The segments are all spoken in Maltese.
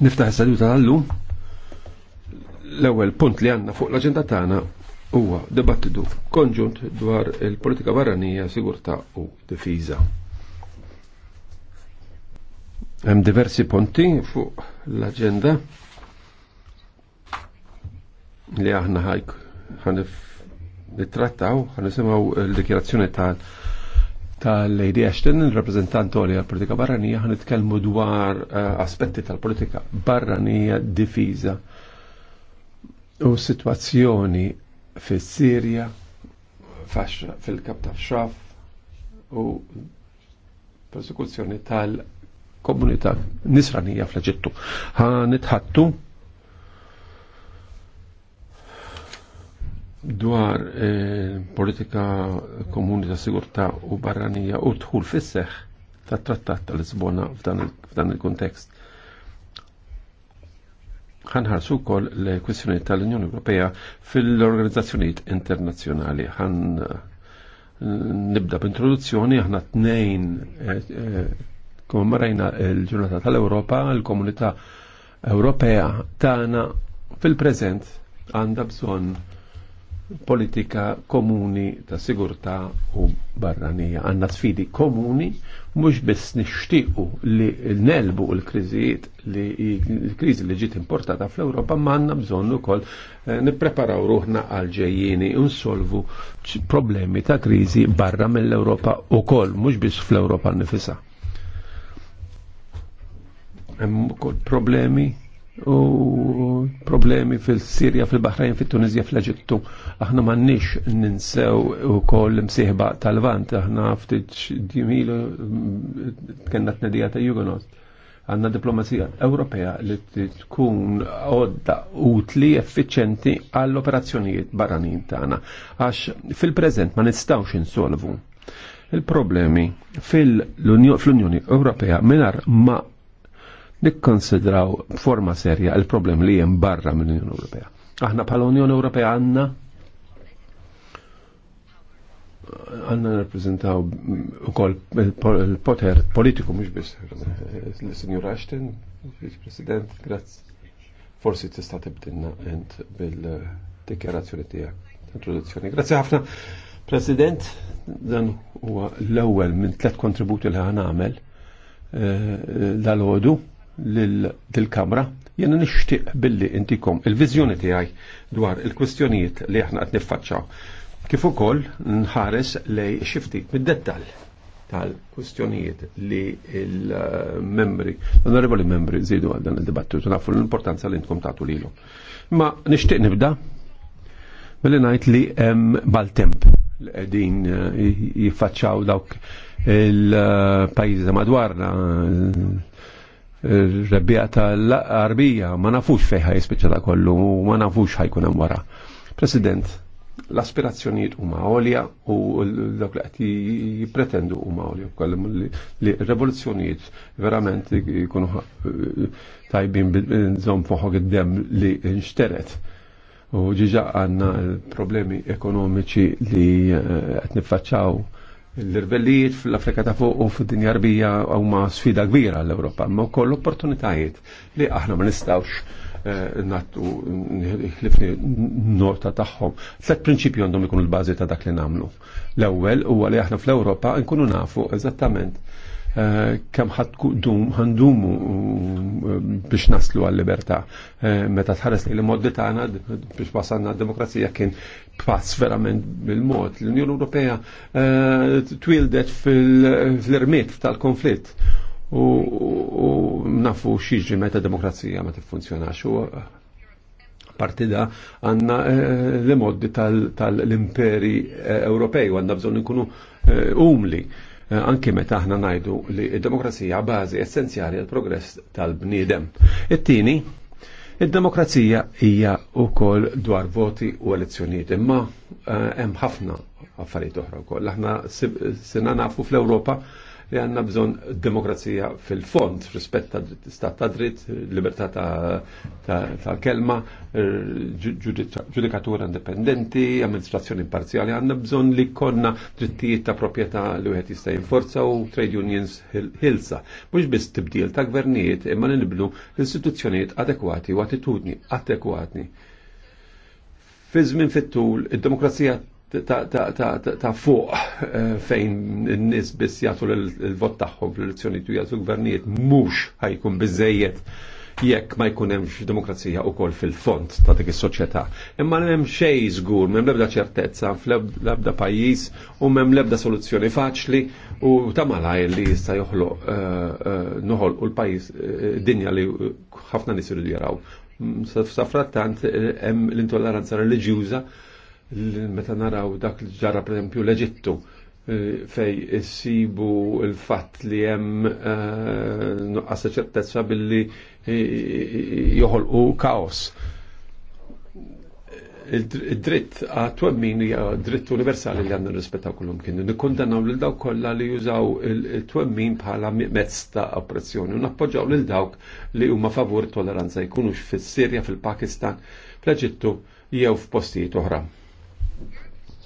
Niftaħ is-seduta għallu. L-ewwel punt li għandna fuq l-aġenda tagħna huwa dibattitu konġunt dwar il-politika barranija, sigurtà u difiża. Hemm diversi punti fuq l-aġenda li aħna ħajk ħanif nittrattaw, ħanisimaw il dikjerazzjoni tal- tal-Lady Ashton, il-rappresentant għal politika barranija, għan itkelmu dwar eh, aspetti tal-politika barranija difiża. u situazzjoni fis sirja fil-kap ta' xaf u persekuzzjoni tal-komunità nisranija fl-ġittu. Għan itħattu dwar eh, politika komuni ta' sigurtà u barranija u tħul fis-seħħ tat trattat ta' Lisbona f'dan il-kontekst. su wkoll l-kwistjonijiet tal-Unjoni Ewropea fil-organizzazzjonijiet internazzjonali. Għan eh, nibda b'introduzzjoni aħna tnejn eh, kommemorajna l-ġurnata tal-Ewropa, l-komunità Ewropea tagħna fil-preżent għandha bżonn politika komuni ta' sigurta u barranija. Għanna sfidi komuni, mux biss nishtiqu li nelbu l-kriżijiet li l-kriżi li ġiet importata fl-Europa ma għanna bżonnu kol eh, nippreparaw ruħna għal-ġejjini nsolvu problemi ta' kriżi barra mill-Europa u kol, mux biss fl-Europa nifisa. Hemm problemi u problemi fil-Sirja, fil-Bahrajn, fil-Tunizja, fil-Eġittu. Aħna mannix ninsew u koll msieħba tal-vant, aħna ftit dimilu kena t-nedija ta' Jugonot. Għanna diplomazija Ewropea li tkun għodda utli effiċenti għall-operazzjonijiet barranin tagħna. Għax fil-preżent ma nistawx insolvu il-problemi fil-Unjoni Ewropea minar ma nikkonsidraw forma serja il-problem li hemm barra mill-Unjoni Ewropea. Aħna bħala Unjoni Ewropea għandna għanna rappresentaw ukoll il-poter politiku mhux biss l-Sinjur Ashton, Vice-President, grazzi. Forsi tista' tibdilna int bil-dikjarazzjoni tiegħek, introduzzjoni. Grazzi ħafna. President, dan huwa l-ewwel minn tliet kontributi li ħanamel dal-ħodu eh, lill-Kamra, jenna nixtieq billi intikom il-viżjoni tiegħi dwar il-kwistjonijiet li aħna qed niffaċċaw. Kif ukoll nħares lej xiftit mid-dettall tal-kwistjonijiet li il-membri, l-onorevoli membri zidu għal dan il-dibattitu, nafu l-importanza li nkom tagħtu lilu. Ma nixtieq nibda billi ngħid li hemm baltemp li qegħdin eh, jiffaċċaw dawk il-pajjiżi eh, madwarna rebbija tal-arbija, ma nafux fejħa jispeċa kollu, ma nafux ħajkun hemm wara. President, l-aspirazzjonijiet huma għolja u dak li qed jippretendu huma u wkoll li revoluzzjonijiet verament jkunu tajbin nżomm fuħu id-dem li nxteret. U ġiġa għandna problemi ekonomiċi li eh, qed niffaċċaw L-irbellijiet fl-Afrika ta' fuq u fid-dinja rbija huma sfida kbira l-Ewropa, ma wkoll opportunitajiet li aħna ma nistgħux eh, nattu ħlifni norta tagħhom. Tlet prinċipju għandhom ikun il-bażi ta' dak li nagħmlu. L-ewwel huwa li aħna fl-Ewropa nkunu nafu eżattament Eh, kem ħandumu eh, biex naslu għal-libertà. Eh, meta tħares li l-moddi tagħna biex wasalna d-demokrazija kien pass verament bil-mod. L-Unjoni Ewropea twildet fil-irmiet tal-konflitt u nafu xieġi meta demokrazija ma tiffunzjonax u partida għanna l-moddi tal-imperi Ewropej u għanna bżon nkunu umli. Eh, anki meta aħna najdu li id-demokrazija bażi essenzjali għal progress tal-bniedem. It-tieni, id-demokrazija hija wkoll dwar voti u elezzjonijiet, imma eh, hemm ħafna affarijiet oħra wkoll. Aħna sena nafu fl-Ewropa li għanna bżon demokrazija fil-fond, rispett ta' stat ta' dritt, libertà ta' kelma, eh, ġudikatura indipendenti, amministrazzjoni imparzjali, għanna bżon li konna drittijiet ta' proprjetà li wieħed jista' jinforza u trade unions ħilsa. Mhux biss tibdil ta' gvernijiet imma li niblu l-istituzzjonijiet adekwati u attitudni adekwati. Fi żmien fit-tul, id-demokrazija ta' fuq eh, fejn n-nis biss jagħtu l-vot tagħhom fl-elezzjoni tu jagħtu gvernijiet mhux ħajkun bizzejiet jekk ma jkun hemmx demokrazija wkoll fil-fond ta' dik is-soċjetà. Imma hemm xejn żgur m'hemm l ċertezza fl-ebda pajjiż u m'hemm l-ebda soluzzjoni faċli u ta' malajr li jista' joħloq eh, eh, noħolqu l-pajjiż dinja li ħafna nisiru jaraw. Mm, sa' frattant hemm l-intolleranza reliġjuża meta naraw dak li ġara per esempio l-Eġittu eh, fej sibu il-fatt li hemm eh, nuqqas ċertezza billi eh, joħolqu kaos. Id-dritt għat-twemmin dritt universali li għandna rispetta kullum kienu. Nikkundannaw lil dawk kollha li jużaw il-twemmin bħala mezz ta' oppressjoni u nappoġġaw lil dawk li huma favur it-toleranza jkunux fis-Sirja, fil-Pakistan, fl-Eġittu jew f'postijiet oħra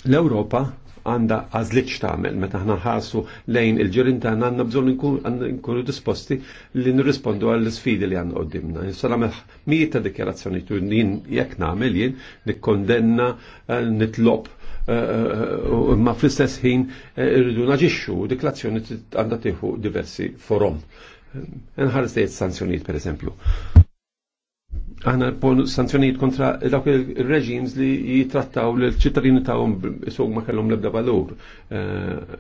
l-Ewropa għanda għazlit xtamel, meta ħna ħarsu lejn il-ġirin ta' għanna bżon nkunu disposti li nirrispondu għall sfidi li għanna għoddimna. Sala mijiet ta' dikjarazzjoni tu jien jek namel jien, nikkondenna, eh, nitlob, eh, eh, ma fl-istess ħin irridu naġixxu diklazzjoni għandha tieħu diversi forom. Nħarż dejt sanzjonijiet per eżempju għana pon sanzjonijiet kontra dawk il-reġims li jitrattaw l-ċittadini tagħhom suq ma kellhom l-ebda valur. Eh,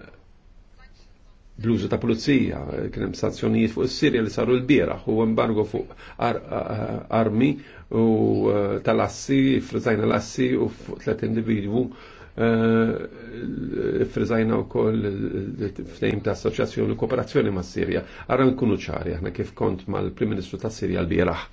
bluzu ta' pulizija, kien hemm sanzjonijiet fuq is-Sirja li saru l-bieraħ u embargo fuq armi u eh, tal-assi, frizzajna l-assi u fuq tliet individwu Eh, frizajna u koll ftejm ta' assoċjazzjoni u kooperazzjoni ma' Sirja. Għarra nkunu ċari, aħna kif kont mal prim Ministru ta' Sirja l biraħ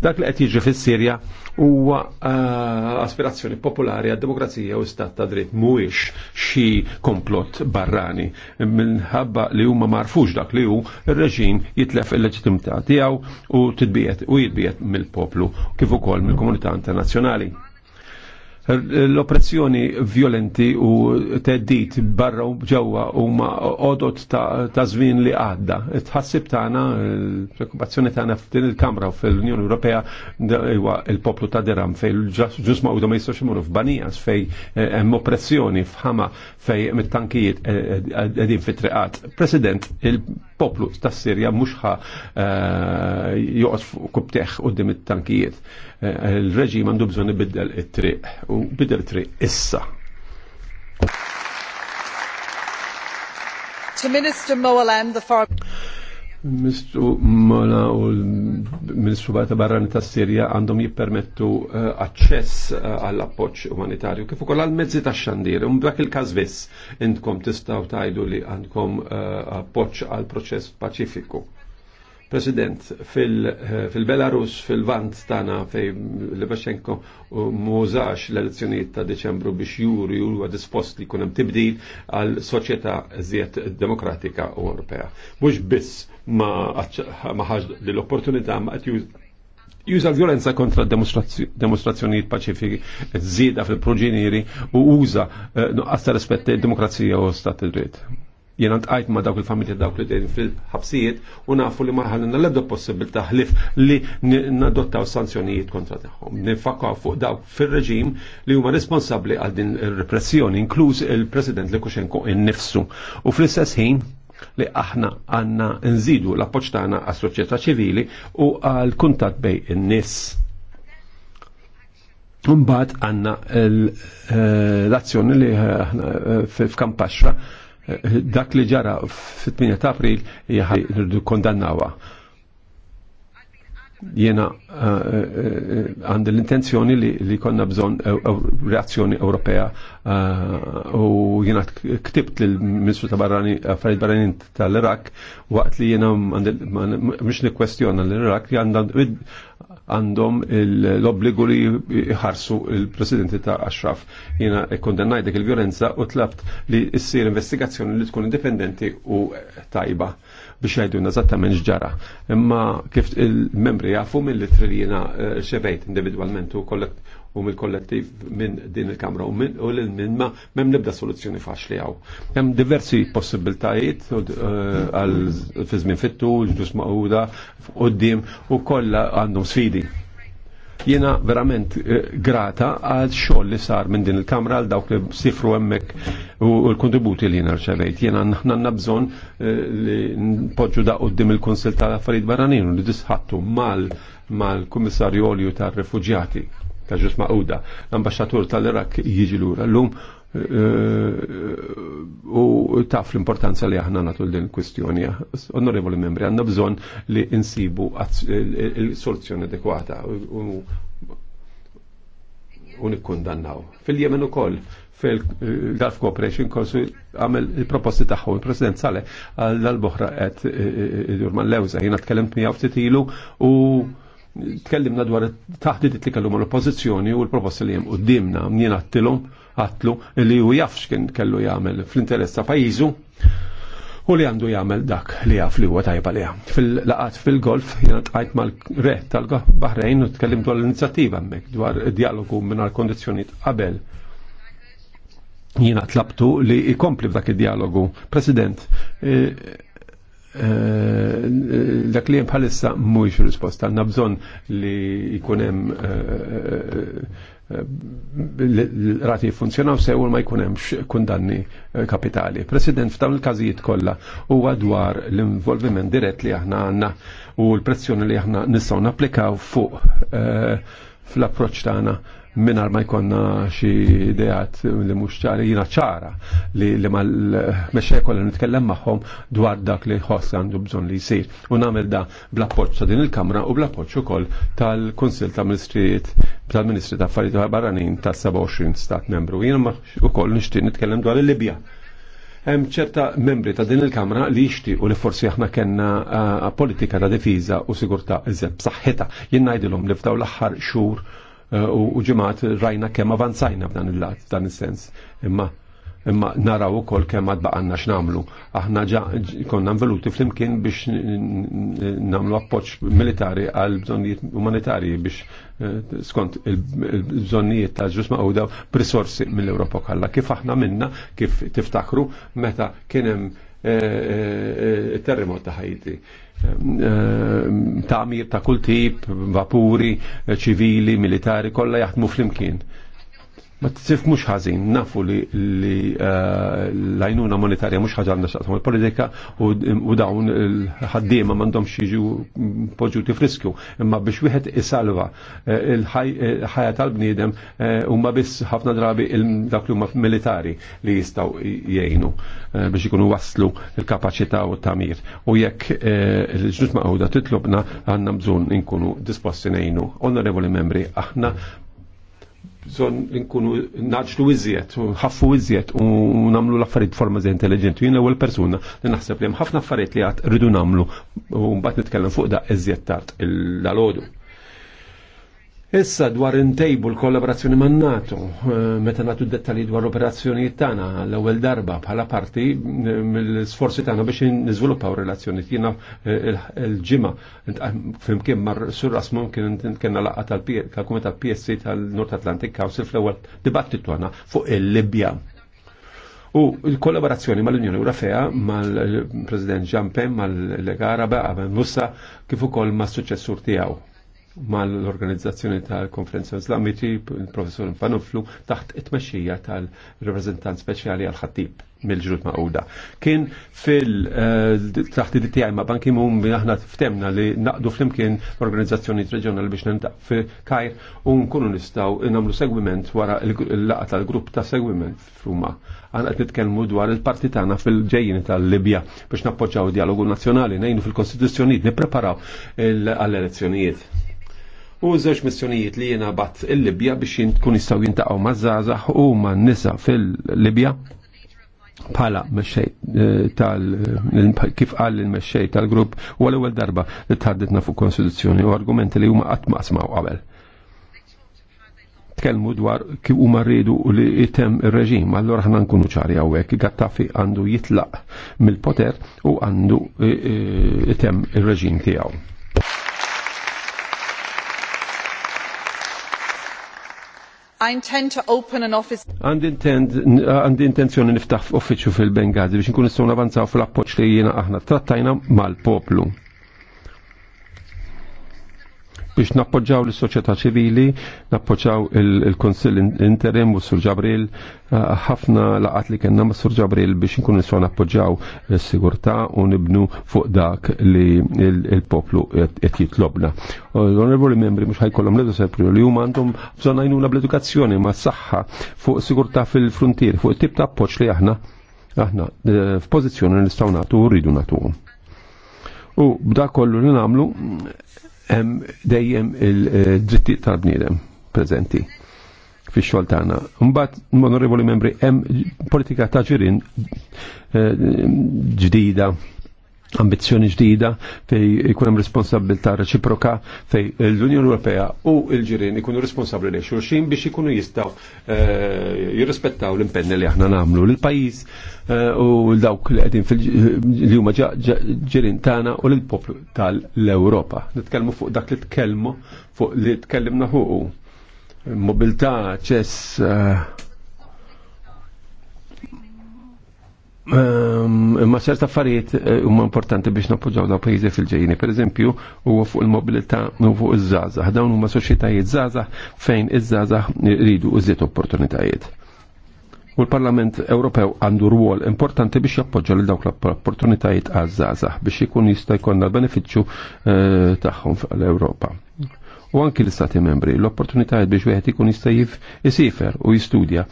Dak li qed jiġri fis-Sirja huwa eh, aspirazzjoni popolari għad-demokrazija u stat ta' dritt mhuwiex xi komplott barrani. Minħabba li huma marfux dak li hu ir-reġim jitlef il-leġitimità tiegħu u titbiet u jitbiet mill-poplu kif ukoll mill-komunità internazzjonali. L-oppressjoni violenti u teddit barra u ġewwa huma odot ta' żmien li għadda. Tħassib tagħna, l-prekupazzjoni tagħna f'din il-Kamra u fil-Unjoni Ewropea huwa il-poplu ta' Deram fej ġus u ma jistgħux imorru f'banijas fej eh, hemm oppressjoni f'ħama fej mit-tankijiet qegħdin eh, eh, fit-triqat. President, il poplu tas Sirja mhux ħa eh, joqgħod fuq kubteħ qudiem it-tankijiet. Eh, il-reġim għandu bżonn ibiddel it-triq u bidel it-triq issa. To Minister Moalem, the foreign Mistru Mola u l-Ministru Bata Barrani ta' Sirja għandhom jippermettu eh, aċċess eh, għall-appoċ umanitarju kif ukoll għall-mezzi ta' xandir. Un um, dak il-każ biss intkom tistgħu tajdu li għandkom eh, appoċ għal proċess paċifiku. President, fil-Belarus, fil fil-Vant tana fej u mużax l-elezzjoniet ta' Deċembru biex juri u għadispost dispost li kunem tibdil għal soċjetà zjet demokratika u Ewropea. Mhux biss ma ħaġ l-opportunità ma qed juża violenza kontra demonstrazzjonijiet paċifiki żieda fil-proġinieri u uża eh, nuqqas ta' e-, demokrazija u stat dritt jena tqajt ma dawk il-familja dawk li dejn fil-ħabsijiet u nafu li maħallina l-ebda possibil taħlif li nadottaw sanzjonijiet kontra tagħhom. Nifakkaw fuq dawk fil-reġim li huma responsabbli għal din il-repressjoni, inkluż il-President Li Lukashenko nifsu U fl-istess ħin li aħna għanna nżidu l-appoċ tagħna għas-soċjetà ċivili u għal kuntat bej in-nies. Mbagħad għandna eh, l-azzjoni li eh, f'Kampaxra dak li ġara fit-8 ta' april jħaj nirdu kondannawa. Jena eh, eh, għand l-intenzjoni li konna bżon eh, reazzjoni Ewropea u jena ktibt l-Ministru ta' Barrani, Farid Barrani tal-Irak, waqt li jena għand l kwestjona l-Irak, għandhom l-obbligu li jħarsu il-presidenti ta' Ashraf. Jena kondennaj dik il-violenza u tlabt li issir investigazzjoni li tkun indipendenti u tajba biex jgħiduna zattament ġara. Imma kif il-membri jafu mill-litri li jena xevejt individualment u kollet u mill-kollettiv minn din il-Kamra u minn u minn ma mem nibda soluzzjoni faċli għaw. Hemm diversi possibiltajiet eh, għal fi żmien fittu, ġdus maquda, d-dim u kolla għandhom sfidi. Jiena verament eh, grata għal xogħol li sar minn din il-Kamra għal dawk li sifru hemmhekk u l-kontributi li jena rċevejt. Jiena nanna bżonn eh, li npoġġu da d-dim il konsil tal-Affarijiet Barranin u li disħattu mal-Kummissarju Olju tar refugjati ta' ġus maquda. L-ambasċatur tal-Irak jiġi lura l-lum eh, eh, u taf l-importanza li aħna natul din kwistjoni. Onorevoli membri, għanna bżon li insibu il-soluzzjoni adekwata u nikkundannaw. Fil-Jemen u koll, fil-Gulf eh, Cooperation Council għamil il-proposti taħħu, il-President Saleh għal-boħra għed Durman Lewza, jina t miegħu ftit ilu u tkellimna dwar taħdidit li kellu l-oppożizzjoni u l-proposti li hemm qudiemna jien għattilhom għatlu li hu jafx kien kellu jagħmel fl-interess ta' pajjiżu u li għandu jagħmel dak li jaf li huwa tajba li Fil-laqat fil-golf jiena tqajt mal-re tal-Bahrejn u tkellim dwar l-inizjattiva hemmhekk dwar dialogu mingħajr kondizzjonijiet qabel jiena tlabtu li ikompli f'dak id-dialogu. President, eh, Eh, dak li bħalissa mhuwiex risposta. Għandna bżonn li jkun hemm eh, eh, rati jiffunzjonaw sew ma jkun hemmx kundanni kapitali. President f'dawn il-każijiet kollha huwa dwar l-involviment dirett li aħna għandna u l-pressjoni li aħna nistgħu napplikaw fuq fl-approċċ tagħna minar ma jkonna xie ideat li mux ċara, jina ċara li, li ma l-mesċa nitkellem magħhom dwar dak li ħoss għandu bżon li jisir. U namel da bl-appoċ ta' din il-Kamra u bl-appoċ ukoll tal-Konsil ta' Ministrijiet tal-Ministri ta' Affarijiet Barranin ta' 27 stat membru. Jina ukoll nixtieq nitkellem dwar il-Libja hemm ċerta membri ta' din il-Kamra li jixti u li forsi aħna kellna uh, politika ta' difiża u sigurtà iżjed b'saħħitha. Jien ngħidilhom li f'daw l-aħħar xhur Eh, u ġimat rajna kemm avanzajna f'dan il-lat, dan is-sens. Imma imma naraw ukoll kemm għad baqanna x'namlu. Aħna ġa konna nveluti flimkien biex namlu appoġġ militari għal bżonnijiet umanitarji biex eh, skont il-bżonnijiet ta' ġus maqgħuda b'risorsi mill europa kollha. Kif aħna minna, kif tiftakru, meta kien hemm Eh, eh, eh, terremot ta' Haiti. Tamir ta' kull tip, vapuri, ċivili, militari, kollha jaħdmu flimkien. Ma t-sif mux ħazin, nafu li eh, l-għajnuna monetarja mux ħagħa għandha il-politika u dawn l ma mandom xieġu poġuti friskju. Imma biex wieħed isalva eh, il-ħajja eh, tal-bniedem u ma biss ħafna drabi dak li huma militari li jistaw jgħinu biex ikunu waslu il kapacita u t-tamir. U jekk il ġnut maqawda titlobna għanna bżon inkunu disposti nejnu. Onorevoli membri, aħna bżon nkunu naġlu iżjed, ħaffu iżjed u namlu l-affarijiet forma zej intelligenti. Jien l-ewwel persuna li naħseb li hemm ħafna affarijiet li għad rridu namlu u mbagħad nitkellem fuq da iżjed tard l-għalodu. Issa dwar intejbu l-kollaborazzjoni man NATO, eh, meta natu dettali dwar operazzjoni tagħna l-ewwel darba bħala parti eh, mill-sforzi tagħna biex nizviluppaw relazzjoni jiena eh, l-ġimgħa ah, flimkien mar sur Asmum kien kellna laqgħa tal-Kumitat PSC tal-Nord Atlantic Council fl-ewwel dibattitu għandna fuq il-Libja. U l-kollaborazzjoni mal-Unjoni Ewropea, mal-President Ġampen, mal-Lega Araba, Mussa, kif ukoll mas-suċessur tiegħu mal-organizzazzjoni tal-konferenza islamiti, professor Fanuflu, taħt it-mexxija tal-reprezentant speċjali għal-ħattib mill-ġrut maquda. Kien fil eh, taħt id tiegħi ma' Banki Mum aħna ftemna li naqdu flimkien l-organizzazzjoni reġjonali biex nintaq fi Kajr u nkunu nistgħu nagħmlu segwiment wara l-laqgħa tal-grupp ta' segwiment f'Ruma. Aħna qed nitkellmu dwar il-parti tagħna fil-ġejjin tal-Libja biex nappoġġaw dialogu nazzjonali ngħinu fil-Kostituzzjonijiet nippreparaw għall-elezzjonijiet u żewġ missjonijiet li jiena bat il-Libja biex jintkun jistgħu jintaqgħu maż-żgħażagħ u man-nisa fil-Libja pala mexxej eh, tal kif qal il-mexxej tal-grupp u l-ewwel darba li tħaddidna fuq konstituzzjoni u argumenti li huma qatt ma smaw qabel. Tkellmu dwar kif huma rridu li jitem ir-reġim, allura aħna nkunu ċari hawnhekk, Gattafi għandu jitlaq mill-poter u għandu eh, eh, jitem ir-reġim tiegħu. I intend to open an office. Għandi intenzjoni niftaħ uffiċċju fil-Bengazi biex nkun nistgħu navanzaw fl appoġġ li jiena aħna trattajna mal-poplu biex nappoġġaw l-soċjetà ċivili, nappoġġaw il-Konsill Interim u Sur Ġabril, ah, ħafna laqat li kellna ma' Sur Ġabril biex nkun nistgħu nappoġġaw s-sigurtà u nibnu fuq dak li il-poplu qed jitlobna. L-onorevoli membri mhux ħajkollhom l sepru li huma għandhom bżonn għajnuna bl-edukazzjoni ma' saħħa fuq sigurtà fil-frontier, fuq it-tip ta' appoġġ li aħna aħna eh, f'pożizzjoni nistgħu nagħtu u rridu nagħtuhom. U b'da kollu li nagħmlu dejjem il-dritti tal-bniedem prezenti fi xol tagħna. Mbagħad onorevoli membri hemm politika ta' ġirin eh, ġdida ambizzjoni ġdida fej ikun hemm responsabilità reċiproka fej l-Unjoni Ewropea u l-ġirien ikunu responsabbli lejn xulxin biex ikunu jistgħu eh, jirrispettaw l-impenni li aħna nagħmlu lil pajjiż eh, u dawk li qegħdin li huma ġirien tagħna u lill poplu tal-Ewropa. Nitkellmu fuq dak li tkellmu fuq li tkellimna fuq mobilità, ċess eh, Ehm, Ma ċert affarijiet eh, huma importanti biex nappoġġaw daw pajjiżi fil-ġejjini. Pereżempju, huwa fuq il-mobilità u fuq iż-żgħażagħ. Dawn huma soċjetajiet żgħażagħ fejn iż-żgħażagħ iridu iżjed opportunitajiet. U l-Parlament Ewropew għandu rwol importanti biex jappoġġa lil dawk l-opportunitajiet għaż-żgħażagħ biex ikun jista' jkollna l-benefiċċju eh, tagħhom fl-Ewropa u anki l-istati membri l-opportunitajiet biex wieħed ikun jista' isifer u jistudja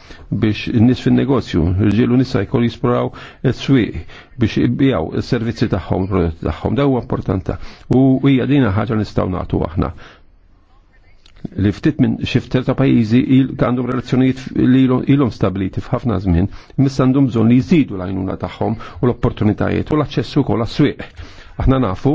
biex nis fin-negozju rġielu nisa jkun jispuraw s-swieq biex jibbijaw is-servizzi tagħhom, prodotti tagħhom, da huwa importanta. U hija dina ħaġa nistgħu nagħtu aħna li ftit minn xifter ta' pajizi għandhom relazzjonijiet li ilhom stabiliti f'ħafna żmien, mis għandhom bżonn li jżidu l-għajnuna tagħhom u l-opportunitajiet u l aċċessu ukoll għas-swieq. Aħna nafu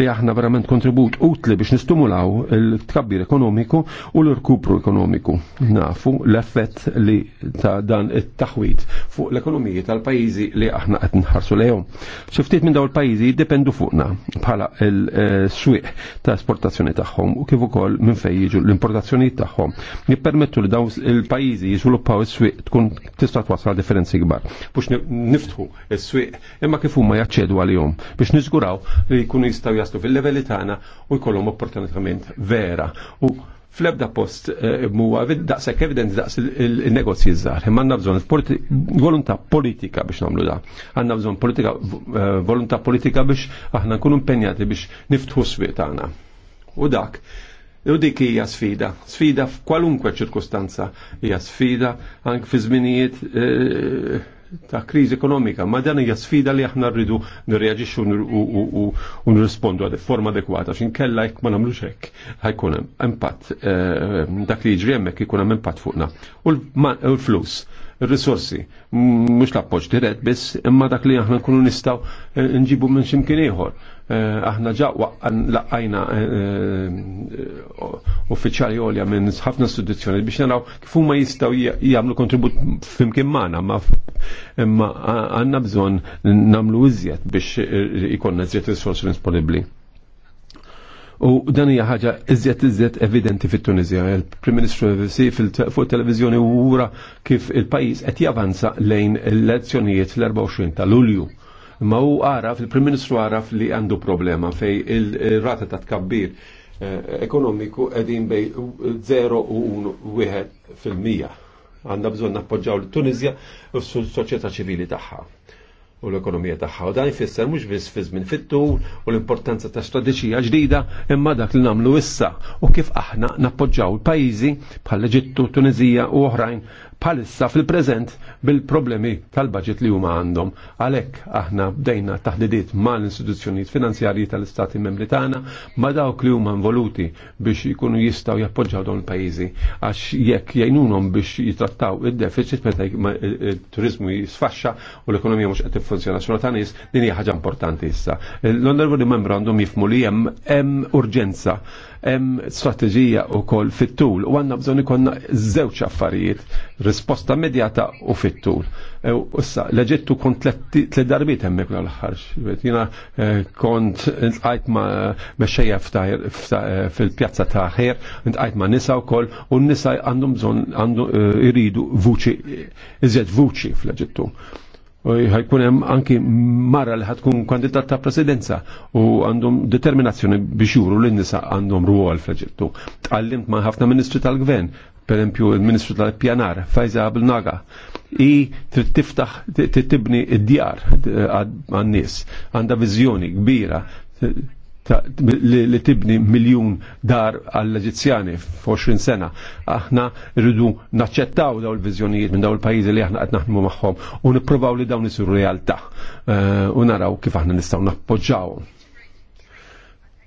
li aħna verament kontribut utli biex nistimulaw il-tkabbir ekonomiku u l-rkupru ekonomiku. Nafu l-effett li ta' dan it-taħwit fuq l-ekonomiji tal-pajizi li aħna qed nħarsu lejhom. ftit minn daw il-pajizi jiddependu fuqna bħala l-swieq ta' esportazzjoni tagħhom u kif ukoll minn fejn jiġu l-importazzjonijiet tagħhom. Jippermettu li dawn il-pajjiżi jiżviluppaw is-swieq tkun tista' twassal differenzi kbar. Bux niftħu is-swieq imma kif huma jaċċedu għalihom biex niżguraw li jkunu jistgħu jaslu fil-leveli tagħna u jkollhom opportunitament vera. U fl-ebda post eh, muwa daqshekk evidenti daqs il-negozji żgħar. Imma għandna bżonn volontà politika biex nagħmlu da. Għandna bżonn politika eh, volontà politika biex aħna nkunu impenjati biex niftħu swieq tagħna. U dak U dik hija sfida, sfida f'kwalunkwe ċirkustanza, hija sfida anke fi żminijiet eh, ta' kriżi ekonomika, ma dan hija sfida li aħna rridu nirreaġixxu u nirrispondu għad forma adekwata x'in kella jekk ma nagħmlux hekk ħajkun hemm impatt eh, dak li jiġri hemmhekk ikun hemm impatt fuqna. U l-flus, ir-risorsi, mhux l-appoġġ dirett biss imma dak li aħna nkunu nistgħu eh, nġibu minn x'imkien ieħor Eh, aħna ġaqwa laqajna eh, eh, uffiċjali għolja minn ħafna istituzzjoni biex naraw kif huma jistgħu jagħmlu kontribut flimkien magħna ma imma għandna bżonn nagħmlu iżjed biex ikonna iżjed risorsi disponibbli. U dan hija ħaġa iżjed iżjed evidenti fit-Tunisja. Il-Prim Ministru fuq televiżjoni wura kif il-pajjiż qed javanza lejn l-elezzjonijiet l-24 ta' Lulju Ma u għaraf, il-Prim Ministru għaraf li għandu problema fej il-rata ta' tkabbir eh, ekonomiku edin bej 0 u 1 fil-mija. Għanna bżon nappoġġaw l-Tunizja u s-soċieta ċivili tagħha u l-ekonomija tagħha. U dan jfisser mhux biss fi żmien fit-tul u l-importanza ta' strateġija ġdida imma dak li nagħmlu issa u kif aħna nappoġġaw il-pajjiżi bħal Eġittu, Tunizija u oħrajn palissa fil-prezent bil-problemi tal-budget li huma għandhom. Għalhekk aħna bdejna taħdidiet mal-istituzzjonijiet finanzjarji tal-Istati membri tagħna ma dawk li huma involuti biex ikunu jistgħu jappoġġaw dawn il-pajjiżi għax jekk jgħinunhom biex jitrattaw id-deficit meta t turizmu jisfaxxa u l-ekonomija mhux qed tiffunzjona xogħol nies din hija ħaġa importanti issa. L-onorevoli membru għandhom jifmu li hemm urġenza hemm strateġija wkoll fit-tul u għandna bżonn ikollna żewġ affarijiet, risposta immedjata u fit-tul. Issa l-Eġittu kont tliet darbiet hemmhekk l-aħħar. Jiena eh, kont ntqajt ma' mexxejja eh, fil-pjazza ta' ħer, ntqajt ma' nisa wkoll u n-nisa għandhom bżonn għandu eh, iridu vuċi, iżjed vuċi fl-Eġittu u ħajkun hemm anki mara li ħatkun kandidat ta' presidenza u għandhom determinazzjoni biex juru li nisa għandhom ruol fl-Eġittu. Tqallimt ma' ħafna ministri tal-gvern, per esempio il-ministru tal-pjanar, Fajza Abel Naga, i trid tiftaħ tibni id-djar eh, għan-nies, għandha viżjoni kbira li tibni miljun dar għall-Eġizzjani f-20 sena. Aħna rridu naċċettaw daw il-vizjonijiet minn daw il pajizi li aħna qed naħdmu magħhom u nippruvaw li dawn isiru realtà eh, u naraw kif aħna nistgħu nappoġġawhom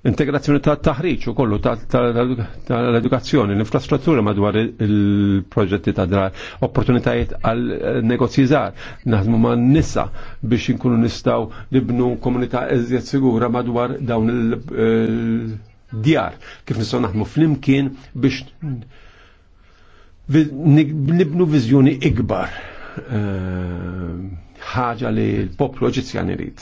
integrazzjoni ta' taħriġ u kollu tal-edukazzjoni, l-infrastruttura madwar il-proġetti ta' drar, opportunitajiet għal negozji żgħar, naħdmu ma' nisa biex inkunu nistgħu nibnu komunità eżjed sigura madwar dawn il-djar, eh, kif nistgħu naħdmu flimkien biex nibnu viżjoni ikbar eh, ħaġa li l-poplu Eġizzjan irid.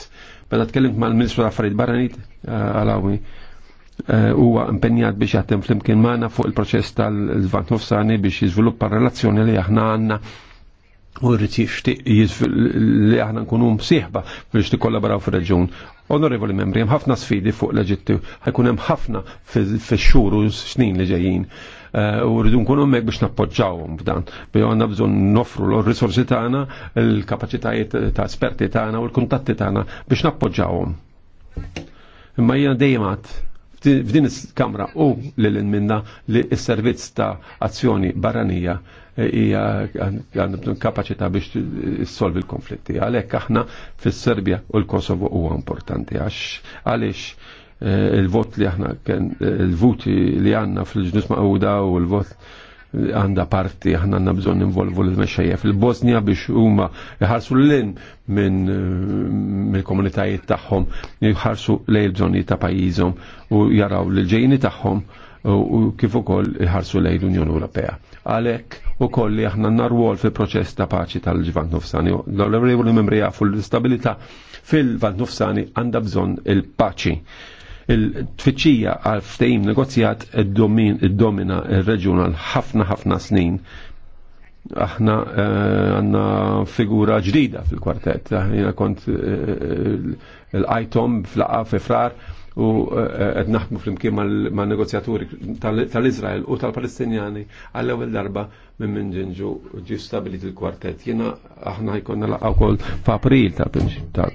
Meta tkellimt mal-Ministru tal-Affarijiet Barranit, għalawi eh, huwa impenjat biex jaħdem flimkien magħna fuq il-proċess tal-Lvant Nofsani biex jiżviluppa relazzjoni li aħna għandna u rrit jixtieq li aħna nkunu msieħba biex kollaboraw fil-reġun. Onorevoli membri, hemm ħafna sfidi fuq l ġittu ħajkun hemm ħafna fil-xuru snin li ġejjin eh, u rridu nkunu mek biex nappoġġawhom f'dan. Bi għandna bżonn nofru l-risorsi tagħna, l-kapaċitajiet ta' esperti tagħna u l-kuntatti tagħna biex nappoġġawhom. Imma jena dejmat f'din is-kamra u lil minna li s-servizz ta' azzjoni barranija eh, hija għandu kapaċità biex issolvi l-konflitti. Għalhekk aħna fis-Serbja u l-Kosovo huwa importanti għax għaliex eh, il-vot li aħna eh, il-voti li għanna fil-ġnus maqawda u l-vot għanda parti, aħna għanna bżon involvu l-mexxejja fil-Bosnia biex huma jħarsu l-lin minn eh, min komunitajiet tagħhom, jħarsu lej bżonni ta' pajjiżhom u jaraw l-ġejni tagħhom u kif ukoll jħarsu lej l-Unjoni Ewropea. Għalhekk ukoll li aħna narwol fil-proċess ta' paċi tal-ġvant nofsani. L-Ewropej membri jafu l-istabilità fil-Vant nofsani għandha bżonn il-paċi. Il-tfittxija għal ftehim negozjat id-domina il reġjonal ħafna ħafna snin aħna eh, għanna figura ġdida fil-kwartet. jina kont eh, eh, l-ajtom fl-aqqa fi frar u għed naħdmu fl-imkien ma' negozjaturi tal-Izrael u tal-Palestinjani għall-ewel darba minn minn ġinġu ġi stabilit il-kwartet. Jena aħna jkonna laqaw kol f'april ta' ta'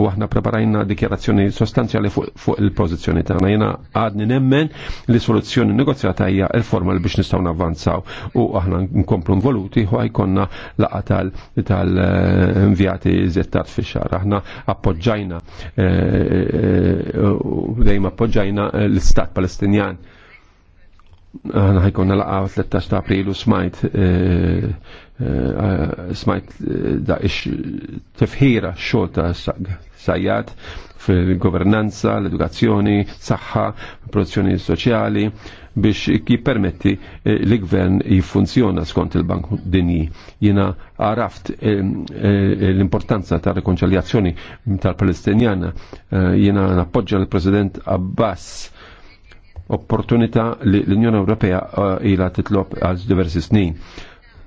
u aħna preparajna dikjarazzjoni sostanzjali fuq il-pozizjoni ta' għana. Jena għadni nemmen li soluzzjoni negozjata hija il-forma li biex nistaw navvanzaw u aħna nkomplu voluti u għajkonna laqa tal-invjati zettat fi xar. Aħna appoġġajna, eh, eh, eh, dejma appoġġajna l-istat palestinjan Għana ħajkonna laqaw 13 ta' aprilu smajt eh, eh, smajt eh, da' ix tifħira xota ta' sajjat fil-governanza, l-edukazzjoni, saħħa, produzzjoni soċjali biex jippermetti l-gvern jifunzjona skont il-Bank Dinji. Jina għaraft l-importanza ta' rekonċaljazzjoni tal-Palestinjana, jina nappoġġa l-President Abbas opportunità li l-Unjoni Ewropea eh, ilha titlob għal diversi snin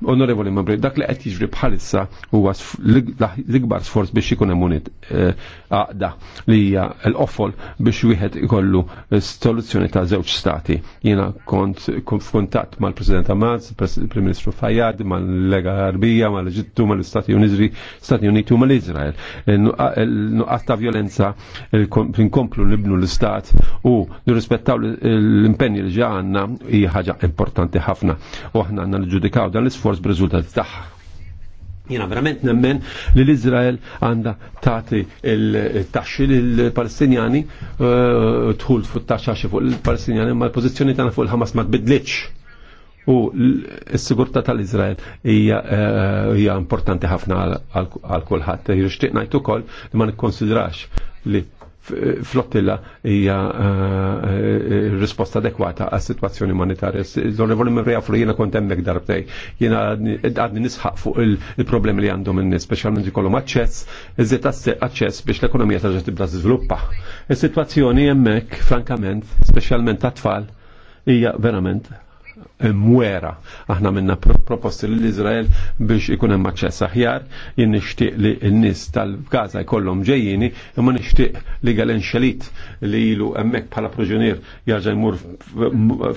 Onorevoli membri, dak li qed jġri bħalissa huwa l-ikbar sforz biex ikun hemm eh, għaqda li hija l-offol biex wieħed ikollu soluzzjoni ta' żewġ stati. Jiena kont f'kuntatt mal-President Amaz, Prim Ministru Fayyad, mal-Lega Arbija, mal-Eġittu, mal-Stati Uniti, Stati Uniti u mal-Iżrael. Nuqqas ta' violenza inkomplu nibnu l-istat u nirrispettaw l-impenni li ġa għandna hija ħaġa importanti ħafna. U aħna għandna l-ġudikaw dan l-isforz sforz b'riżultati tagħha. Jena verament nemmen li l-Izrael għanda tati il-taxxi l-Palestinjani eh, tħul fuq taxxaxi fuq il-Palestinjani ma l-pozizjoni tagħna fuq il-Ħamas ma tbidlitx. U s-sigurta tal-Izrael eh, hija importanti ħafna għal kulħadd. Jirixtieq ngħid ukoll li ma nikkonsidrax li flottilla hija eh, eh, risposta adekwata għas situazzjoni humanitarja. L-onorevoli Mivreja fru jiena kont hemmhekk darbtej. Jiena għadni nisħaq fuq il-problemi li għandhom minni, nies speċjalment ikollhom aċċess, iżjed aċċess biex l-ekonomija tarġa' tibda zviluppa. Is-sitwazzjoni hemmhekk, frankament, speċjalment tat-tfal, hija verament mwera. Aħna minna proposti l izrael biex ikun hemm aċċess aħjar, jien nixtieq li n-nies tal-Gaza jkollhom ġejjini, imma nixtieq li Galen Xelit li ilu hemmhekk bħala proġunier jarġa' jmur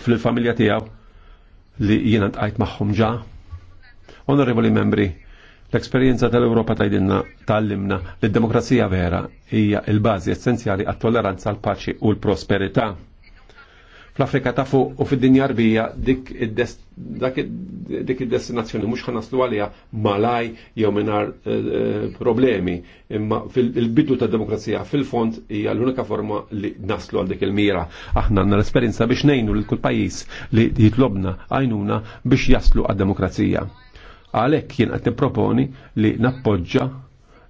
fil-familja tiegħu li jiena ntqajt magħhom ġa. Onorevoli membri, l-esperjenza tal-Ewropa tajdinna tal-limna li d-demokrazija vera hija l bażi essenzjali għat-tolleranza għall paċi u l-prosperità fl-Afrika ta' fuq u fid-dinja rbija dik id-destinazzjoni mhux naslu għalija malaj jew mingħajr eh, eh, problemi imma fil-bidu ta' demokrazija fil-fond hija l-unika forma li naslu għal dik il-mira. Aħna għandna l-esperjenza biex ngħinu lil kull pajjiż li jitlobna għajnuna biex jaslu għad-demokrazija. Għalhekk jien qed proponi li nappoġġa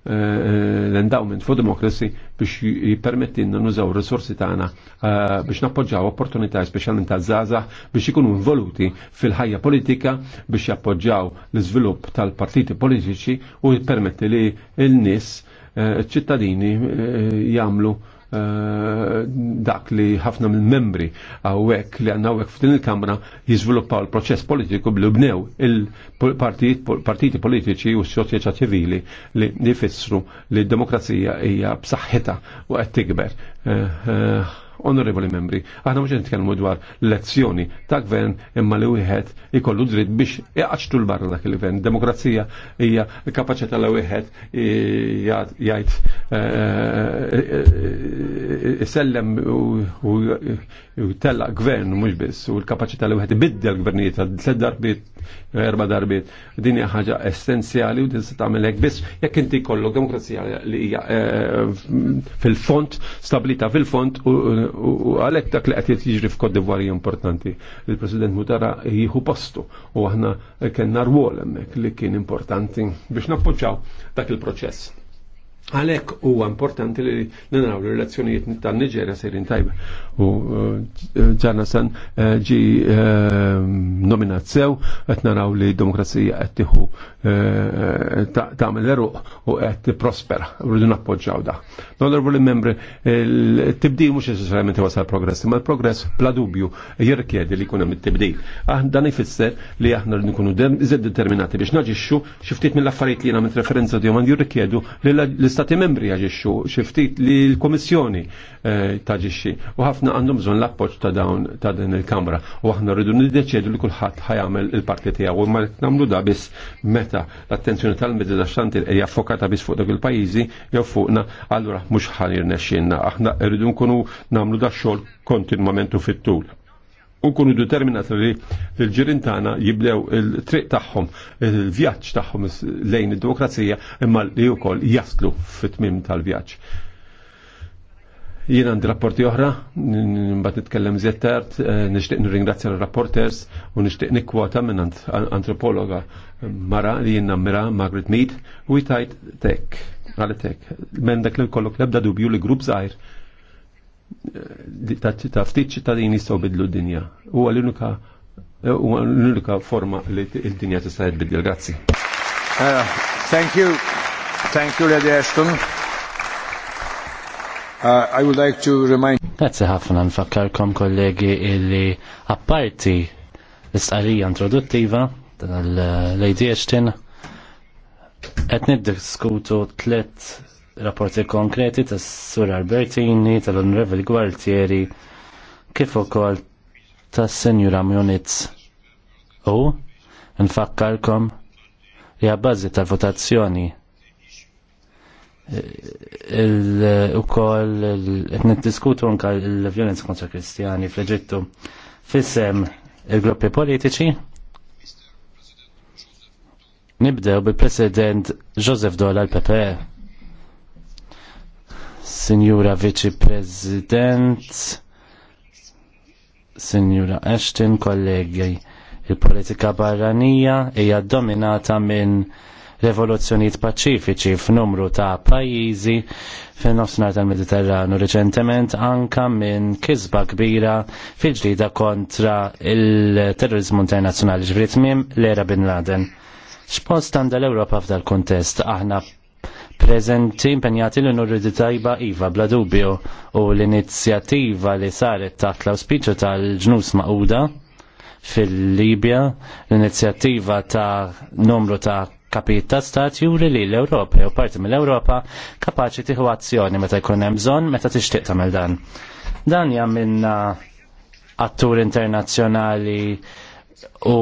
l-endowment for democracy biex jippermettinna nużaw resursi tagħna eh, biex nappoġġaw opportunità speċjalment ta' żgħażagħ biex ikunu involuti fil-ħajja politika biex jappoġġaw l-iżvilupp tal-partiti politiċi u jippermetti li l-nies eh, ċittadini eh, jagħmlu Eh, dak li ħafna minn membri għawek li għanna għawek f'din il-Kamra jizviluppaw il-proċess politiku bli bnew il-partiti politiċi u s-soċjeċa ċivili li nifissru li d-demokrazija hija b'saħħita u qed tikber. Eh, eh, Onorevoli membri, aħna mhux nitkellmu dwar lezzjoni ta' gvern imma li wieħed ikollu dritt biex iqaċtu l-barra dak il-gvern. Demokrazija hija kapacita li wieħed jgħid eh, eh, eh, sellem. u tella gvern mhux biss u l-kapaċità li wieħed l gvernijiet ta' tliet darbiet, erba' darbiet. Din hija ħaġa essenzjali u din se tagħmel hekk biss jekk inti jkollok demokrazija li hija eh, fil-font, stabilita fil-font u għalhekk dak li qed jiġri f'Kod d'Ivoire importanti. Il-President Mutara jieħu postu u aħna kellna rwol hemmhekk li kien importanti biex nappoġġaw dak il-proċess. Għalek huwa importanti li naraw li relazzjonijiet tan Niġerja serin tajba. U san eh, eh, ġi eh, nominat sew, qed naraw li demokrazija qed tieħu tagħmel eruq u qed prospera u rridu nappoġġaw da. L-onorevoli membri tibdil mhux necessarjament wasal progress, ma l-progress bla dubju jirrikjedi li kunem hemm it-tibdil. Dan ifisser li aħna rridu nkunu zed determinati biex naġixxu xi ftit mill-affarijiet li jiena mit referenza dihom jirrikjedu li l-istati membri jaġixxu, xi ftit li l-Komissjoni eh, taġixxi. U ħafna għandhom bżonn l-appoġġ ta' dawn ta' din il-Kamra. U aħna rridu niddeċiedu li kulħadd ħajamel il-parti tiegħu. U ma nagħmlu da biss meta l-attenzjoni tal-mezzi tax-xanti hija affokata biss fuq dak il-pajjiżi jew fuqna, allura mhux ħanir nexxinna. Aħna rridu nkunu nagħmlu da xogħol kontinwament u fit-tul unkunu determinati li l-ġirintana jibdew il-triq tagħhom, il-vjaġġ tagħhom lejn id-demokrazija imma li wkoll jaslu fit-tmim tal-vjaġġ. Jien għandi rapporti oħra, mbagħad nitkellem żjed tard, eh, nixtieq nirringrazzja l-rapporters u nixtieq nikkwota minn antropologa mara li jien nammira Margaret Mead u jtajt tek, għal tek. Mendek li kollok lebda dubju li grupp żgħir ta' ftit ċittadini jistgħu bidlu d-dinja. U għal unika l-unika forma li d-dinja tista' jibdil. Grazzi. Eh, thank you. Thank you, Lady Ashton. Uh, I would like to remind Grazie ħafna nfakkarkom kollegi illi apparti l istqarija introduttiva tal-Lady Ashton qed niddiskutu tliet rapporti konkreti tas Sur Albertini, tal-Onorevoli Gualtieri, kif ukoll tas Senjura Mjonitz. U nfakkalkom li għabbażi tal-votazzjoni eh, il-ukoll diskutu anka l-vjolenza kontra kristjani fl-Eġittu fissem il-gruppi politiċi nibdew bil-President Joseph Dola l-PPE. Signora Vice President, Signora Ashton, kollegi, il-politika barranija hija dominata minn revoluzzjonijiet paċifiċi f'numru ta' pajjiżi fin nofsinhar tal-Mediterranu riċentement anka minn kisba kbira fil-ġlida kontra il-terrorizmu internazzjonali ġrid miem l-era bin Laden. X'post għandha l-Ewropa f'dal kuntest aħna prezenti impenjati l nurridi tajba Iva bla dubju u l-inizjattiva li saret taħt l-auspiċu tal-ġnus maquda fil-Libja, l-inizjattiva ta' numru ta' kapit ta' stat juri li l-Europa, u parti mill-Europa, kapaċi tiħu azzjoni meta jkun hemm bżonn meta tixtieq tagħmel dan. Dan jagħmilna attur internazzjonali u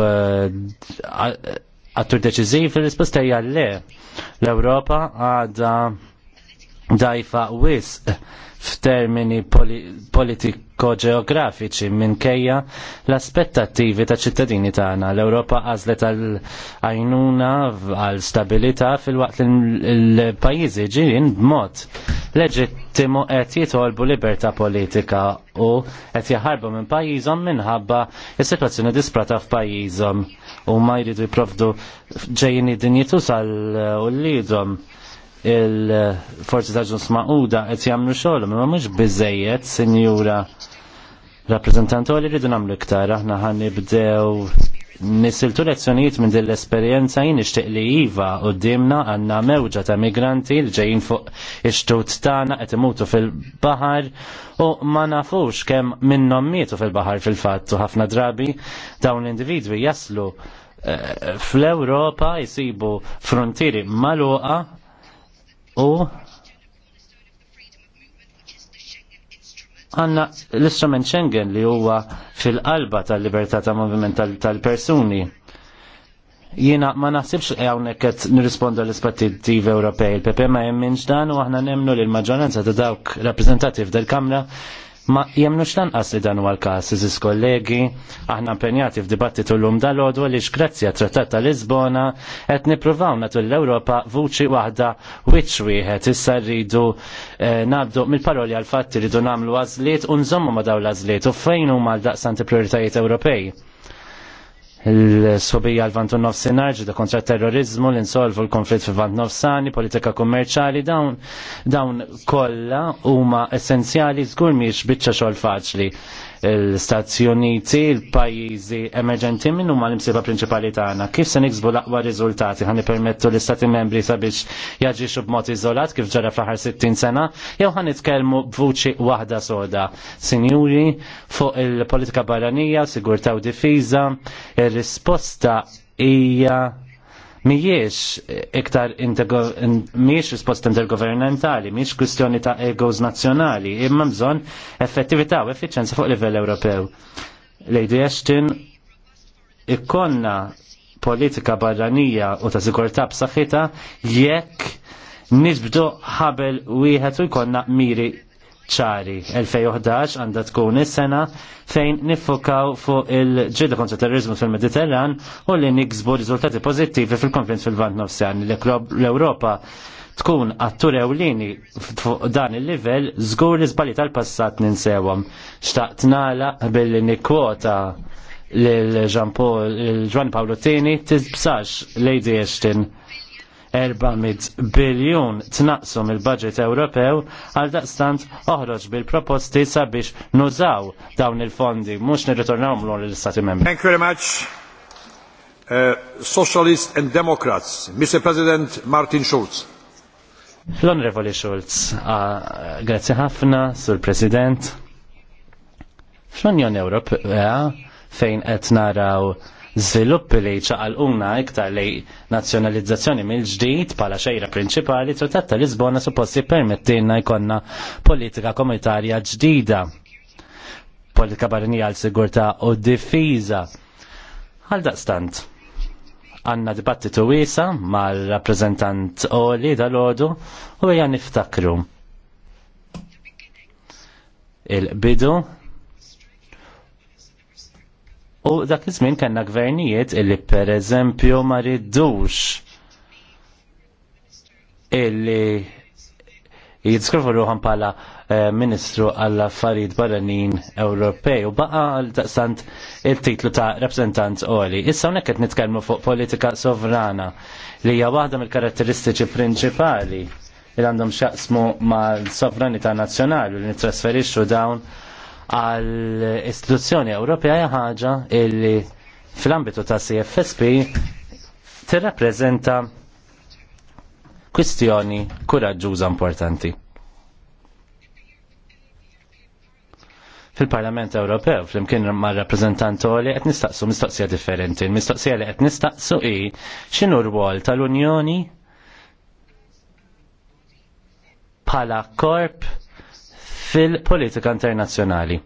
eh, għattur deċiżiv il-risposta hija le. L-Ewropa għadha dajfa wisq f'termini politiko-ġeografiċi minkejja l-aspettattivi ta' ċittadini tagħna. L-Ewropa għażlet għal għajnuna għal stabilità fil-waqt l-pajjiżi ġirien b'mod leġittimu qed jitolbu libertà politika u qed jaħarbu minn pajjiżhom minħabba is-sitwazzjoni disprata f'pajjiżhom u ma jridu jiprofdu ġejjini dinjitu sal eh, u l-lidom il-forzi ta' ġus ma'uda qed jagħmlu xogħolhom, imma mhux biżejjed, sinjura rappreżentanti li rridu nagħmlu iktar, aħna ħan bdew. Nisiltu lezzjonijiet minn din l-esperjenza jien nixtieq li iva qudiemna għandna mewġa ta' migranti li ġejjin fuq ix-xtut tagħna qed imutu fil-baħar u ma nafux kemm minnhom mietu fil-baħar fil-fatt u ħafna drabi dawn l-individwi jaslu eh, fl-Ewropa jisibu frontieri maluqa u għanna l-istrument Schengen li huwa fil-qalba tal-libertà ta' moviment tal-persuni. Jiena ma naħsibx hawnhekk qed nirrispondu l ispettattivi Ewropej. Il-PP ma jemminġ dan u aħna nemnu li l-maġġoranza ta' dawk rappresentativ del kamra Ma jemnu lanqas li dan huwa l-każ iżis kollegi, aħna impenjati f'dibattitu llum dal-għodu li xgrazzja trattat tal Lisbona qed nippruvaw nagħtu l-Ewropa vuċi waħda wiċċ wieħed issa rridu eh, nabdu mill-paroli għal fatt rridu nagħmlu għażliet u nżommu ma' dawn l-għażliet u fejn huma l-daqsanti prioritajiet Ewropej il-sobija l-vant nofsinar ġidu kontra terrorizmu, l-insolvu l-konflitt fi vant nofsani, politika kommerċali, dawn, dawn kolla huma essenzjali zgur miex bicċa xol faċli l istati Uniti, l-pajjiżi emerġenti minn huma l-imsiba prinċipali tagħna. Kif se niksbu l-aqwa riżultati ħan permettu l-Istati membri sabiex jaġixu b'mod iżolat kif ġara fl-aħħar 60 sena, jew ħan nitkellmu b'vuċi waħda soda. Sinjuri, fuq il-politika barranija, sigurtà u difiża, ir-risposta hija mijiex iktar mijiex risposta intergovernmentali, mijiex kwistjoni ta' egos nazzjonali, imma bżon effettività u effiċenza fuq livell Ewropew. Lady Ashton ikkonna politika barranija u ta' sigurtà b'saħħitha jekk nisbdu ħabel wieħed u jkollna miri ċari. 2011 għandha tkun is-sena fejn niffokaw fuq il-ġidda kontra terrorizmu fil-Mediterran u li niksbu riżultati pożittivi fil-konferenz fil-Vant Nofsjan li l-Ewropa tkun attur ewlini fuq dan il-livell żgur li żbali tal-passat ninsewhom. Xtaqt nagħlaq billi nikkwota lil Ġan Paolo Tini tibsax Lady Ashton 400 biljun tnaqsu il budget Ewropew għal daqstant oħroġ bil-proposti sabiex nużaw dawn il-fondi, mux nirritornaw l l-Stati membri. Thank you very much. Uh, Socialists and Democrats, Mr. President Martin Schulz. L-Onorevoli Schulz, uh, grazie ħafna, Sur President. Fl-Unjoni Ewropea fejn etnaraw naraw żviluppi li ċaqalquna iktar li nazzjonalizzazzjoni mill-ġdid bħala xejra prinċipali trattat ta' Lisbona supposti permettilna jkollna politika komunitarja ġdida. Politika barinija għal sigurtà u difiża. Għal daqstant. Għanna dibattitu wiesa mal-rappresentant Oli dal-ħodu u għan niftakru il-bidu U dak iż-żmien kellna gvernijiet illi pereżempju ma riddux illi jitskrivu ruħan pala eh, ministru għall affarijiet barranin Ewropej u baqa għal taqsant il-titlu ta' rappresentant oli. Issa unek qed nitkellmu fuq politika sovrana li hija waħda mill-karatteristiċi prinċipali li għandhom xaqsmu mal sovranità nazzjonali li nitrasferixxu dawn għal istituzzjoni Ewropea hija ħaġa illi fl-ambitu ta' CFSP tirrappreżenta kwistjoni kuraġġuża importanti. fil-Parlament Ewropew, flimkien ma' rappresentantoli, qed nistaqsu mistoqsija differenti. Mistoqsija li qed nistaqsu hi x'inhu rwol tal-Unjoni bħala korp fil-politika internazzjonali.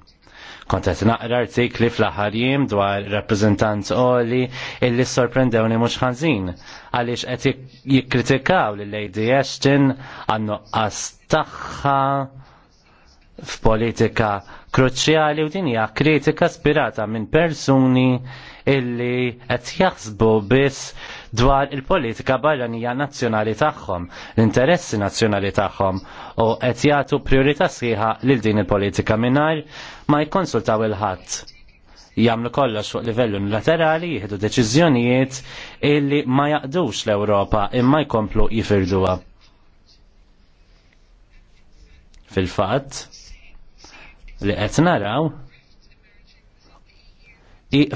Kontet naqra artikli fl-aħħar jiem dwar rappreżentant oli illi sorprendewni mhux ħażin għaliex qed jikkritikaw lil Lady Ashton għan-nuqqas tagħha f'politika kruċjali u din hija kritika spirata minn persuni illi qed jaħsbu biss dwar il-politika barranija nazzjonali tagħhom, l-interessi nazzjonali tagħhom u qed jagħtu priorità sħiħa lil din il-politika mingħajr ma jkonsultaw il-ħadd jagħmlu kollox fuq livell unilaterali jieħdu deċiżjonijiet illi ma jaqdux l-Ewropa imma jkomplu jifirduha. Fil-fatt li qed naraw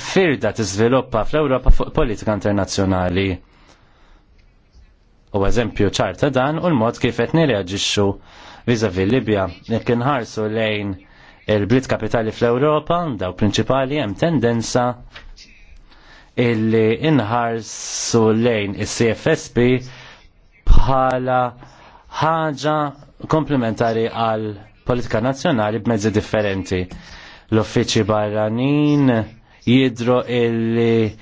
firda tiżviluppa fl-Ewropa fuq politika internazzjonali. U eżempju ċarta dan u l-mod kif qed nirreaġixxu viżavi Libja. Jekk inħarsu lejn il-Brit kapitali fl-Ewropa, daw prinċipali hemm tendenza illi inħarsu lejn is-CFSP bħala ħaġa komplementari għal politika nazzjonali b'mezzi differenti. L-uffiċi barranin, Jidro illi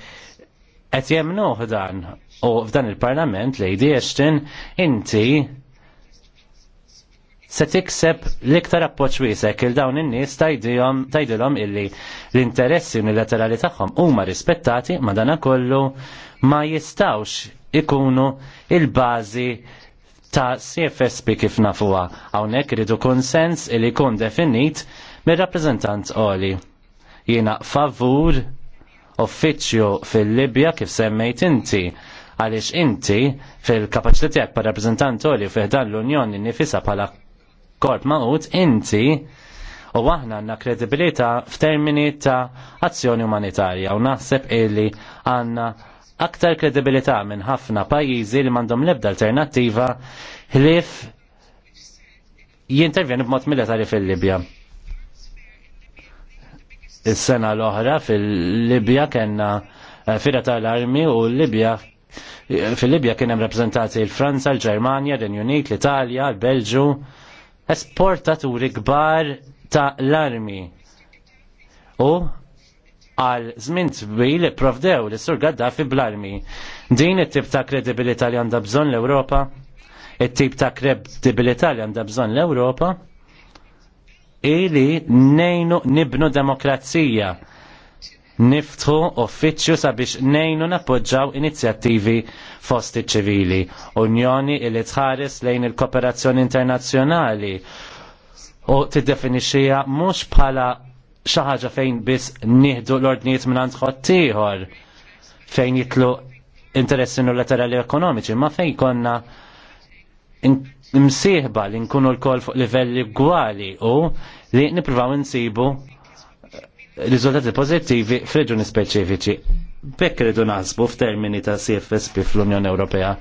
qed jemnuh dan u f'dan il-Parlament Lady Ashton inti se tikseb l-iktar appoġġ wiesek il dawn in-nies tajdilhom illi l-interessi unilaterali tagħhom huma rispettati madanakollu ma jistawx ikunu il-bażi ta' CFSP kif nafuha hawnhekk iridu konsens illi jkun definit mir-rappreżentant qoli. Jiena favur uffiċċju fil-Libja kif semmejt inti għaliex inti fil-kapaċità tiegħek pa' rappreżentant fih dan l-Unjoni nifisa bħala korp maqut inti u aħna għandna kredibilità f'termini ta' azzjoni umanitarja u naħseb illi għandna aktar kredibilità minn ħafna pajjiżi li m'għandhom l-ebda alternattiva ħlief jintervjeni b'mod militari fil-Libja. Is-sena l-oħra fil-Libja kena eh, fira tal-armi u l-Libja eh, fil-Libja kien hemm rappreżentati l-Franza, l-Ġermanja, l Unit, l-Italja, l-Belġu, esportaturi kbar ta' l-armi. U għal żmien twil provdew li sur Gaddafi bl-armi. Din it-tip ta' kredibilità li għandha bżonn l-Ewropa, it-tip ta' kredibilità li għandha bżonn l-Ewropa, ili nejnu nibnu demokrazija niftħu uffiċċju sabiex nejnu nappoġġaw inizjattivi fosti ċivili, unjoni ili tħares lejn il-kooperazzjoni internazzjonali u tiddefinixxija mhux bħala xi ħaġa fejn biss nieħdu l-ordnijiet minn ieħor fejn jitlu interessi unilaterali ekonomiċi, ma fejn konna msieħba li nkunu l-kol fuq livelli gwali u li niprofaw nsibu eh, riżultati pozittivi fil-ġuni speċifiċi. Bekk ridu naħsbu f'termini ta' CFSP fl-Unjoni Ewropea.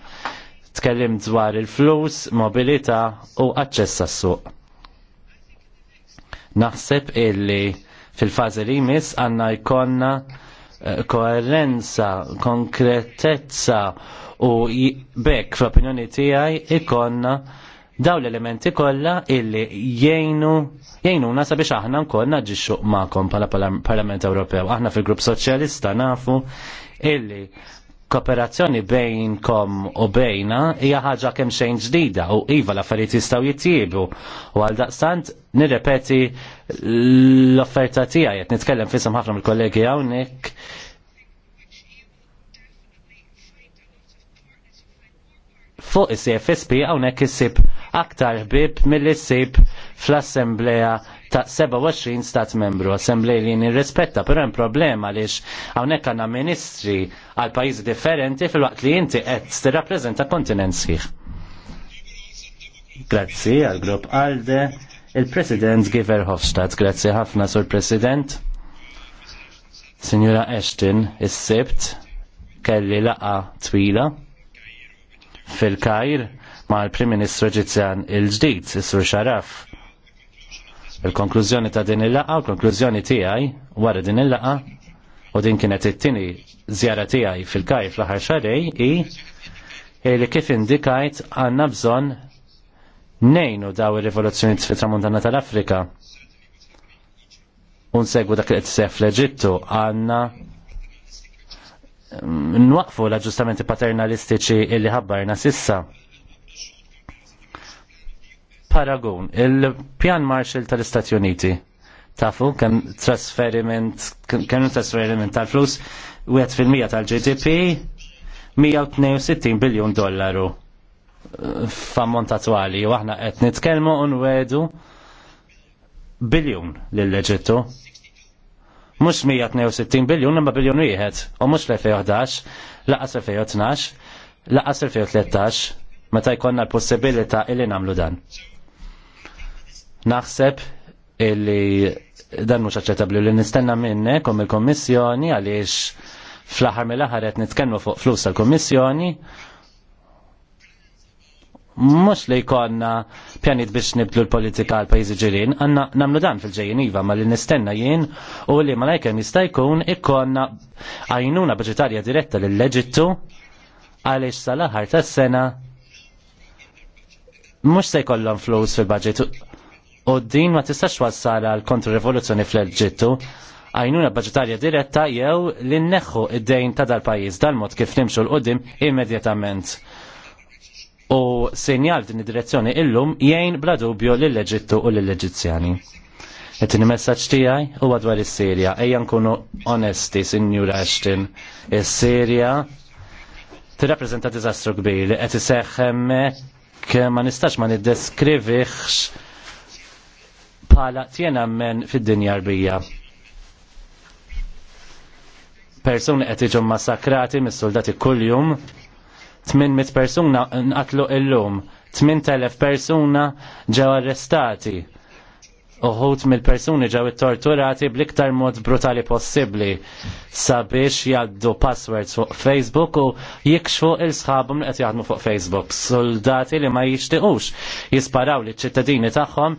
Tkellim dwar il-flus, mobilità u aċċess għas-suq. Naħseb illi fil-fazi li jmiss għanna jkonna eh, koerenza, konkretezza u bekk fl-opinjoni tiegħi ikonna daw l-elementi kollha illi jgħinu nasa sabiex aħna nkoll naġġixxu magħkom bħala Parlament Ewropew. Aħna fil-Grupp Soċjalista nafu illi kooperazzjoni bejnkom u bejna hija ħaġa kemm xejn ġdida u iva l-affarijiet jistgħu jittiebu u għal daqstant nirrepeti l-offerta tiegħi qed nitkellem fisem ħafna mill-kollegi hawnhekk fuq is-CFSP hawnhekk isib aktar ħbib milli isib fl-assembleja ta' 27 stat membru, assembleja li nirrispetta, però hemm problema għaliex hawnhekk għandna ministri għal pajjiżi differenti fil-waqt li inti qed tirrappreżenta kontinent sħiħ. Grazzi għal grupp Alde, il-President Giver Hofstadt, grazzi ħafna sur President. Signora Ashton, is sibt kelli laqa twila fil-Kajr ma' l-Prim Ministru Eġizzjan il-ġdid, Isru Xaraf. Il-konklużjoni ta' din il-laqa, il-konklużjoni tiegħi wara din il-laqa, u din kienet it-tini zjara tiegħi fil-Kajr fl-aħħar xarej i li kif indikajt għandna bżonn nejnu daw ir-rivoluzzjoni fit-tramuntana tal-Afrika. Unsegwu dak li qed seħ fl-Eġittu għandna nwaqfu l-aġġustamenti paternalistiċi illi ħabbarna sissa. Paragon, il-pjan Marshall tal-Istati Uniti tafu kem trasferiment kem trasferiment tal-flus mija tal-GDP 162 biljon dollaru f'ammont attwali u aħna qed nitkellmu wedu biljun lill-Eġittu mhux 162 biljun imma biljun wieħed u mhux l-2011, laqas 2012, laqas 2013 meta jkollna l-possibilità illi nagħmlu dan. Naħseb illi dan mhux aċċettabbli li nistenna minne kom il-Kommissjoni għaliex fl-aħħar mill-aħħar qed nitkellmu fuq flus tal-Kommissjoni mux li jkonna pjanit biex nibdlu l-politika għal pajzi ġirin, għanna namlu dan fil-ġejjin iva, ma li nistenna jien u li ma lajkem jista' jkun ikkonna għajnuna budgetarja diretta l-leġittu għaliex sal-aħar tas sena mux se jkollhom flus fil-budget u din ma tistax wassal għal kontrrevoluzzjoni fl-leġittu għajnuna budgetarja diretta jew li neħħu id-dejn ta' dal-pajis dal-mod kif nimxu l-qoddim immedjatament u sinjal din id-direzzjoni illum jgħin bla dubju lill-Eġittu u lill-Eġizzjani. Et-tini messaċ tijaj u għadwar is-Sirja. Ejja nkunu onesti, Sinjura Ashton. Is-Sirja tirrappreżenta diżastru kbir li qed iseħħ ma nistax ma niddeskrivix bħala tjena men fid-dinja rbija. Persuni qed iġum massakrati mis-soldati kuljum 800 persuna nqatlu illum, 8000 persuna ġew arrestati. Uħut mill-persuni ġew torturati bl-iktar mod brutali possibbli sabiex jaddu passwords fuq Facebook u jikxfu il sħabu li qed jaħdmu fuq Facebook. Soldati li ma jixtiqux jisparaw li ċittadini tagħhom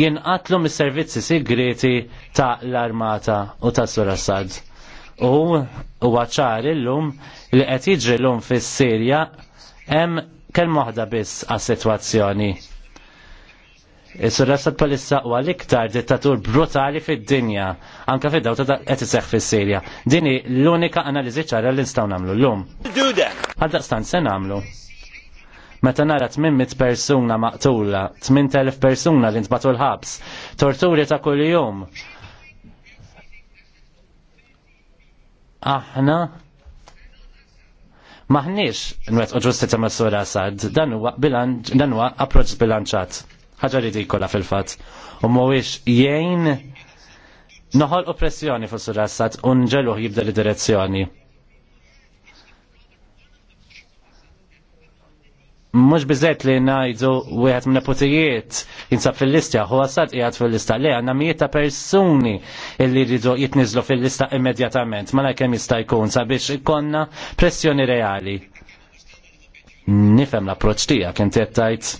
jinqatlu mis-servizzi segreti ta' l-armata u ta' Sur Assad. U huwa ċar illum li qed jiġri l fis-Sirja hemm kemm waħda biss għas-sitwazzjoni. Is-sur Assad palissa huwa l-iktar dittatur brutali fid-dinja, anke fid-daw ta' qed iseħħ fis-Sirja. Dini l-unika analiżi ċara li nistgħu nagħmlu llum. Għaldaqstant se nagħmlu. Meta nara 800 persuna maqtula, 8000 persuna li ntbatu l-ħabs, torturi ta' kuljum. Aħna Maħniex nwet ġustizja ma' sura Assad, dan huwa dan huwa approċ bilanċat. Ħaġa ridikola fil-fatt. U mhuwiex jgħin noħol oppressjoni fuq sura Assad u nġeluh jibda li direzzjoni mux bizzet li najdu u għet minna potijiet jinsab fil-lista, u għasad jgħat fil-lista, li għanna mieta ta' personi illi rridu jitnizlu fil-lista immedjatament, ma la' kem jistajkun sabiex ikonna pressjoni reali. Nifem l-approċ tija, kien tajt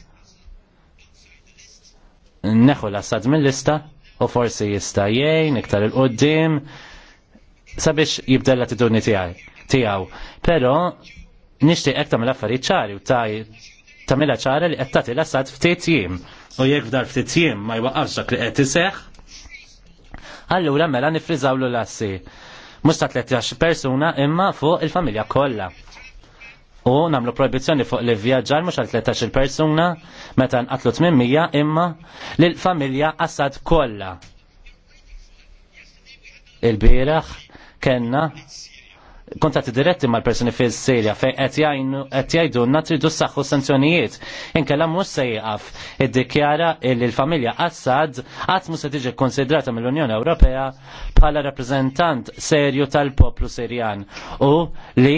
neħu l-assad mill-lista u forsi jista jgħin iktar il-qoddim sabiex jibdella t-dunni tijaw. Pero, nixtieq hekk tagħmel affarijiet ċari u taj tagħmilha ċara li qed tagħti l-assad ftit jiem. U jekk f'dar ftit jiem ma jwaqafx dak li qed iseħħ, allura mela nifriżawlu l-assi. Mhux ta' 13 persuna imma fuq il-familja kollha. U namlu proibizjoni fuq li vjaġġar mhux għal 13 persuna meta nqatlu 800 imma lil familja Assad kollha. Il-bieraħ kenna kontatti diretti mal persuni fi Sirja fejn qed jgħidulna tridu saħħu sanzjonijiet. Inkella mhux se jieqaf iddikjara li l-familja Assad qatt mhux se tiġi konsidrata mill-Unjoni Ewropea bħala rappreżentant serju tal-poplu Sirjan u li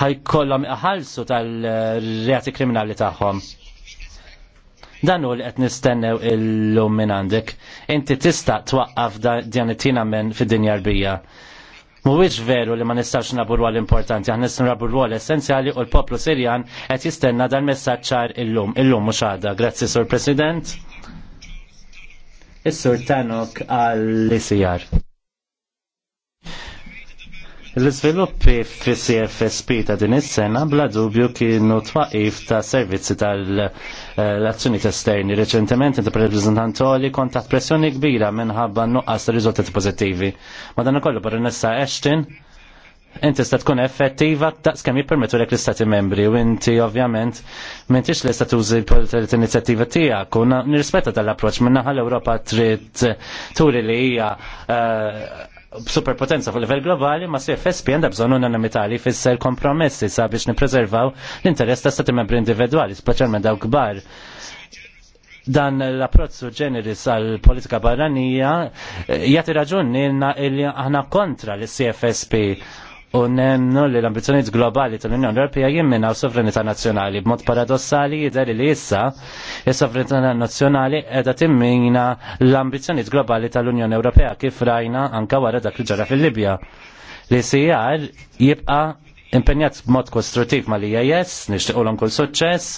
ħajkollom iħallsu tal-reati kriminali tagħhom dan u li qed nistennew illum minn għandek. Inti tista' twaqqaf dan it-tina minn fid-dinja rbija. Mhuwiex veru li ma nistax nabu rwol importanti, aħna nistax nabu rwol essenzjali u l-poplu Sirjan qed jistenna dan messaċċar ċar illum. Illum mhux għadha. Grazzi Sur President. Is-Sur Tanok għall-ICR. L-izviluppi fi CFSP ta' din is-sena bla dubju kienu twaqif ta' servizzi tal-azzjoni esterni. Reċentement inti preżentant li kont taħt pressjoni kbira minħabba nuqqas ta' riżultati pożittivi. Ma dan ukoll Baronessa Ashton inti sta tkun effettiva daqs kemm jippermettu lek l-istati membri u inti ovvjament m'intix li sta tużi l-inizjattiva tiegħek u nirrispetta tal-approċċ minnaħa l-Ewropa trid turi li hija eh, superpotenza fuq livell globali ma CFSP għandha bżonn unanimitali li jfisser kompromessi sabiex nippreservaw l-interess ta' stati membri individwali, speċjalment dawk kbar dan l-approzzu ġeneris għal politika barranija eh, jagħti raġun li aħna kontra l-CFSP u nemnu li l-ambizjoniet globali tal-Unjoni Ewropea s sovranità nazzjonali. B'mod paradossali jidher li issa is-sovranità nazzjonali qiegħda timmina l-ambizjoniet globali tal-Unjoni Ewropea kif rajna anka wara dak li ġara fil-Libja. Li sijar jibqa' impenjat b'mod kostruttiv ma' li jes, nixtiequlhom kull suċċess,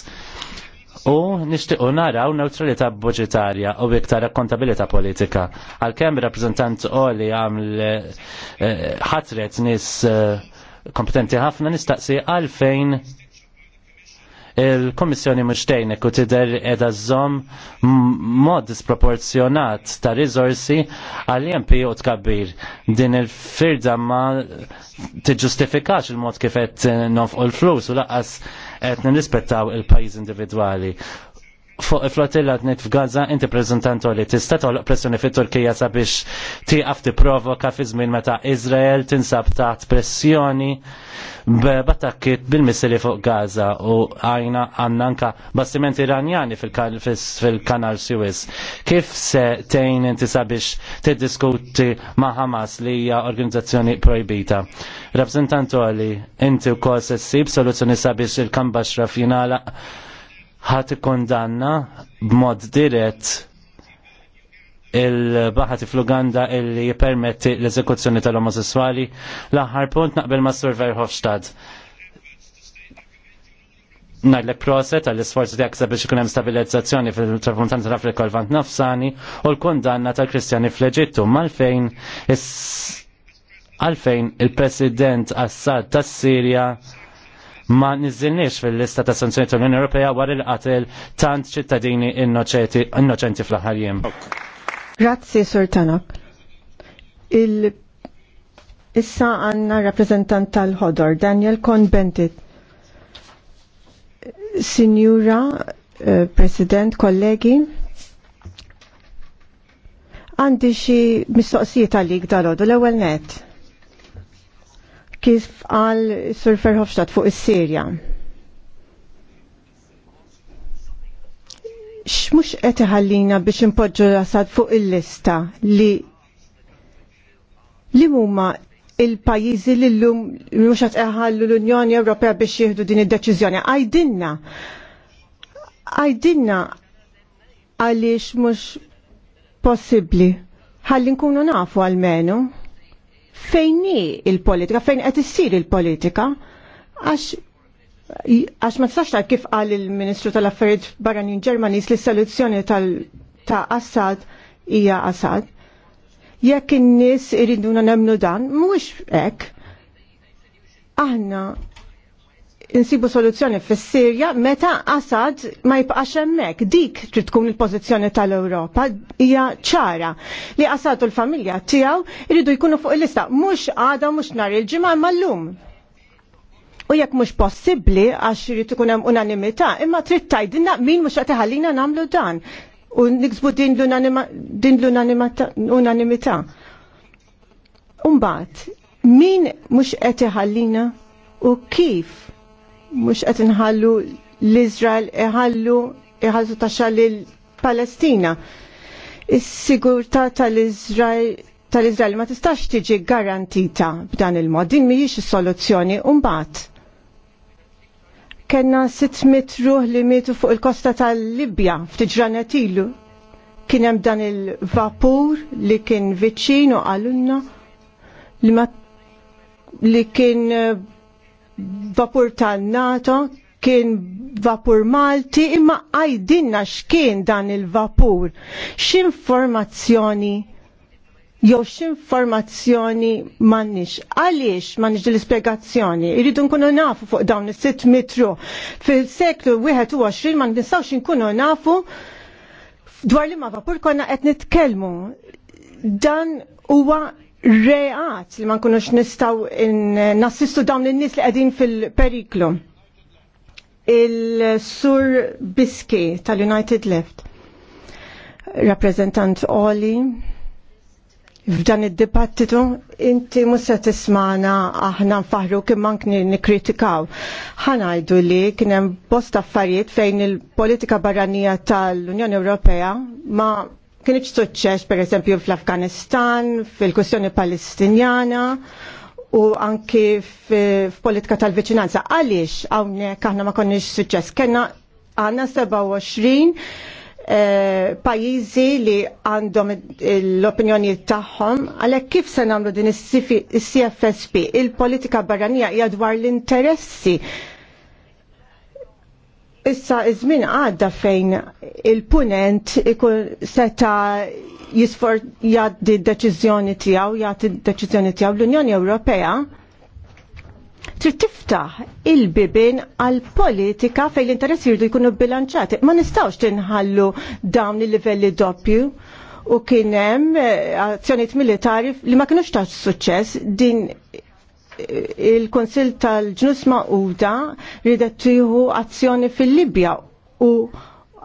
u nixtiequ naraw neutralita budgetarja u iktar akkontabilità politika. Għalkemm rappreżentant Oli għaml eh, ħatret nis eh, kompetenti ħafna nistaqsi għalfejn il-Komissjoni mhux tgħinek u tidher qiegħda żomm mod disproporzjonat ta' rizorsi għal e MP u tkabbir. Din il-firda ma tiġġustifikax il-mod kif qed u l-flus u laqas qed nirrispettaw il-pajjiż individwali fuq il-flotilla t-nit f'Gaza inti prezentantu li tista tolq pressjoni fit turkija sabiex tiqaf tipprovoka fi żmien meta Izrael tinsab taħt pressjoni b'attakkiet bil-missili fuq Gaza u għajna għandna anka bastimenti iranjani fil-kanal Suez. Kif se tejn inti sabiex tiddiskuti ma' Hamas li hija organizzazzjoni projbita? Rappresentantu li inti wkoll se ssib soluzzjoni sabiex il-kambaxra finala ħat ikkondanna b'mod dirett il-baħati fl-Uganda illi jipermetti l-eżekuzzjoni tal-omosessuali l-aħħar punt naqbel ma' Sur Verhofstad. Najdlek proset għall-isforzi li jaksa biex ikun hemm stabilizzazzjoni fil-Trapuntanza tal-Afrika l vant nafsani u l-kondanna tal-Kristjani fl-Eġittu malfejn għalfejn il-President Assad tas-Sirja ma nizzilniex fil-lista ta' sanzjoni tal-Unjoni Ewropea wara il-qatel tant ċittadini innoċenti fl-aħħar jiem. Grazzi, Sur Tanok. Issa għanna rappresentant tal-ħodor, Daniel Cohn-Bendit. Signora uh, President, kollegi, għandi xi mistoqsijiet għalik dal-ħodu l-ewel net kif għal Sur Ferhofstadt fuq is-Sirja. X'mux qed iħallina biex impoġġu l-Assad fuq il-lista li li huma il-pajjiżi li llum mhux qed iħallu l-Unjoni Ewropea biex jieħdu din id-deċiżjoni. Għajdinna għajdinna għaliex mhux possibbli. Ħalli nkunu nafu għalmenu. menu fejni il-politika, fejn qed issir il-politika, għax għax ma tistax ta' kif qal il-Ministru tal-Affarijiet Barranin Ġermanis li s soluzzjoni tal ta' Assad hija Assad. Jekk in-nies iriduna nemmnu dan, mhuwiex hekk. Aħna insibu soluzzjoni fis-Sirja meta Assad ma jibqax hemmhekk. Dik trid tkun il-pożizzjoni tal-Ewropa hija ċara li Assad u l-familja tiegħu jridu jkunu fuq il-lista mhux għada mhux nhar il-ġimgħa mal-lum. U jekk mhux possibbli għax irid ikun hemm unanimità, imma trid tgħidilna min mhux qed iħallina nagħmlu dan u niksbu din l-unanimità. Umbagħad, min mhux qed iħallina u kif mhux qed inħallu l-Izrael iħallu iħallu taxxa lil Palestina. Is-sigurtà tal-Izrael tal-Izrael ma tistax tiġi garantita b'dan il-mod. Din mhijiex is-soluzzjoni u mbagħad. Kenna 600 ruħ li mietu fuq il-kosta tal-Libja f'tiġranet ilu. Kien hemm dan il-vapur li kien viċin u qalulna li ma li kien eh, vapur tal-NATO kien vapur Malti imma għajdinna x'kien dan il-vapur. X'informazzjoni jew x'informazzjoni m'għandniex. Għaliex m'għandniex l-ispjegazzjoni? Irridu nkunu nafu fuq dawn is-sitt mitru. Fil-seklu 21 ma nistgħux inkunu nafu dwar li ma vapur konna qed nitkellmu. Dan huwa reat li ma nkunux nistaw nassistu dawn l nies li qegħdin fil-periklu. Il-Sur Biski tal-United Left, rappresentant Oli, f'dan id-dibattitu inti musa tismana aħna nfaħru kim mank nikritikaw. Ħanajdu li kien hemm bosta affarijiet fejn il-politika barranija tal-Unjoni Ewropea ma kienieċ suċċess per eżempju fl-Afganistan, fil-kwestjoni palestinjana u anki fil-politika tal-viċinanza. Għaliex hawnhekk aħna ma konniex suċċess? Kenna għandna 27 pajizi pajjiżi li għandhom l-opinjoni tagħhom, għalhekk kif se nagħmlu din is-CFSP? Il-politika barranija hija dwar l-interessi issa iż-żmien għadda fejn il-punent ikun seta jisfor jgħaddi d-deċiżjoni tiegħu, jaddi d-deċiżjoni tiegħu l-Unjoni Ewropea trid tiftaħ il-bibin għal politika fejn l-interess jirdu jkunu bilanċati. Ma nistgħux tinħallu dawn il-livelli doppju u kien hemm eh, azzjonijiet militari li ma kinux ta' suċċess din il-Konsil tal-ġnus Mauda ridet tieħu azzjoni fil-Libja u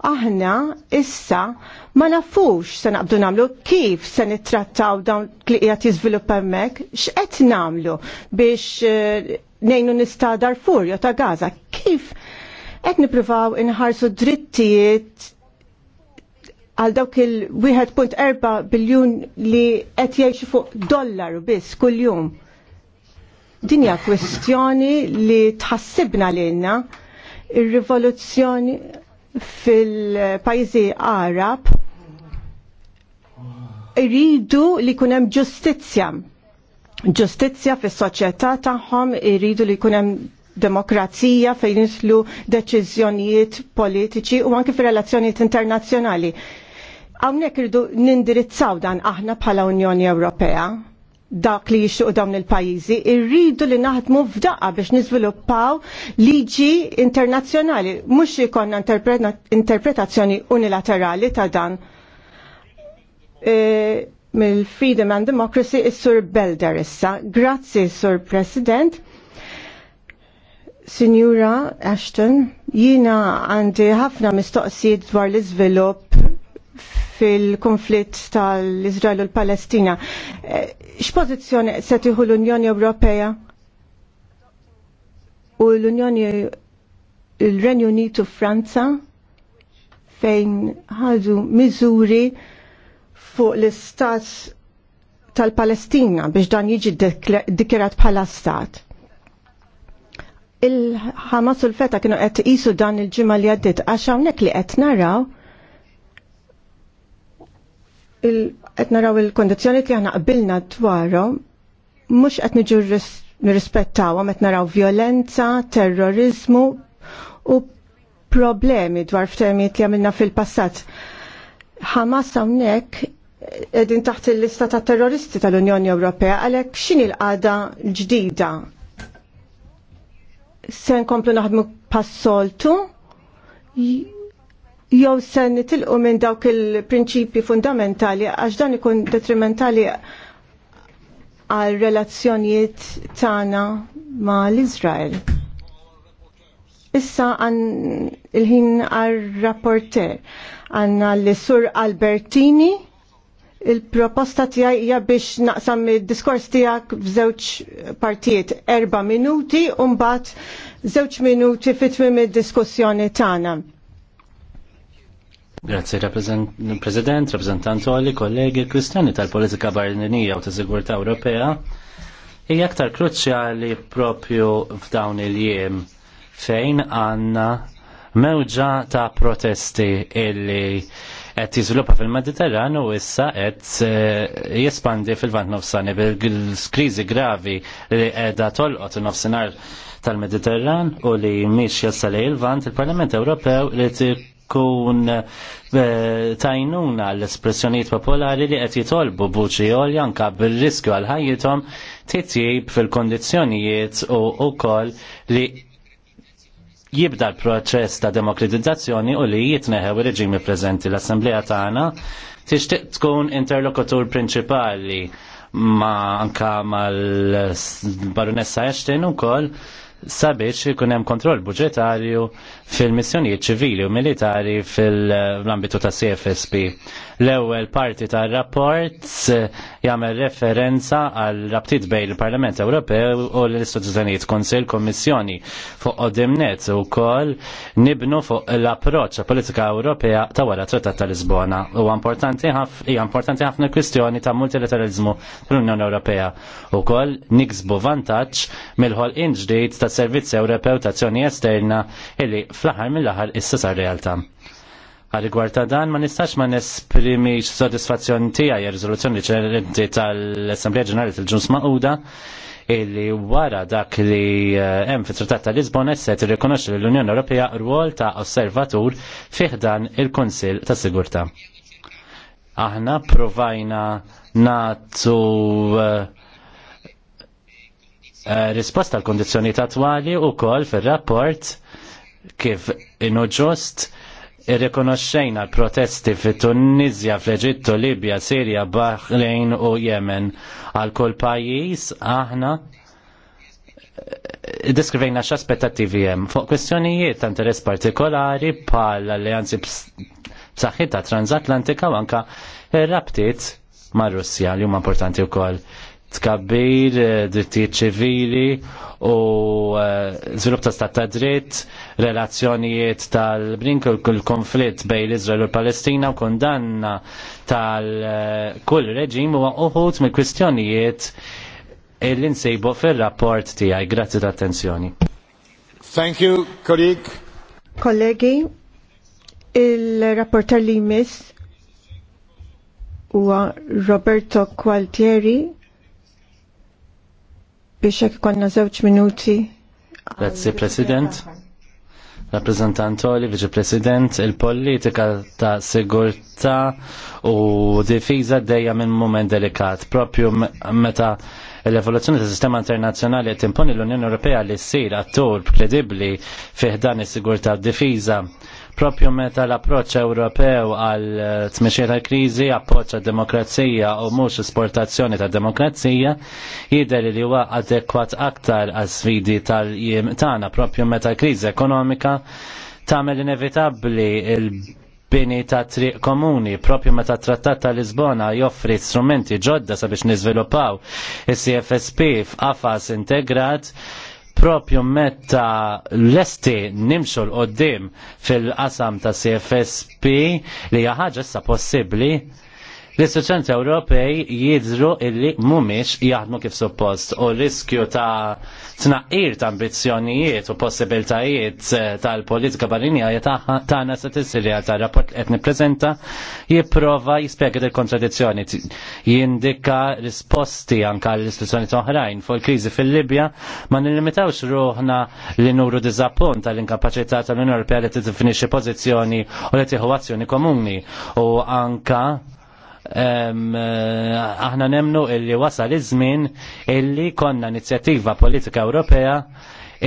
aħna issa ma nafux se naqbdu namlu kif se nittrattaw dawn kliqijat jiżvilupp hemmhekk, x'qed namlu biex eh, nejnu nista' Darfur jew ta' Gaza, kif qed nippruvaw inħarsu drittijiet għal dawk il-1.4 biljun li qed jgħixu fuq dollaru biss kuljum dinja kwestjoni li tħassibna l-inna il-rivoluzzjoni fil-pajzi Arab iridu li kunem ġustizja. Ġustizja fis soċjetà tagħhom iridu li kunem demokrazija fejn nislu deċiżjonijiet politiċi u anke fir-relazzjonijiet internazzjonali. Hawnhekk irridu nindirizzaw dan aħna bħala Unjoni Ewropea dak li jixtuq dawn il-pajizi, irridu li naħdmu f'daqqa biex niżviluppaw liġi internazzjonali, mhux ikonna interpretazzjoni unilaterali ta' dan. E, mill-Freedom and Democracy is-Sur Belder issa. Grazzi, Sur President. Signora Ashton, jina għandi ħafna mistoqsijiet dwar l-iżvilupp fil-konflitt tal-Izrael u l-Palestina. Eh, X'pożizzjoni se tieħu l-Unjoni Ewropea u l-Unjoni il-Renju Unitu Franza fejn ħadu miżuri fuq l-istat tal-Palestina biex dan jiġi dikjerat bħala stat il-ħamas u l-feta kienu qed isu dan il-ġimma li għaddit għax hawnhekk li qed naraw qed naraw il-kondizzjoni li aħna qbilna dwarhom mhux qed niġu nirrispettawhom qed naraw violenza, terrorizmu u problemi dwar f'temijiet li għamilna fil-passat. Hamas hawnhekk edin taħt il-lista ta' terroristi tal-Unjoni Ewropea, għalek xini l-qada ġdida? Sen komplu naħdmu passoltu? jew se nitilqu minn dawk il-prinċipji fundamentali għax dan ikun detrimentali għal relazzjonijiet tagħna ma' l-Izrael. Issa għan il-ħin għal rapporter għanna l-Sur Albertini il-proposta tijaj hija biex naqsam il-diskors tijak f'żewġ partijiet erba minuti un bat żewġ minuti fit-twim id-diskussjoni tagħna. Grazie, President, Rappresentant Oli, kollegi, kwistjoni tal-politika barninija u ta' sigurta Ewropea hija aktar kruċjali propju f'dawn il-jiem fejn għanna mewġa ta' protesti e illi qed jiżviluppa fil-Mediterran u e issa qed jispandi eh, fil-vant nofsani bil-kriżi gravi li qiegħda tolqot nofsinhar tal-Mediterran u li mhix jassal il-vant il-Parlament Ewropew li Kun eh, tajnuna l-espressjoniet popolari li qed jitolbu buċi olja anka bil-riskju għal ħajjithom titjib fil-kondizzjonijiet u wkoll li jibda l-proċess ta' demokratizzazzjoni u li jitneħew ir-reġimi preżenti l-Assembleja tagħna tixtieq tkun interlokutur prinċipali ma' anka mal-Baronessa Ashton ukoll sabiex ikun hemm kontroll budġetarju fil-missjonijiet ċivili u militari fil-ambitu ta' CFSP. L-ewwel parti tar-rapport eh, jagħmel referenza għal rabtiet bejn il-Parlament Ewropew u l-istituzzjonijiet Konsil Kommissjoni fuq u ukoll nibnu fuq l-approċċ politika Ewropea ta' wara Trattat ta' Lisbona. U importanti hija importanti ħafna kwistjoni ta' multilateralizmu fl-Unjoni Ewropea. kol niksbu vantaġġ mill-ħolqien ġdid ta' servizzi Ewropew ta' Azzjoni Esterna illi fl-aħħar mill-aħħar issa sar realtà. Għal rigward ta' dan ma nistax ma nesprimix sodisfazzjoni tiegħi ir-riżoluzzjoni ċerenti tal assemblea Ġenerali tal-Ġuns Maquda illi wara dak li eh, hemm fit-Trattat ta' Lisbona se tirrikonoxxi l-Unjoni Ewropea rwol ta' osservatur fih dan il-Kunsill ta' Sigurtà. Aħna provajna natu eh, eh, risposta għal kondizjoni attwali u kol fil-rapport kif inu ġust irrikonoxxejna l-protesti fit Tunisja, fl-Eġittu, Libja, Sirja, Bahrain u Yemen. Għal kull pajjiż aħna eh, diskrivejna x'aspettattivi hemm fuq kwestjonijiet ta' interess partikolari bħal alleanzi b'saħħitha transatlantika u anka rabtiet ma' Russja li huma importanti wkoll tkabbir, eh, drittijiet ċivili u eh, żvilupp ta' stat ta' dritt, relazzjonijiet tal-brink kull konflitt bejn l-Izrael u l-Palestina u kondanna tal-kull eh, reġim huwa uħut mill-kwistjonijiet illi nsejbu fil-rapport tiegħi. Grazzi tal-attenzjoni. Thank you, colleague. Kollegi, il rapporta li jmiss huwa Roberto Qualtieri biex jekk konna żewġ minuti. Grazzi President. Rappresentantoli, Viċi President, il-politika ta' sigurta u difiża dejja minn moment delikat, propju meta l-evoluzzjoni tas sistema internazzjonali qed timponi l-Unjoni Ewropea li ssir attur kredibbli fih dan is-sigurtà difiża propju meta l-approċ Ewropew għal eh, tmexxija tal-kriżi appoġġ demokrazija u mhux esportazzjoni tad demokrazija jidher li huwa adekwat aktar għas sfidi tal-jiem tagħna propju meta kriżi ekonomika tagħmel inevitabbli il- bini ta' triq komuni, propju meta trattat ta' Lisbona joffri strumenti ġodda sabiex niżviluppaw is-CFSP f'qafas integrat propju metta l-esti nimxu l-qoddim fil-qasam ta' CFSP li ħaġa issa possibli l-istituzzjoni Ewropej jidhru illi mhumiex jaħdmu kif suppost u riskju ta' tnaqqir ta' ambizzjonijiet u possibiltajiet eh, tal-politika balinja tagħna se tisir ta' rapport li qed nippreżenta jipprova jispjega il-kontradizzjoni jindika risposti anke għall istituzjoni oħrajn fuq il-kriżi fil-Libja ma nillimitawx ruħna li nuru diżappunt tal-inkapaċità tal-Unjoni Ewropea li tiddefinixxi pożizzjoni u li tieħu azzjoni komuni u anka Eh, aħna nemnu illi wasal iż-żmien illi konna inizjattiva politika Ewropea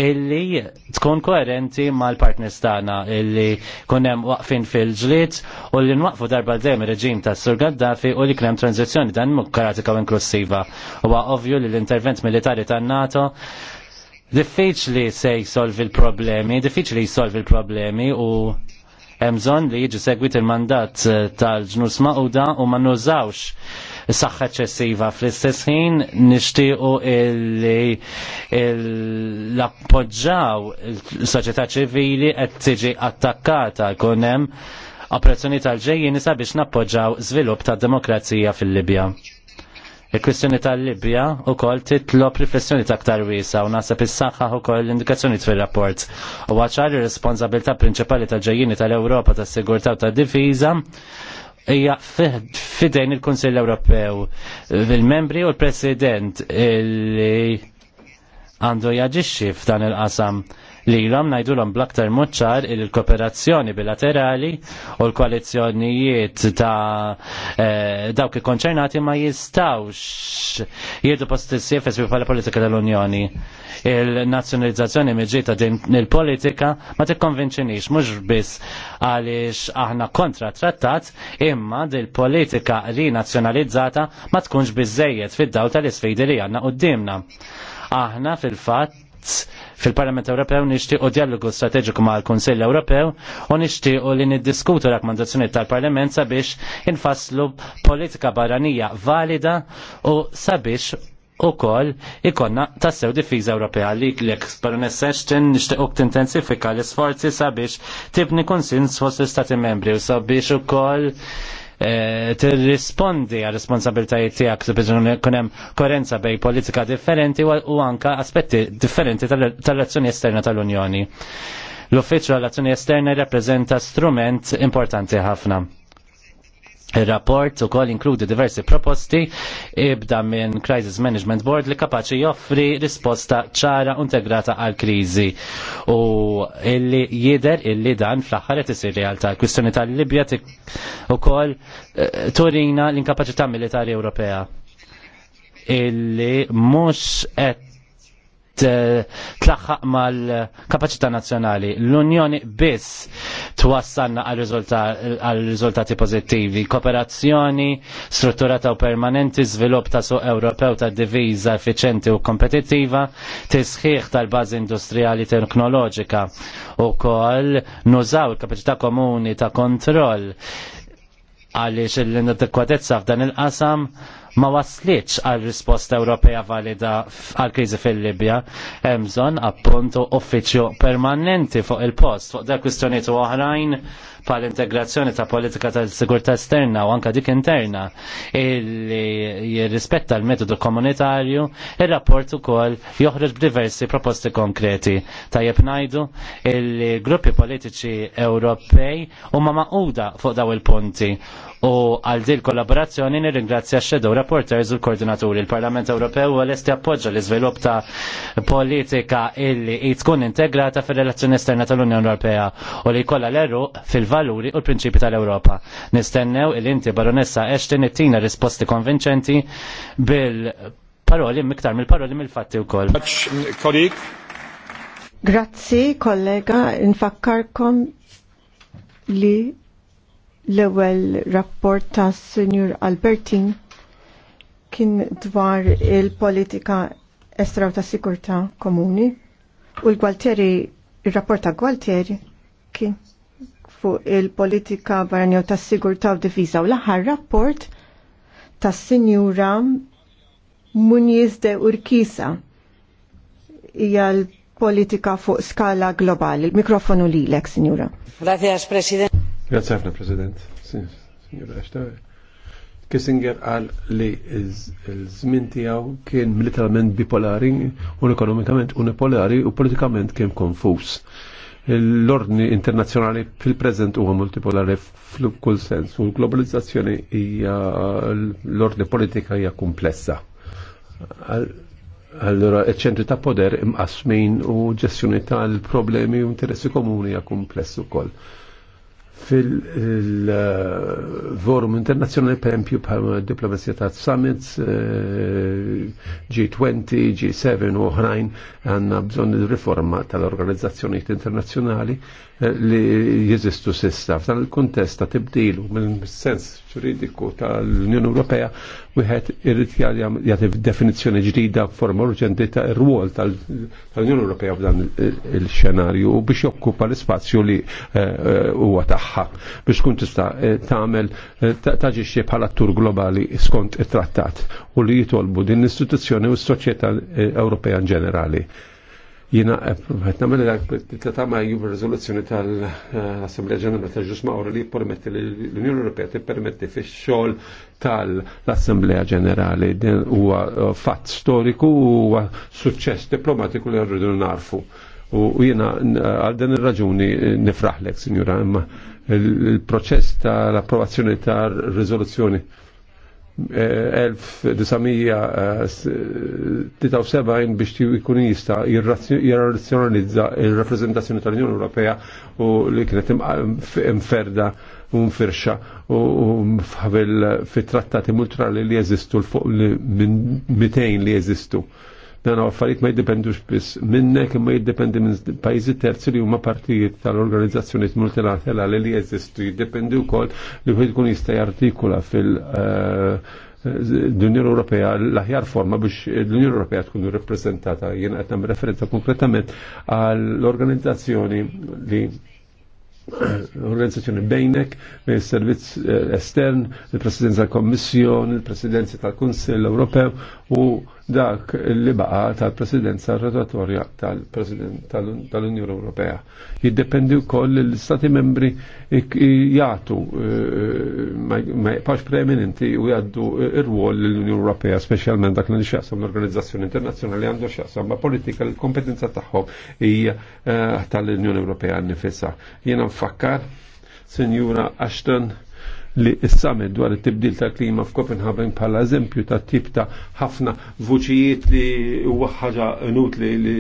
illi tkun koerenti mal-partners tagħna illi kunem waqfin fil-ġlied u li nwaqfu darba dejjem reġim ta' Sur Gaddafi u li kien hemm tranzizzjoni dan demokratika u inklusiva. Huwa ovvju li l-intervent militari tan-NATO diffiċli se jsolvi l-problemi, diffiċli jsolvi l-problemi u Emżon li jiġi segwit il-mandat eh, tal-ġnus ma'uda u ma nużawx saħħa ċessiva fl-istess ħin nixtiequ li l-appoġġaw il-soċjetà ċivili qed tiġi attakkata jkun hemm operazzjoni tal-ġejjin biex nappoġġaw żvilupp tad demokrazija fil-Libja. Il-kwistjoni tal-Libja u kol titlob riflessjoni taktar wisa u nasab is-saħħa u kol l-indikazzjoni fil-rapport. U għaċar ir-responsabilta prinċipali ta' ġejjini tal-Ewropa ta' sigurtà u ta' difiża hija fidejn il-Kunsill Ewropew. Il-membri u l-President li għandu jaġixxi f'dan il-qasam. il qasam li l najdu l-om blaktar muċċar il-kooperazzjoni bilaterali u l koalizjonijiet ta' eh, dawk il konċernati ma jistawx jirdu postissi fess bħala politika tal-Unjoni. Il-nazjonalizzazzjoni ta' din il-politika ma tikkonvinċinix, mux biss għaliex aħna kontra trattat imma dil-politika rinazzjonalizzata ma tkunx bizzejiet fid-daw tal-isfidi li għanna qoddimna. Aħna fil-fatt fil-Parlament Ewropew nixtiequ dialogu strateġiku mal kunsill Ewropew u nixtiequ li niddiskutu rakkomandazzjonijiet tal-Parlament sabiex infasslu politika barranija valida u sabiex ukoll ikonna tassew difiża Ewropea li l-ek baronessa Ashton nixtiequ tintensifika l-isforzi sabiex tibni konsins fost l istati membri u sabiex ukoll Eh, tirrispondi għal responsabiltajiet tiegħek biex bizzun hemm koerenza bej politika differenti u anka aspetti differenti tal-azzjoni esterna tal-Unjoni. L-Uffiċċju għall-Azzjoni Esterna jirrappreżenta strument importanti ħafna. Il-rapport u koll inkludi diversi proposti ibda minn Crisis Management Board li kapaċi joffri risposta ċara integrata għal krizi u illi jider illi dan fl-ħaret isir realtà. Kwistjoni tal-Libja u koll eh, turina l-inkapacità militari Ewropea illi mux qed Eh, tlaħħaq mal-kapacità nazzjonali. L-Unjoni biss twassalna għal-riżultati pozittivi. Kooperazzjoni strutturata u permanenti, żvilupp ta' suq Ewropew ta' diviża effiċenti u kompetittiva, tisħiħ tal-bażi industrijali teknoloġika u kol nużaw il-kapacità komuni ta' kontroll għaliex l-inadekwatezza f'dan il-qasam ma waslitx għal risposta Ewropea valida għal kriżi fil-Libja. Hemm bżonn appuntu uffiċċju permanenti fuq il-post fuq dak kwistjonijiet oħrajn pal integrazzjoni ta' politika ta' sigurtà esterna u anka dik interna illi jirrispetta l-metodu komunitarju, il-rapport ukoll joħroġ b'diversi proposti konkreti. Tajjeb ngħidu il-gruppi politiċi Ewropej huma maquda fuq daw il-punti u għal din kollaborazzjoni nirringrazzja x-Shadow Rapporters u l-Koordinaturi. Il-Parlament Ewropew għal esti appoġġa l-iżvilupp ta' politika illi tkun integrata fir-relazzjoni esterna tal-Unjoni Ewropea u li jkollha l erru fil il-valuri u l-prinċipi tal-Ewropa. Nistennew il-inti baronessa it-tina risposti konvinċenti bil-paroli miktar mill-paroli mill-fatti wkoll. Grazzi, kollega, infakkarkom li l-ewwel rapport ta' Sinjur Albertin kien dwar il-politika estraw ta' sikurta komuni u l-Gwaltieri, il-rapport ta' Gwaltieri kien fuq il-politika barranija tas sigurtà u difiża u l-aħħar rapport tas sinjura Muniz de Urkisa hija l-politika fuq skala globali. Mikrofonu lilek, sinjura. Grazie, President. Grazie ħafna, President. Signora Ashtar. Kissinger għal li l-żmien tiegħu kien militarment bipolari, un ekonomikament unipolari u politikament kien konfus l-ordni internazzjonali fil-prezent huwa multipolari f'kull sens u l-globalizzazzjoni hija l-ordni politika hija komplessa. Allora, eċ-ċentri ta' poder imqasmin u ġestjoni tal-problemi u interessi komuni hija komplessu ukoll fil-forum internazjonali per esempio bħal diplomazija ta' summits G20, eh, G7 u oħrajn għanna bżonni riforma tal organizzazzjoni internazjonali li jeżistu sissa. F'dan il-kontest ta' tibdilu mill-sens ġuridiku tal-Unjoni Ewropea wieħed irid jagħti definizzjoni ġdida forma urġenti ta' rwol tal-Unjoni Ewropea f'dan il-xenarju u biex jokkupa l-ispazju li eh, eh, huwa tagħha biex tkun tista' eh, tagħmel taġixxi bħala tur globali skont it-trattat u li jitolbu din l-istituzzjoni u s-soċjetà Ewropea in ġenerali. Jina, eh, għet namel dak t tata ma b-rezoluzzjoni tal-Assemblea Ġenerali ta' ġusma Mawra li permetti l-Unjoni Ewropea permetti fi xol tal-Assemblea Ġenerali. din Huwa eh, fatt storiku u suċċess diplomatiku li rridu narfu. U jina għal dan eh, il raġuni nifraħlek, sinjura, imma il-proċess tal-approvazzjoni tal-rezoluzzjoni 1973 biex jkun jista jirrazzjonalizza il rappreżentazzjoni tal-Unjoni Ewropea u li kienet imferda u mfirxa u fit-trattati multrali li jeżistu minn 200 li jeżistu. Dan affarijiet ma jiddependux biss minnek ma jiddependi minn pajzi terzi li huma partijiet tal-organizzazzjonijiet multilaterali li jeżistu jiddependi u wkoll li wieħed ikun jistaj artikula fil- eh, l-Unjoni Ewropea l-aħjar forma biex l-Unjoni Ewropea tkun rappresentata jien qed nagħmel referenza konkretament għall-organizzazzjoni li organizzazzjoni bejnek, bejn eh, servizz eh, estern, il-Presidenza tal-Kommissjon, il-Presidenza tal-Kunsill Ewropew u dak li baqa tal-presidenza rotatorja tal-Unjoni Ewropea. Jiddependi wkoll l istati membri jgħatu eh, ma jibqax preeminenti u jgħaddu eh, ir ruol l-Unjoni Ewropea, specialment dak li xjaqsam l-Organizzazzjoni Internazzjonali għandu xjaqsam ma politika l-kompetenza tagħhom hija eh, tal-Unjoni Ewropea nifisha. Jiena nfakkar Sinjura Ashton li s-summit dwar it-tibdil ta' klima f'Kopenhagen bħala eżempju ta' tip ta' ħafna vuċijiet li huwa ħaġa nut li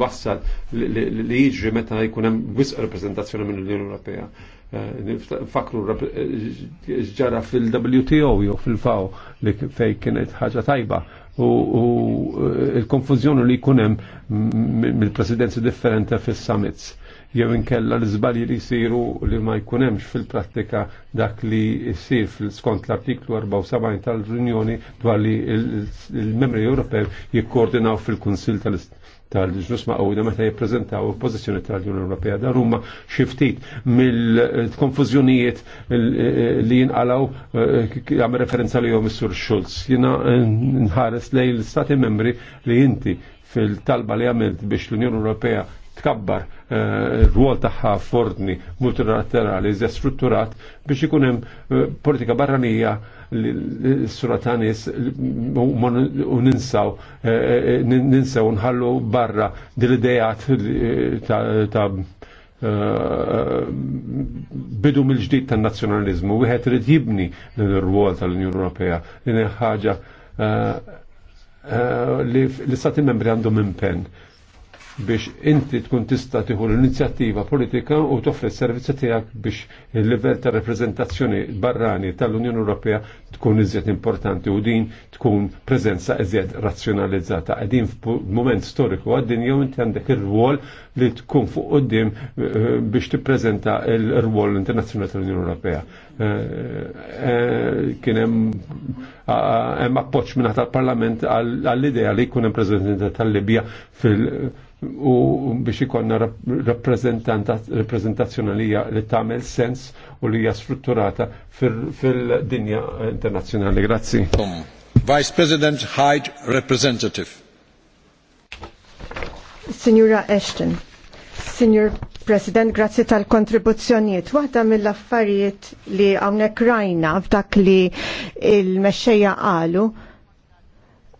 wassal li jiġri meta jkun hemm wisq minn mill-Unjoni Ewropea. Eh, fakru eh, ġara fil-WTO jew fil-FAO li fej kienet ħaġa tajba u eh, il konfuzjoni li jkun hemm mill-presidenzi differenti fis-summits jew inkella l-żbalji li jsiru li ma jkunemx fil-prattika dak li jsir skont l-artiklu 74 tal-Unjoni dwar li l-Membri Ewropew jikkoordinaw fil-Kunsil tal-ġnus maqawda meta jippreżentaw il-pożizzjoni tal-Unjoni Ewropea dan huma xi ftit mill-konfużjonijiet li jinqalaw eh, għam referenza li jom is-Sur Schulz. Jina eh, nħares lejn l-Stati Membri li inti fil-talba li għamilt biex l-Unjoni Ewropea tkabbar r-rwol eh, tagħha f'ordni multilaterali iżda strutturat biex ikun hemm eh, politika barranija s-suratanis u ninsaw eh, ninsaw nħallu barra dil-idejat ta' bidu mill-ġdid tan-nazzjonalizmu, wieħed irid jibni l-rwol tal-Unjoni Ewropea li ħaġa li l-istati membri għandhom impenn biex inti tkun tista' tieħu l-inizjattiva politika u toffri s-servizzi tiegħek biex il-livell ta' reprezentazzjoni barrani tal-Unjoni Ewropea tkun iżjed importanti u din tkun prezenza iżjed razzjonalizzata. Qegħdin f'mument storiku għaddin jow inti għandek ir-rwol li tkun fuq qudiem eh, biex tippreżenta l-rwol internazzjonali tal-Unjoni Ewropea. Eh, eh, kien hemm appoġġ minn tal-Parlament għall-idea li jkun hemm tal-Libja fil- u biex ikonna rappresentazzjonalija li tagħmel sens u li hija strutturata fil-dinja internazzjonali. Grazzi. Vice President Hyde Representative. Signora Ashton, Signor President, grazzi tal-kontribuzzjonijiet. Waħda mill-affarijiet li hawnhekk rajna f'dak li il-mexxejja qalu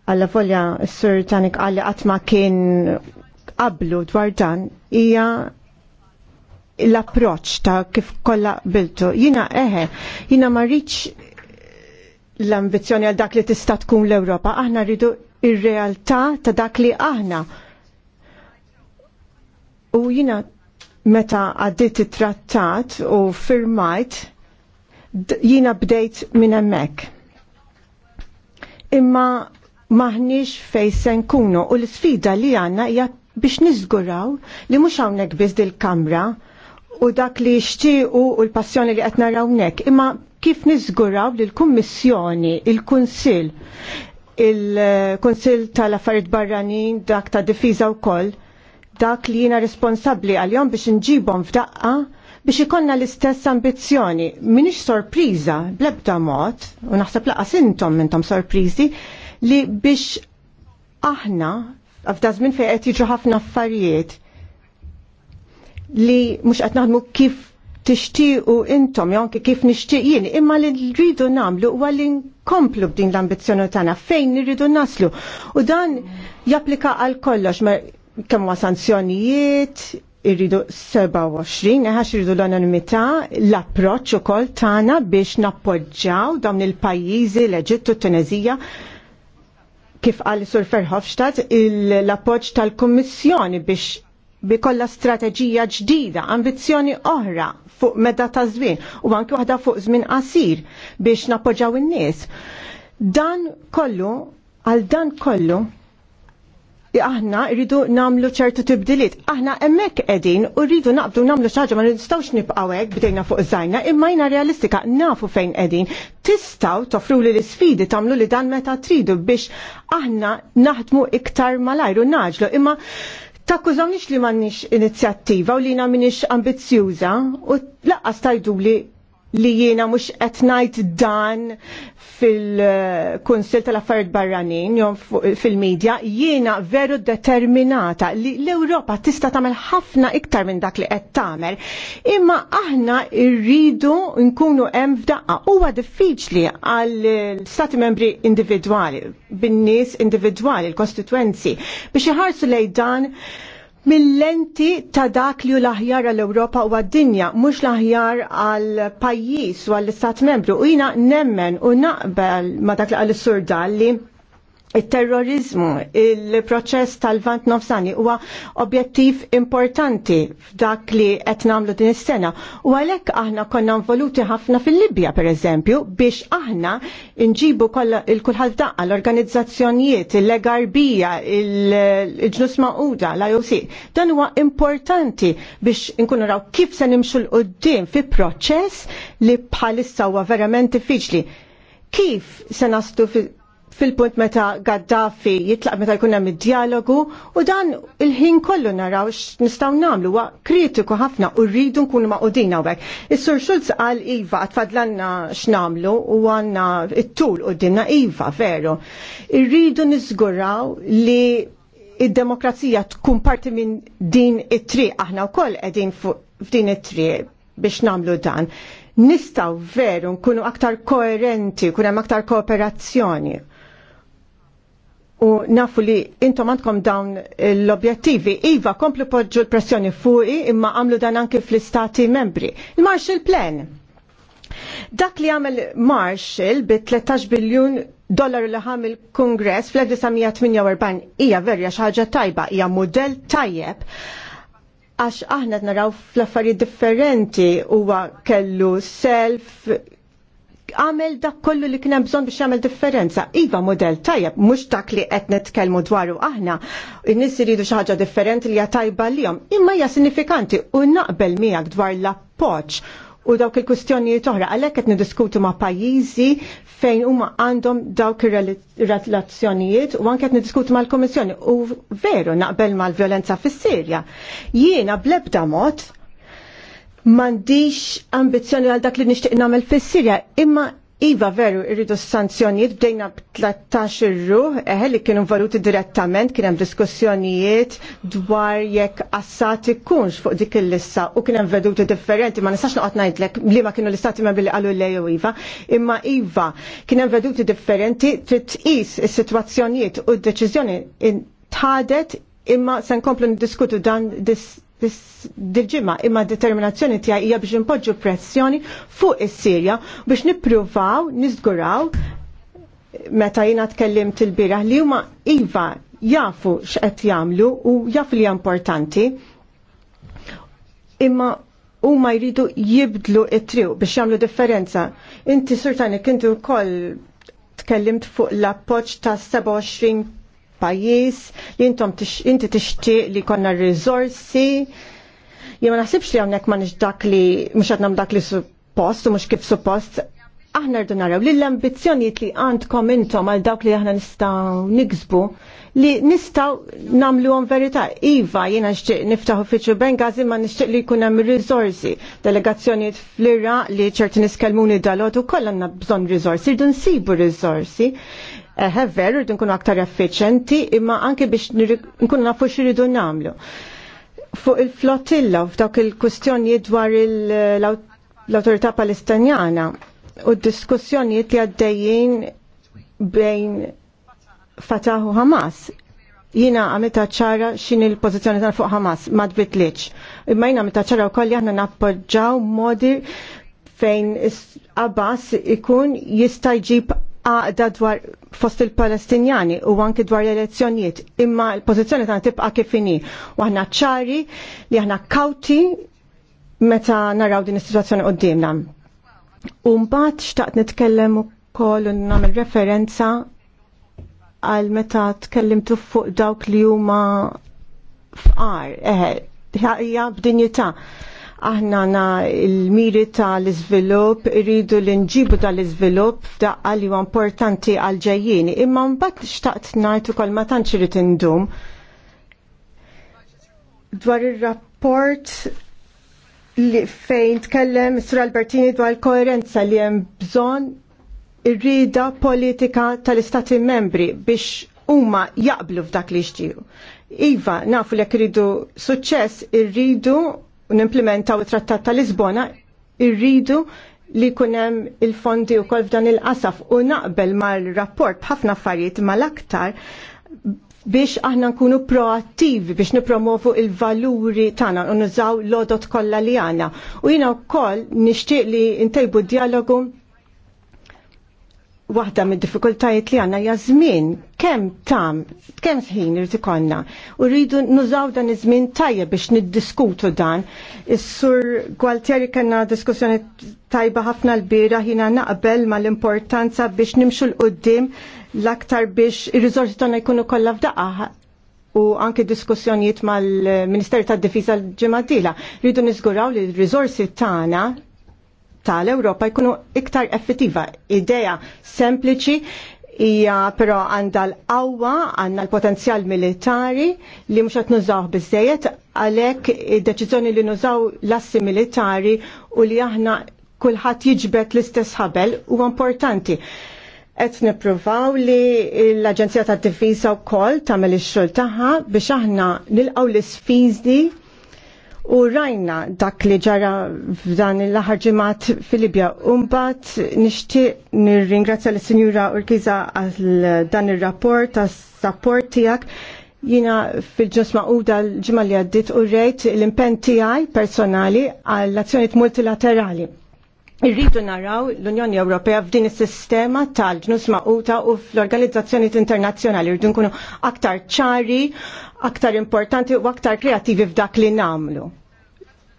għalla volja s-sur Tanik għalli għatma kien qablu dwar dan hija l-approċ ta' kif kollha biltu. Jina eħe, jina marriċ l-ambizjoni għal dak li tista' tkun l-Ewropa, aħna rridu ir-realtà ta' dak li aħna. U jina meta għaddit it-trattat u firmajt, jina bdejt minn hemmhekk. Imma maħniex fejn se nkunu u l-sfida li għandna hija biex niżguraw li mhux hawnhekk biss dil-kamra u dak li xtiequ u l-passjoni li qed narawnek, imma kif niżguraw li l-Kummissjoni, il-Kunsill, il-Kunsill tal-Affarijiet Barranin, dak ta' Difiża wkoll, dak li jiena responsabbli għal-jom biex inġibhom f'daqqa biex ikonna l-istess ambizzjoni. Minix sorpriża bl-ebda mod, u naħseb laqas intom mintom sorpriżi, li biex aħna f'da żmien fejn qed jiġu ħafna affarijiet li mhux qed naħdmu kif tixtiequ intom jew anke kif nixtieq jien, imma li rridu nagħmlu huwa li nkomplu b'din l-ambizzjoni tagħna fejn rridu naslu. U dan japplika għal kollox ma kemm huwa sanzjonijiet, irridu 27, eħax irridu l-anonimità, l-approċċ ukoll tagħna biex nappoġġjaw dawn il-pajjiżi l-Eġittu, t Tunezija, kif għal Sur Ferhofstadt l-appoġġ tal-Kummissjoni biex bikolla strateġija ġdida, ambizzjoni oħra fuq medda ta' żmien u anki waħda fuq żmien qasir biex nappoġġaw in-nies. Dan kollu għal dan kollu aħna rridu namlu ċertu tibdiliet. Aħna hemmhekk qegħdin u rridu naqdu namlu xaġa ma nistgħux nibqgħu hekk bdejna fuq żajna imma jna realistika nafu fejn qegħdin. Tistgħu toffru li l-isfidi tagħmlu li dan meta tridu biex aħna naħdmu iktar malajru naġlu imma Takkużawniex li m'għandniex inizjattiva u li jina minix ambizzjuża u laqqas tajdu li li jiena mhux qed ngħid dan fil-Kunsil tal-Affarijiet Barranin jew fil-medja, jiena veru determinata li l-Ewropa tista' tagħmel ħafna iktar minn dak li qed tagħmel. Imma aħna rridu nkunu hemm f'daqqa. Huwa diffiċli għall stati membri individwali, bin-nies individwali, l-kostituenzi biex iħarsu lejn dan mill-lenti ta' dak li hu l-aħjar għall-Ewropa u għad-dinja, mhux l-aħjar għall-pajjiż u għall-Istat membru. U jina nemmen u naqbel ma dak li għall-Sur Dalli il-terrorizmu, il-proċess tal-vant nofsani huwa objettiv importanti f'dak li qed nagħmlu din is-sena. U għalhekk aħna konna involuti ħafna fil-Libja pereżempju biex aħna nġibu il-kulħadd daqqa l-organizzazzjonijiet, il-legarbija, il-ġnus maquda, l-IOC. Dan huwa importanti biex inkunu raw kif se nimxu l-qudiem fi proċess li bħalissa huwa verament diffiċli. Kif se nastu fil-punt meta Gaddafi jitlaq meta jkun hemm id-dialogu u dan il-ħin kollu naraw x'nistgħu namlu wa kritiku ħafna u rridu nkunu maqudin hawnhekk. Is-Sur Schulz qal iva tfadlanna x'namlu u għandna it-tul dinna iva veru. Irridu niżguraw li id-demokrazija tkun parti minn din it-triq, aħna wkoll qegħdin f'din it-triq biex nagħmlu dan. Nistgħu veru nkunu aktar koerenti, kun hemm aktar kooperazzjoni u nafu li intom għandkom dawn l-objettivi. Iva, komplu poġġu l-pressjoni fuqi imma għamlu dan anki fl-istati membri. Il-Marshall Plan. Dak li għamel Marshall bi 13 biljun dollaru li għamil kongress fl-1948 hija verja xaġa tajba, hija model tajjeb għax aħna naraw fl-affarijiet differenti huwa kellu self għamel dak kollu li kien hemm bżonn biex jagħmel differenza. Iva model tajjeb mhux dak li qed nitkellmu dwaru aħna. In-nies iridu xi ħaġa differenti li hija tajba jom. imma hija sinifikanti u naqbel miegħek dwar l-appoġġ u dawk il kustjoni oħra għalhekk qed niddiskutu ma' pajjiżi fejn huma għandhom dawk ir-relazzjonijiet u anke qed ma mal-Kummissjoni u veru naqbel mal-vjolenza fis-Sirja. Jiena blebda mod mandiċ ambizjoni għal dak li nishtiq namel fis-Sirja, imma Iva veru irridu sanzjonijiet bdejna b-13 ruħ eħe li kienu valuti direttament kien hemm diskussjonijiet dwar jekk assat ikunx fuq dik il lissa u kien hemm veduti differenti ma nistax noqgħod ngħidlek li ma kienu l-istati membri li qalu lejo Iva imma Iva kien hemm veduti differenti trid is-sitwazzjonijiet u d-deċiżjoni tħadet imma se nkomplu diskutu dan dis dil-ġimma imma determinazzjoni tiegħi hija biex impoġġu pressjoni fuq is-Sirja biex nippruvaw niżguraw meta jiena tkellimt il bira li huma iva jafu x'qed jagħmlu u jafu li importanti. Imma huma jridu jibdlu it-triq biex jagħmlu differenza. Inti surtani kintu wkoll tkellimt fuq l-appoġġ ta' 27 pajjiż li intom inti tixtieq li konna r-riżorsi. Jien ma naħsibx li hawnhekk ma dak li mhux qed dak li suppost u mhux kif suppost aħna rdu naraw li l-ambizzjonijiet li għandkom intom għal dawk li aħna nistgħu niksbu li nistgħu nagħmluhom verità. Iva, jiena nixtieq niftaħ uffiċċju Bengazi ma nixtieq li jkun hemm riżorsi. Delegazzjonijiet fl-Iraq li ċerti niskelmuni dalgħod għodu kollha għandna bżonn riżorsi, rridu nsibu riżorsi veru, rridu nkunu aktar effiċenti, imma anke biex nkunu nafu xiridu namlu. Fuq il-flotilla, f'dawk il kwistjonijiet dwar l-autorità palestinjana u d-diskussjonijiet li għaddejjin bejn Fatah u Hamas. Jina għamita ċara xin il-pozizjoni tal fuq Hamas, ma tbitliċ. Imma jina għamita ċara u koll jahna nappoġġaw modi fejn Abbas ikun jista' jġib għaqda dwar fost il-Palestinjani u anki dwar l-elezzjonijiet imma l-pozizjoni tagħna tibqa' kif inhi u aħna ċari li aħna kawti meta naraw din is-sitwazzjoni qudiemna. U mbagħad xtaqt nitkellem ukoll u nagħmel referenza għal meta tkellimtu fuq dawk li huma fqar, eħe, hija b'dinjità aħna na il-miri tal-izvilup, irridu l-inġibu tal-izvilup da li huwa importanti għal Imma mbagħad xtaqt ngħid ukoll ma tantx irid indum dwar ir-rapport li fejn tkellem Sir Albertini dwar il-koerenza li hemm bżonn irrida politika tal-Istati membri biex huma jaqblu f'dak li jixtiequ. Iva, nafu li jekk iridu suċċess irridu u nimplementaw it-Trattat ta' Lisbona irridu li kunem il-fondi u kol f'dan il-qasaf u naqbel l rapport bħafna affarijiet mal-aktar biex aħna nkunu proattivi biex nipromovu il-valuri tagħna u nużaw l-odot kollha li għandna. U jiena wkoll nixtieq li ntejbu dialogu waħda mid diffikultajiet li għanna jazmin kem tam, kem sħin irrid konna. U rridu nużaw dan iż-żmien tajjeb biex niddiskutu dan. Is-sur Gualtieri kellna diskussjoni tajba ħafna l-bira ħina naqbel mal-importanza biex nimxu l-qoddim l-aktar biex ir-riżorsi tagħna jkunu kollha f'daqqa u anke diskussjonijiet mal-Ministeri tad-Difiża l-ġimgħa Rridu niżguraw li r-riżorsi tagħna tal-Ewropa jkunu iktar effettiva. Ideja sempliċi hija però għandha l-qawwa, għandna l-potenzjal militari li mhux qed nużawh biżejjed għalhekk id-deċiżjoni li nużaw l-assi militari u li aħna kulħadd jiġbed l-istess ħabel huwa importanti. Qed nippruvaw li l-Aġenzija tad-Difiża wkoll tagħmel ix-xogħol tagħha biex aħna nilqgħu l-isfiżi U rajna dak li ġara f'dan il-laħar ġimat fil-Libja. Umbat nixtieq nirringrazzja l sinjura Urkiza għal dan ir-rapport, għas-sapport tiegħek. Jina fil-ġus u l ġimali li għaddit u rejt l-impen tiegħi personali għall-azzjoniet multilaterali Irridu naraw l-Unjoni Ewropea f'din is-sistema tal-ġnus maquta u fl-organizzazzjoni internazzjonali rridu nkunu aktar ċari, aktar importanti u aktar kreativi f'dak li namlu.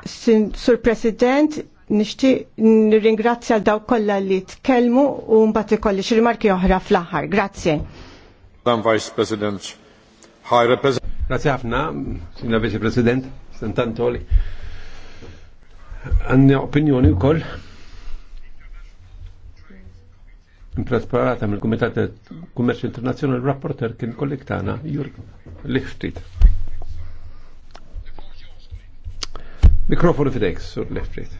Sur President, nixti nirringrazzja daw kollha li tkellmu u mbagħad ikolli xi rimarki oħra fl-aħħar. Grazzi. Dan Vice President, High Representative. ħafna, Signor Vice President, Santantoli. Għandna opinjoni wkoll preparata mill kumitat Kummerċ Internazzjonali rapporter kien kollektana tagħna Jur Lichtit. Mikrofonu fidejk, Sur Lichtit.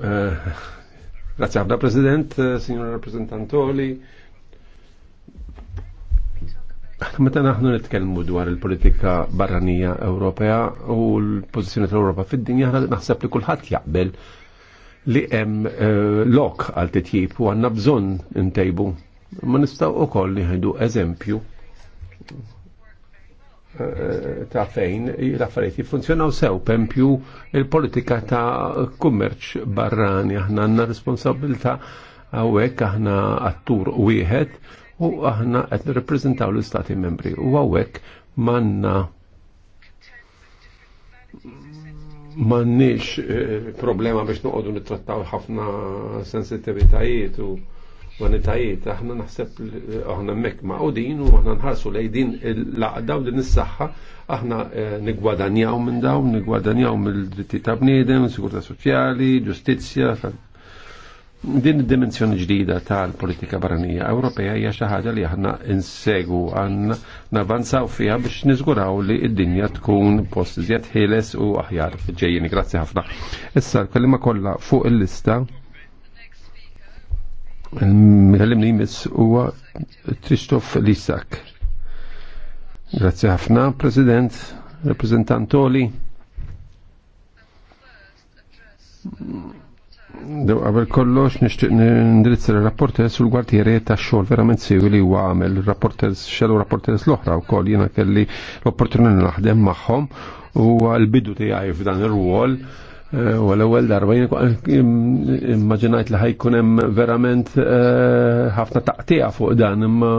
Eh, grazie ħafna President, eh, Signor Rappresentantoli. Meta naħnu nitkellmu dwar il-politika barranija Ewropea u l-pożizzjoni tal-Ewropa fid-dinja, naħseb li kulħadd jaqbel li hemm eh, lok għal titjib u għanna bżon intejbu. Ma nistaw u koll li eżempju eh, ta' fejn l-affarijiet jiffunzjonaw sew pempju il-politika ta' kummerċ barrani aħna għandna responsabilità hawnhekk aħna attur wieħed u aħna qed nirrepreżentaw l-istati membri u hawnhekk manna mannix eh, problema biex noqogħdu nittrattaw ħafna sensitivitajiet u vanitajiet, aħna naħseb eh, aħna mek ma' u aħna nħarsu lej din l-laqda u din is-saħħa, aħna eh, nigwadanjaw minn dawn, nigwadanjaw mill-dritti ta' bniedem, sigurta soċjali, ġustizzja, Din id-dimensjoni ġdida tal-politika barranija Ewropea hija xi ħaġa li aħna insegu għandna navanzaw fiha biex niżguraw li d-dinja tkun post iżjed ħieles u aħjar fil Grazzi ħafna. Issa l-kelliema kollha fuq il-lista Kellimni nimis huwa Tristof Lisak. Grazzi ħafna, President, Reprezentant Oli Għabel kollox nishtiq nindirizza l-rapporters u l-gwartieri ta' xogħol verament siwi li u għamil rapporters xelu rapporters l-oħra wkoll jiena kelli l-opportunità naħdem magħhom u l-bidu għajf dan il rwol Eh, u l-ewwel darba immaġinajt li ħajkun hemm verament eh, ħafna taqtija fuq dan imma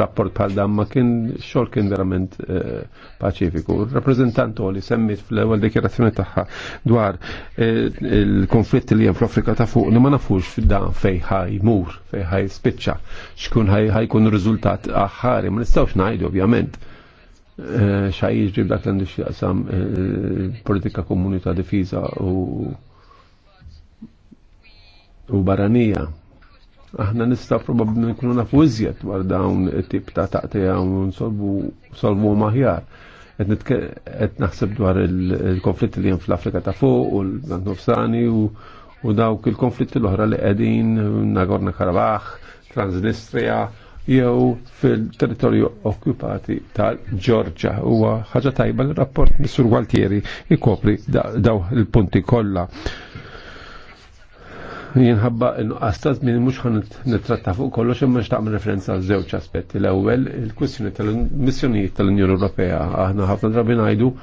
rapport bħal dan ma kien xogħol kien verament eh, paċifiku. Ir-rappreżentant li semmit fl-ewwel dikjerazzjoni tagħha dwar il-konflitt li hemm fl-Afrika ta' fuq li ma nafux dan fej ħajmur, fej ħaj spiċċa, xkun ħajkun riżultat aħħari, ma nistgħux ngħidu ovvjament Eh, xajjiġ ġib dak l-għandix jaqsam eh, politika komunita difiza u u baranija. Aħna nista' probabbli nkunu nafu iżjed dwar dawn it-tip ta' taqtija u nsolvu maħjar. Qed naħseb dwar il-konflitt li hemm fl-Afrika ta' fuq u l-Nofsani u dawk il-konflitti l-oħra li qegħdin Nagorno Karabakh, Transnistria, jew fil-territorju okkupati tal-Ġorġa. Huwa ħaġa tajba l-rapport Missur Gualtieri ikopri daw il-punti kollha. Jienħabba nuqqas ta' żmien mhux ħan nittratta fuq kollox imma nixtaqm referenza għal żewġ aspetti. L-ewwel il-kwistjoni tal-missjonijiet tal-Unjoni Ewropea. Aħna ħafna drabi ngħidu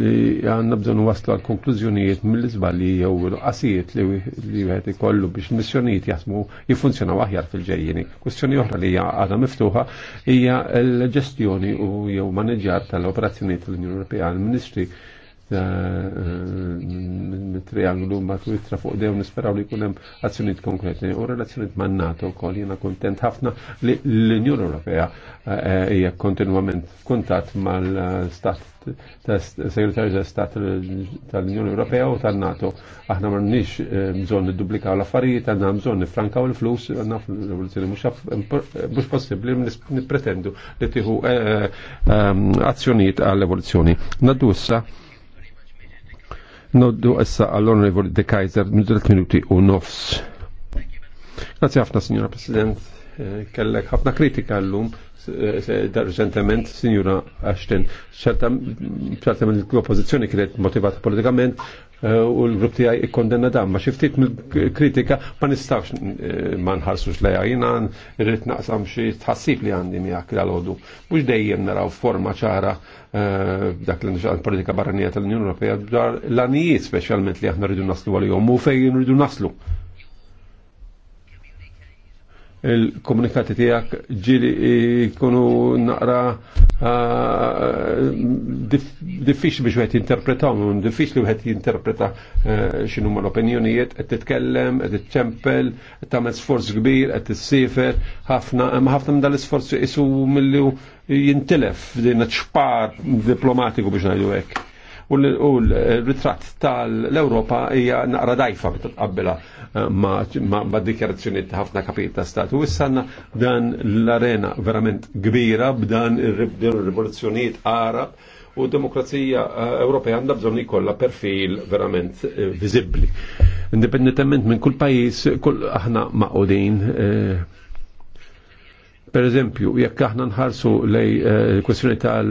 li għanna bżon waslu għal konklużjonijiet mill-izballi jew għasijiet li għet ikollu biex missjonijiet jasmu jiffunzjonaw aħjar fil-ġejjini. Kustjoni oħra li għadha miftuħa hija l-ġestjoni u jew maneġjar tal operazzjoni tal-Unjoni Ewropea. Il-Ministri Eh, trianglu ma' twittra fuq dew nisperaw li kunem azzjoniet konkreti u relazzjoniet ma' NATO kol jena kontent ħafna li l unjon Ewropea eh, hija kontinuament kuntat mal-stat segretarju ta' stat tal-Unjoni Ewropea u tan-NATO. Aħna ma rniex eh, bżonn niddublikaw l-affarijiet, għandna bżonn nifrankaw il-flus, għandna l evoluzzjoni mhux possibbli nippretendu li tieħu azzjonijiet għall-evoluzzjoni. Nadussa Noddu essa għall-Onorevoli De Kaiser, 3 minuti u nofs. Grazie ħafna, Signora President. Eh, kellek ħafna kritika l-lum, eh, eh, recentement, Signora Ashton. ċertament l-oppozizjoni kienet motivata politikament, Eh, u l-grupp tiegħi ikkondenna dan ma xiftit mill-kritika ma nistax eh, ma nħarsux lejha jiena naqsam xi tħassib li għandi miegħek l għodu Mhux dejjem naraw forma ċara eh, dak li nixqan politika barranija tal-Unjoni Ewropea dwar l-anijiet speċjalment li aħna rridu naslu għalihom u fejn rridu naslu il-komunikati tijak ġili jkunu naqra ah, diffiċ biex għet jinterpretaw, diffiċ li għet jinterpreta eh, xinu ma l-opinjonijiet, għet titkellem, għet titċempel, għet tamet sforz kbir, għet t-sifer, ħafna, ma ħafna mdal sforz isu mill-li jintilef, dinna ċpar diplomatiku biex najdu għek u l-ritratt tal-Europa hija naqra dajfa tqabbela eh, ma' dikjarazzjoni ta' ħafna kapita ta' statu. Issanna dan l-arena verament kbira b'dan ir-rivoluzzjonijiet Arab u demokrazija eh, Ewropea għandha bżonn ikollha perfil verament eh, viżibbli. Indipendentement minn kull pajjiż, kull aħna maqudin Per eżempju, jekk aħna nħarsu lej eh, kwestjoni tal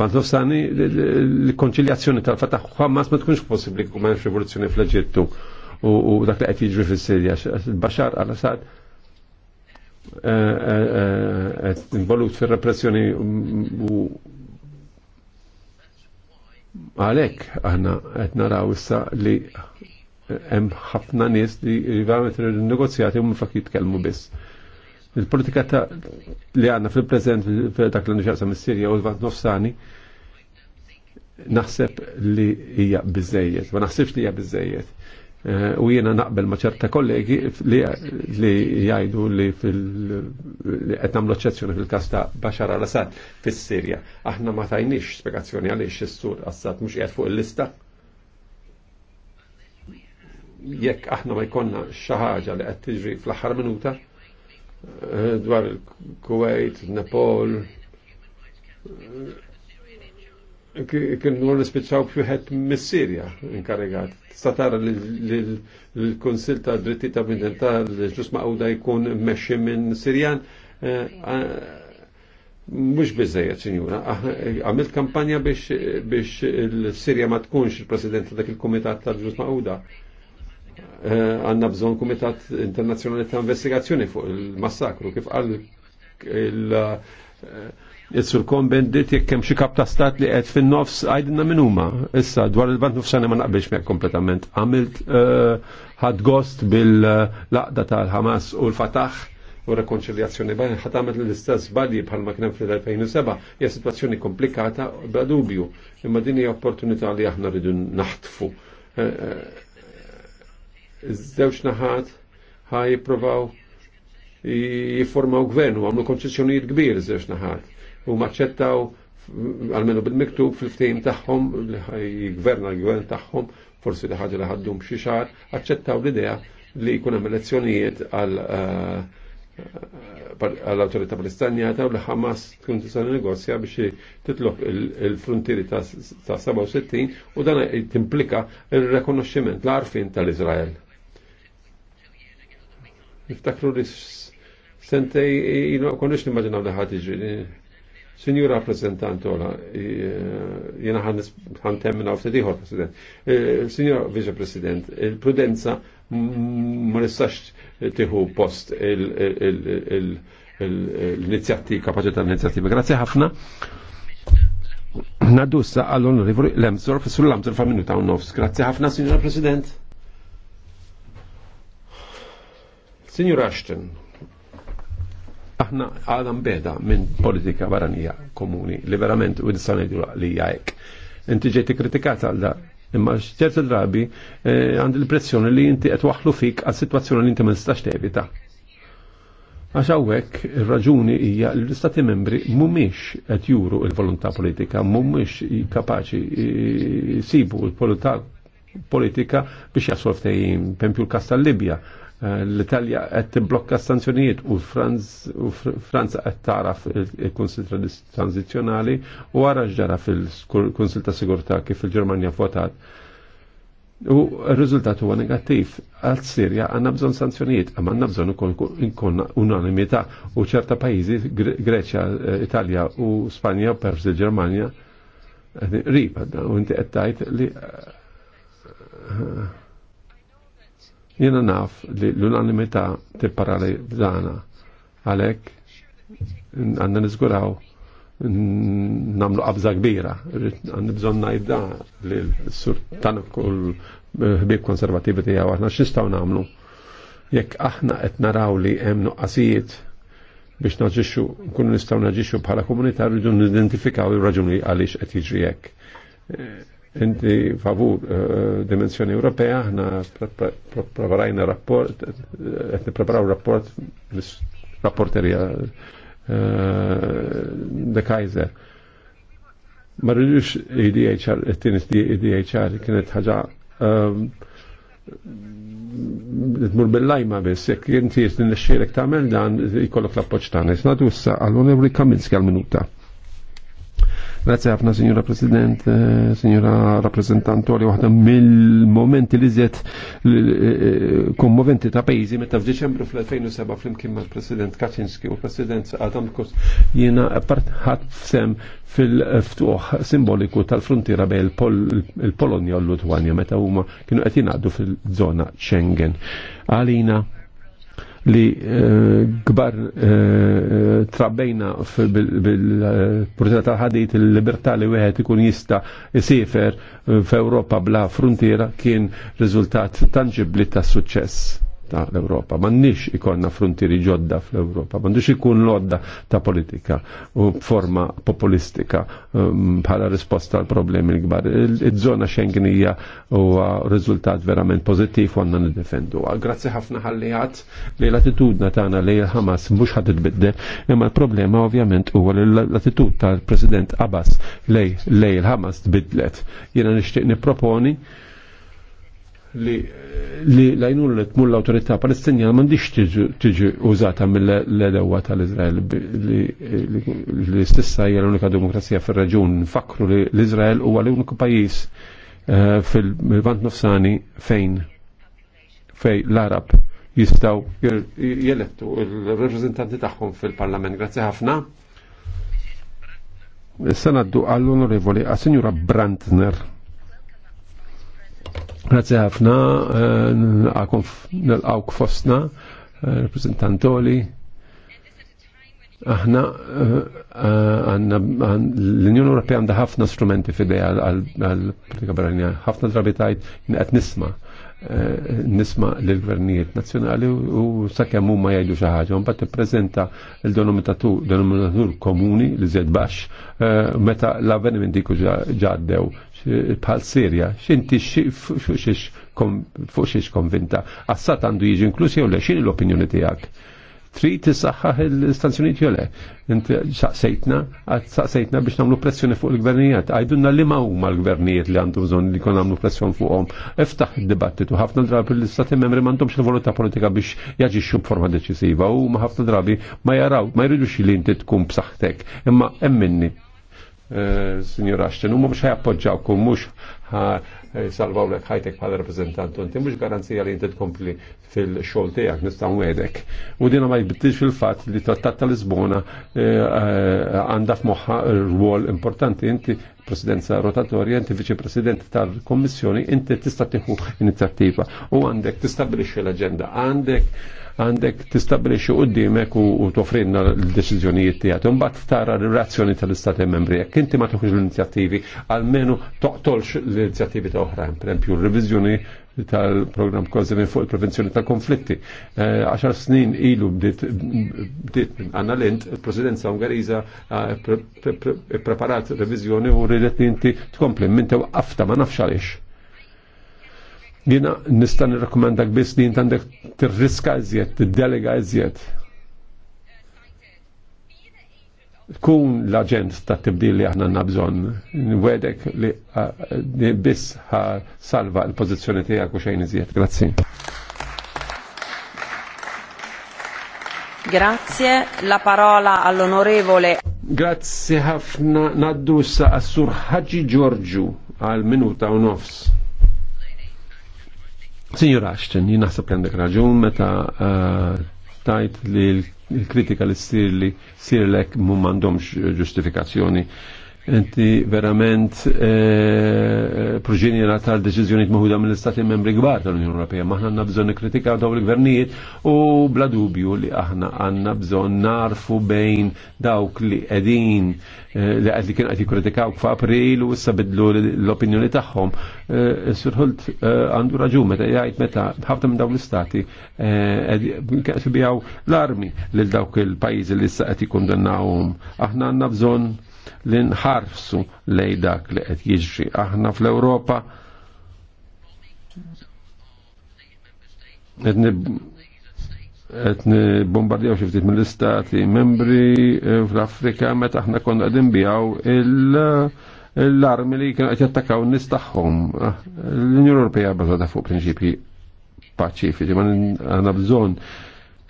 bantostani l-konċiljazzjoni tal-Fatah Hamas ma tkunx possibbli kieku m'hemmx rivoluzzjoni fl-Eġittu u dak li qed jġri fis-Sirja. Bashar al-Assad eh, eh, involut fil repressjoni u għalhekk aħna qed naraw issa li hemm ħafna nies li il negozjati u minn fakk jitkellmu biss Il-politika ta' li għanna fil-prezent dak li nġaqsam is-Sirja u l-Vant Nofsani naħseb li hija bizzejiet, ma naħsibx li hija bizzejiet. Eh, u jiena naqbel ma' ċerta kollegi li jgħidu li qed nagħmlu eċċezzjoni fil-każ ta' Bashar al-Assad fis-Sirja. Aħna ma tajniex spjegazzjoni għaliex is-sur Assad mhux qiegħed fuq il-lista. Jekk aħna ma jkollna xi ħaġa li qed tiġri fl-aħħar minuta, Eh, dwar il-Kuwait, Nepal, eh, kien għon nispiċaw bxuħet mis-Sirja inkarigat. Statar l-Konsil ta' dritti ta' bidenta l-ġus maqda jkun meċi minn Sirjan. Eh, Mux bizzeja, ċinjura, ah, għamilt kampanja biex il-Sirja ma tkunx il-President dak il-Komitat ta' l ġus maqda. Eh, għanna bżon kumitat internazjonali ta' investigazzjoni fuq il-massakru kif għal eh, il-sur bendit jek hemm xi kap ta' stat li għed fin-nofs għajdinna minn Issa dwar il-band nofsana ma naqbilx miegħek kompletament. Għamilt eh, ħad gost bil-laqda ta' l-Hamas u l-Fataħ u rekonċiljazzjoni bajn ħatamet l-istess balji ma kienem fl-2007 hija situazzjoni komplikata bla dubju imma dini hija opportunità li aħna rridu naħtfu iż-żewġ naħat ħaj jippruvaw jiformaw gvern u għamlu konċessjonijiet kbir żewġ naħat. U maċċettaw għalmenu bil-miktub fil-ftejn tagħhom li jgverna l-gvern tagħhom forsi li ħaġa li ħaddum xi xahar, aċċettaw l-idea li jkun hemm elezzjonijiet għal eh, eh, għall awtorità palestinjata u li Hamas tkun tista' negozja biex titlob il fruntieri ta' 67 u dan timplika il-rekonoxximent l-arfin tal-Iżrael. Niftakru li sentej, konniex nimmaġinaw li ħatiġi. Sinjur rappresentant ola, eh, jena ħan temmina u ftetiħor, President. Eh, Sinjur Vice President, il-prudenza ma nistax tiħu post l inizjati kapacita l inizjati Grazie ħafna. Naddussa għall-onorevoli Lemsor, fissur Lemsor fa' minuta u nofs. Grazie ħafna, Sinjur President. Signor Ashton, aħna għadha beda minn politika barranija komuni li verament u nistanajdu li jajk. Inti ġejti kritikat għal da, imma ċerti drabi eh, għandi l-impressjoni li inti qed waħlu fik għal situazzjoni li inti ma nistax tevita. Għax hawnhekk ir-raġuni hija li l-istati membri mhumiex qed juru l-volontà politika, mhumiex kapaċi eh, sibu l-volontà politika biex jasolf tejjim, pempju l-kas tal-Libja L-Italja qed tibblokka sanzjonijiet u Franza qed taraf il konsil Transizzjonali u għara ġara fil konsil ta' Sigurta kif il germania votat. U r-riżultat huwa negattiv. Għal Sirja għanna bżon sanzjonijiet, għam għandna bżonn inkonna unanimita u ċerta pajizi, Greċja, eh, Italja u Spanja u perż il germania riba u inti qed tgħid li eh, Jena naf li l-unanimità tipparali dana għalek għanna nizguraw namlu qabza kbira. Għanna bżonna najda li s sur tanuk u l-ħbib konservativi tijaw għahna xistaw namlu. Jekk aħna qed naraw li hemm nuqqasijiet biex naġixxu, nkunu nistgħu naġixxu bħala komunità rridu nidentifikaw ir-raġuni għaliex qed jiġri hekk Inti favur eh, dimensjoni Ewropea, ħna preparajna rapport, eh, qed nippreparaw rapport rapporterja eh, de Kaiser. Ma rridux IDHR, e it-tinis IDHR e kienet ħaġa tmur bil-lajma biss, jekk inti jisni l-xirek tamel dan jkollok l-appoċ tani. Snadu issa għall-onevri Kaminski għal-minuta. Grazie ħafna, Signora President, eh, Signora Rappresentantu, għali waħda mill-momenti li zjed eh, eh, kommoventi ta' pejzi meta f'Diċembru fl-2007 flimkien mal president Kaczynski u President Adam Kos jiena ħadd sem fil-ftuħ simboliku tal-frontiera bej il-Polonja u l-Lutwanja meta huma kienu qed jingħaddu fil zona Schengen. Għalina li eh, gbar eh, trabbejna bil-proċedura eh, tal-ħadit il-libertà li wieħed ikun jista' isifer f'Ewropa bla frontiera kien riżultat tangibli ta' suċċess ta' l-Europa. Mannix ikonna frontieri ġodda fl-Europa, mannix ikun lodda ta' politika u forma populistika um, bħala risposta għal problemi l-gbar. Il-zona Schengen hija u riżultat verament pozittiv u għanna nidefendu. Grazzi ħafna ħallijat li l-attitudna tagħna li l-Hamas mhux ħadet bidde, imma l-problema ovvjament huwa għal l-attitud tal-President Abbas li l-Hamas tbidlet. Jiena nixtieq nipproponi proponi li li lajnur li tmur l-autorità palestinjana mandiċ tiġi użata mill-lewa tal-Izrael li stessa hija l-unika demokrazija fil reġun Fakru li l-Izrael huwa l-uniku pajis eh, fil-vant nofsani fejn fej l-Arab jistaw jelettu il-reprezentanti tagħhom fil-Parlament. Grazzi ħafna. Sanaddu għall-onorevoli għas-Sinjura Brantner. Grazie ħafna, eh, nil-għawk fostna, eh, reprezentantoli. Aħna eh, għanna l-Unjoni Ewropea għandha ħafna strumenti fidej għal-politika barranija, ħafna drabitajt qed nisma' nisma' lill-gvernijiet nazzjonali u sakemm huma jgħidu xi ħaġa, mbagħad tippreżenta l-denominatur komuni li żed baxx meta l-avvenimenti ġaddew bħal Sirja, xinti fuq xiex konvinta, għassat għandu jiġi inklusi jew le, xini l-opinjoni tijak? Trid tisaħħaħ l-istanzjoniet jew le? Inti saqsejtna, saqsejtna biex nagħmlu pressjoni fuq il-gvernijiet, għajdunna li ma huma l-gvernijiet li għandhom bżonn li kon nagħmlu pressjoni fuqhom. Iftaħ id-dibattitu, ħafna drabi l-istati membri m'għandhomx il-volontà politika biex jaġixxu b'forma deċisiva u ma ħafna drabi ma jaraw, ma jridux li inti tkun b'saħħtek, imma hemm minni Eh, Signor Ashton, u mux kum mux salvaw lek ħajtek bħala reprezentant, inti mux garanzija li inti tkompli fil-xol tijak nistan għedek. U dina ma jibdilx fil-fat li trattat tal-Lisbona eh, għanda f'moħħa rwol importanti, inti presidenza rotatorja, inti viċi-president tal-Kommissjoni, inti tista' tiħu inizjattiva u għandek tistabilixxi l agenda għandek għandek tistabilixi qudiemek u t-offrinna l-deċiżjonijiet tiegħek. Imbagħad tara r-razzjoni tal-istati membri. Jekk inti ma toħroġ l-inizjattivi, almenu toqtolx l-inizjattivi ta' oħra, per r-reviżjoni tal-program Kozini fuq il-prevenzjoni tal-konflitti. Eh, għaxar snin ilu bdiet għanna l-int, il-presidenza ungariza eh, preparat revizjoni u ridet li inti tkompli, minta għafta ma nafxalix. Jina nistan rekomendak biss li dek t riska iżjed, t delega iżjed. Kun l-agent ta' tibdil li aħna nabżon, nwedek li biss ħa salva l-pozizjoni tijak u xejn iżjed. Grazzi. Grazie, la parola all'onorevole. Grazie ħafna naddu sa' Assur Ħaġi Giorgio għal minuta u nofs. Signor Ashton, jina sa prendek raġun meta uh, tajt li l-kritika li s-sir li s-sirlek mum mandomx ġustifikazzjoni Inti verament eh, proġenjera tal-deċizjoniet maħuda mill-Istati membri gbar tal-Unjoni Ewropea. Maħna għandna bżonn nikkritikaw dawn il-gvernijiet u bla dubju li aħna għandna bżonn narfu bejn dawk li qegħdin eh, li qed li kienu qed jikkritikaw f'April u issa bidlu l-opinjoni tagħhom. Eh, Surħult għandu raġun meta jgħid meta ħafna minn daw l-istati qed l-armi lil dawk il-pajjiżi li issa qed jikkundannawhom. Aħna għandna bżonn li nħarsu lej dak li qed jiġri aħna fl-Ewropa qed nibbombardjaw xi ftit mill-istati membri e, fl-Afrika meta aħna konna qegħdin bijaw l-armi li kienu qed jattakkaw n-nies tagħhom. Ah, L-Unjoni Ewropea bażata fuq prinċipji paċifiċi, ma għandna bżonn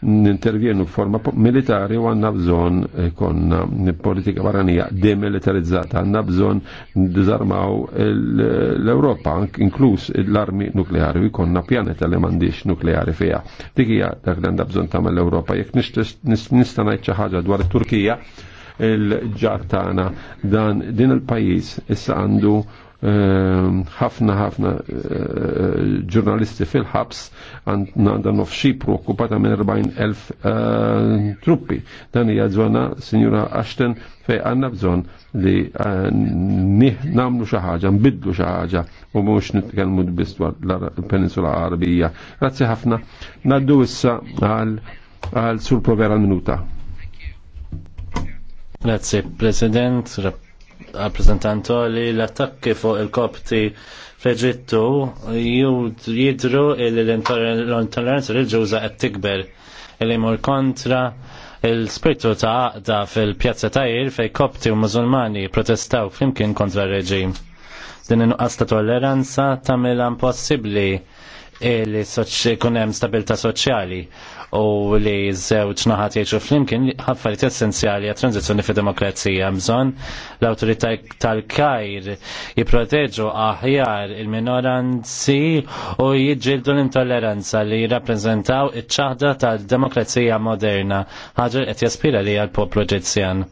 nintervjenu forma militari u għanna bżon eh, konna eh, politika barranija demilitarizzata, għanna bżon dizarmaw l-Europa, inkluż l-armi nukleari, u konna pjaneta li mandiċ nukleari fija. Dikija dak għanna bżon tam l-Europa, jek nistanajt ħaġa dwar Turkija, il-ġartana dan din il-pajis issa għandu Ehm, ħafna ħafna eh, ġurnalisti fil-ħabs għandna nofxipru okkupata minn 40.000 eh, truppi. Dan hija żona, Sinjura Ashton, fej għanna bżon li eh, nih namlu xaħġa, nbidlu xaħġa u mux nitkelmu biss dwar l-Peninsula Arabija. Grazzi ħafna. Naddu issa għal sur provera minuta. Grazie President, li l-attakki fuq il-kopti fl-Eġittu jidru l-intolleranza reġuża qed tikber li mur kontra il-spirtu ta' għaqda fil-pjazza tajr fej kopti u mużulmani protestaw flimkien kontra reġim. Din inqas ta' tolleranza tamela impossibbli li kunem stabilta soċjali u li żewġ naħat jgħixu flimkien ħaffariet essenzjali għat tranzizzjoni fi demokrazija bżonn l-awtorità tal-kajr jipproteġu aħjar il-minoranzi u jidġildu l-intolleranza li jirrappreżentaw iċ-ċaħda tal-demokrazija moderna ħaġa qed jaspira li għal poplu ġizjan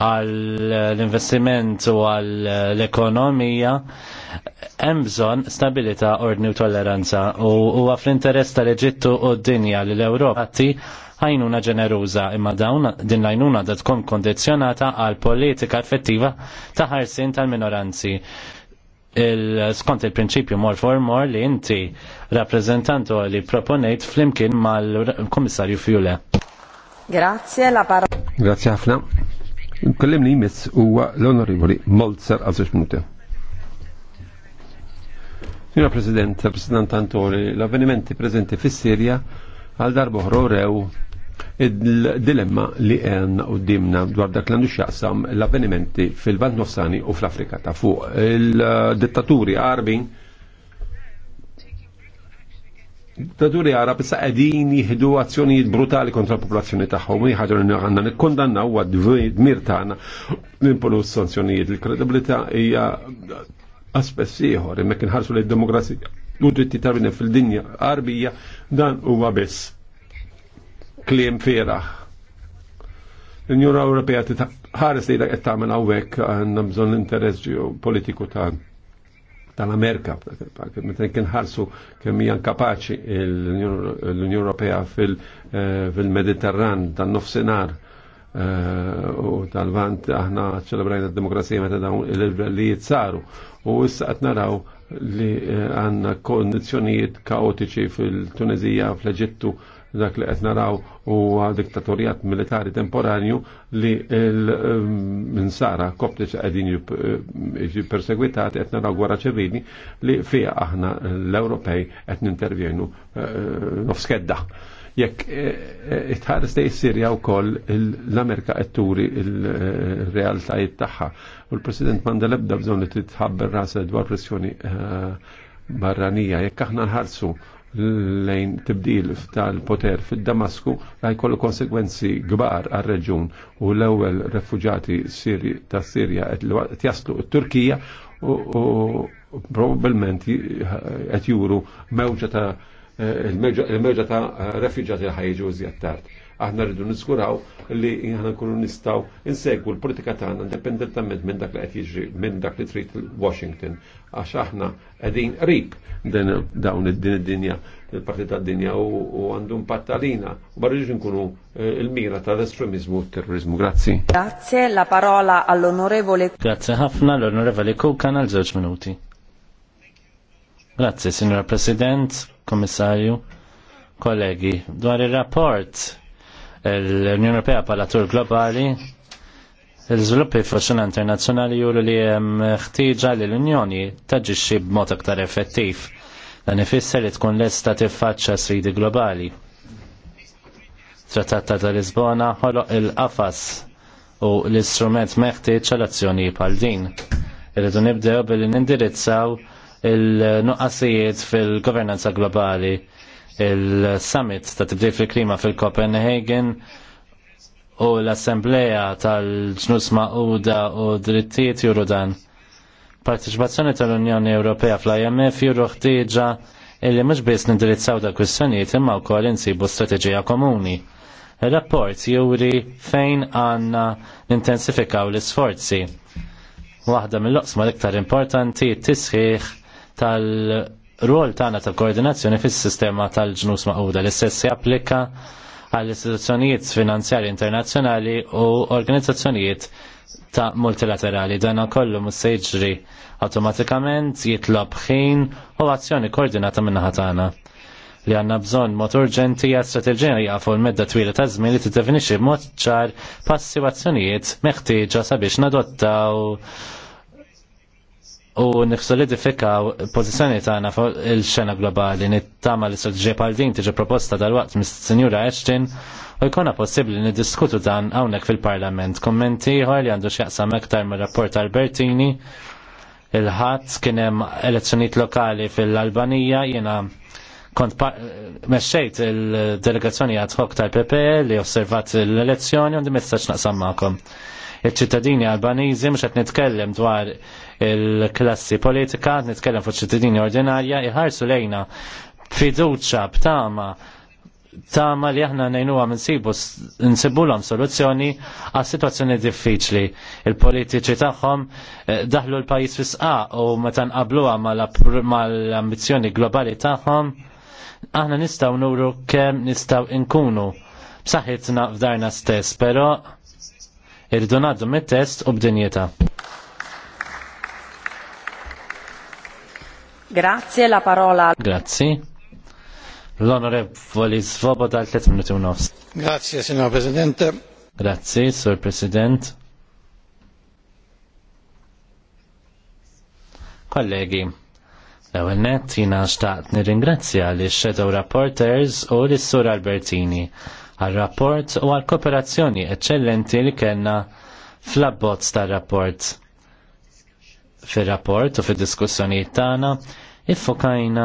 għall-investiment u għall-ekonomija hemm bżonn stabilità, ordni u tolleranza u huwa fl-interess tal-Eġittu u d-dinja li l-Ewropa ħajnuna ġeneruża imma dawn din l-għajnuna da tkun kondizzjonata għal politika effettiva ta' ħarsin tal-minoranzi il skont il-prinċipju more for more li inti rappresentanto li proponejt flimkien mal-Komissarju Fjule. Grazie, la parola. Grazie ħafna. Kellim li jmiss huwa l-Onorevoli Molzer għal minuti. Signora President, President Antori, l-avvenimenti prezenti fis sirja għal darba rew il-dilemma li għen u dimna dwar dak l-għandu xaqsam l-avvenimenti fil-Vant Nofsani u fl-Afrika ta' fuq il-dittaturi Arbin dittaturi Arab bissa għedin jihdu azzjonijiet brutali kontra l-popolazzjoni tagħhom li ħaġa li għandna nikkondannaw huwa dmir tagħna impolu s-sanzjonijiet. l kredibilità hija aspess ieħor imma kien ħarsu demokrazija u d-ditti tarbina fil-dinja qarbija dan u għabess. Klim fira. L-Unjoni Ewropea ħares li qed tagħmel għawek għanna bżon l-interess politiku tagħna tal-Amerika, meta kien ħarsu kemm hija kapaċi l-Unjoni Ewropea eh, fil-Mediterran tan-nofsinhar eh, u tal-vant aħna ċelebrajna d-demokrazija meta dawn il-livellijiet saru u issa qed naraw li eh, għandna kondizzjonijiet kaotiċi fil tunizija fl-Eġittu, dak li qed naraw huwa diktatorjat militari temporanju li l-insara um, koptiċ qegħdin uh, persegwitati qed naraw gwerra ċivili li fiha aħna l-Ewropej qed nintervjenu uh, nofskedda jekk uh, itħares dej Sirja u koll l-Amerika etturi il-realtajiet tagħha. U l-President Mandela bda bżon li titħabber rasa dwar pressjoni barranija. Jekk aħna nħarsu lejn tibdil tal-poter fil-Damasku għaj kollu konsekwenzi gbar għal-reġun u l-ewel refugjati ta' Sirja għet jaslu Turkija u probabilment għet juru mewġa ta' eh, il-mewġa ta' refugjati ħajġu zjattart. Aħna rridu niskuraw li aħna nkunu nistgħu insegwu l-politika tagħna indipendentament minn dak li qed jiġri minn dak li trid Washington għax aħna qegħdin qrib dawn id-din id-dinja il-partit tad-dinja u għandu impatt għalina u barriġ nkunu eh, il-mira ta' l estremizmu u terrorizmu. Grazzi. Grazie, la parola all'onorevole. Grazie ħafna l-onorevole Kukan għal żewġ minuti. Grazie, signora President, Komissarju, kollegi. Dwar il-rapport l-Unjoni Ewropea bħala tur globali l-żviluppi fl internazzjonali juru li hemm ħtieġa li l-Unjoni taġixxi b'mod aktar effettiv dan ifisser li tkun lesta tiffaċċa sfidi globali. Trattata ta' Lisbona ħoloq il-qafas u l-istrument meħtieġ għal azzjoni bħal din. Irridu nibdew billi nindirizzaw il-nuqqasijiet fil-governanza globali il-summit ta' tibdil fil-klima fil-Copenhagen u l-assembleja tal-ġnus ma'uda u drittijiet juru dan. Partiċipazzjoni tal-Unjoni Ewropea fl-IMF juru ħtieġa illi mhux biss nindirizzaw da' kwistjonijiet imma wkoll insibu strateġija komuni. Il-rapport juri fejn għanna nintensifikaw l-isforzi. Waħda mill-oqsma l-iktar importanti t-tisħiħ tal- rol tagħna tal-koordinazzjoni fis-sistema tal-ġnus maquda li stess japplika għall istituzzjonijiet finanzjarji internazzjonali u organizzazzjonijiet ta' multilaterali. Dan kollu mhux se jiġri awtomatikament jitlob ħin u azzjoni koordinata min-naħa tagħna li għanna bżon mod urġenti għal strateġija għafu l medda twila ta' żmien li tiddefinixxi mod ċar passi u azzjonijiet meħtieġa sabiex nadottaw u nifsolidifikaw pozizjoni tagħna fuq il-xena globali nittama li strateġija bħal din tiġi proposta dal-waqt mis-Sinjura Ashton u jkollna possibbli niddiskutu dan hawnhekk fil-Parlament. Kommenti ieħor li għandu x'jaqsam aktar mir-rapport Albertini il-ħadd kien hemm elezzjonijiet lokali fil-Albanija jiena kont mexxejt il-delegazzjoni ad hoc tal-PP e li osservat l-elezzjoni u ndimessax naqsam magħkom iċ-ċittadini Albaniżi mhux qed nitkellem dwar il-klassi politika, nitkellem fuq ċittadini ordinarja iħarsu lejna fiduċa b'tama tama li aħna għam nsibu nsibulhom soluzzjoni għas situazzjoni diffiċli. Il-politiċi tagħhom eh, daħlu l-pajjiż fisqa u meta għam mal-ambizzjoni globali tagħhom aħna nistgħu nuru kemm nistgħu nkunu b'saħħitna f'darna stess, però Irridu ngħaddu mit-test u b'dinjeta. Grazie la parola. Grazie. l Svoboda għal 3 minuti u nofs. Grazie, signor Presidente. Grazie, Sur President. Kollegi, l-ewwel nett jiena xtaqt nirringrazzja li shadow Rapporters u lis sur Albertini għal-rapport u għal-kooperazzjoni eccellenti li kellna fl-abbozz tar-rapport. Fir-rapport u fid-diskussjonijiet tagħna iffokajna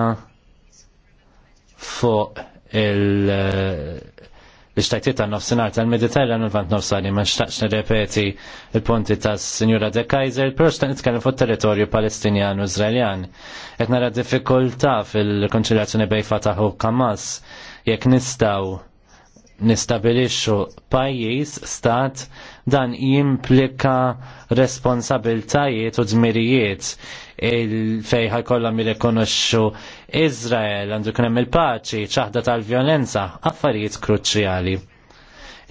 fuq il- l-ixtajtiet ta' nofsinar tal-Mediterran u l-vant nofsani, ma' xtaqx nirrepeti il-ponti ta' Signora De Kaiser, pero xtaqx nitkellem fuq territorju palestinjan u izraeljan. Et nara diffikulta fil-konċiljazzjoni bej Fatah u Kamas, jekk nistaw nistabilixxu pajjiż stat dan jimplika responsabiltajiet u dmirijiet fejn ħajkollhom jirrikonoxxu Izrael għandu kien hemm il-paċi, ċaħda tal-vjolenza, affarijiet kruċjali.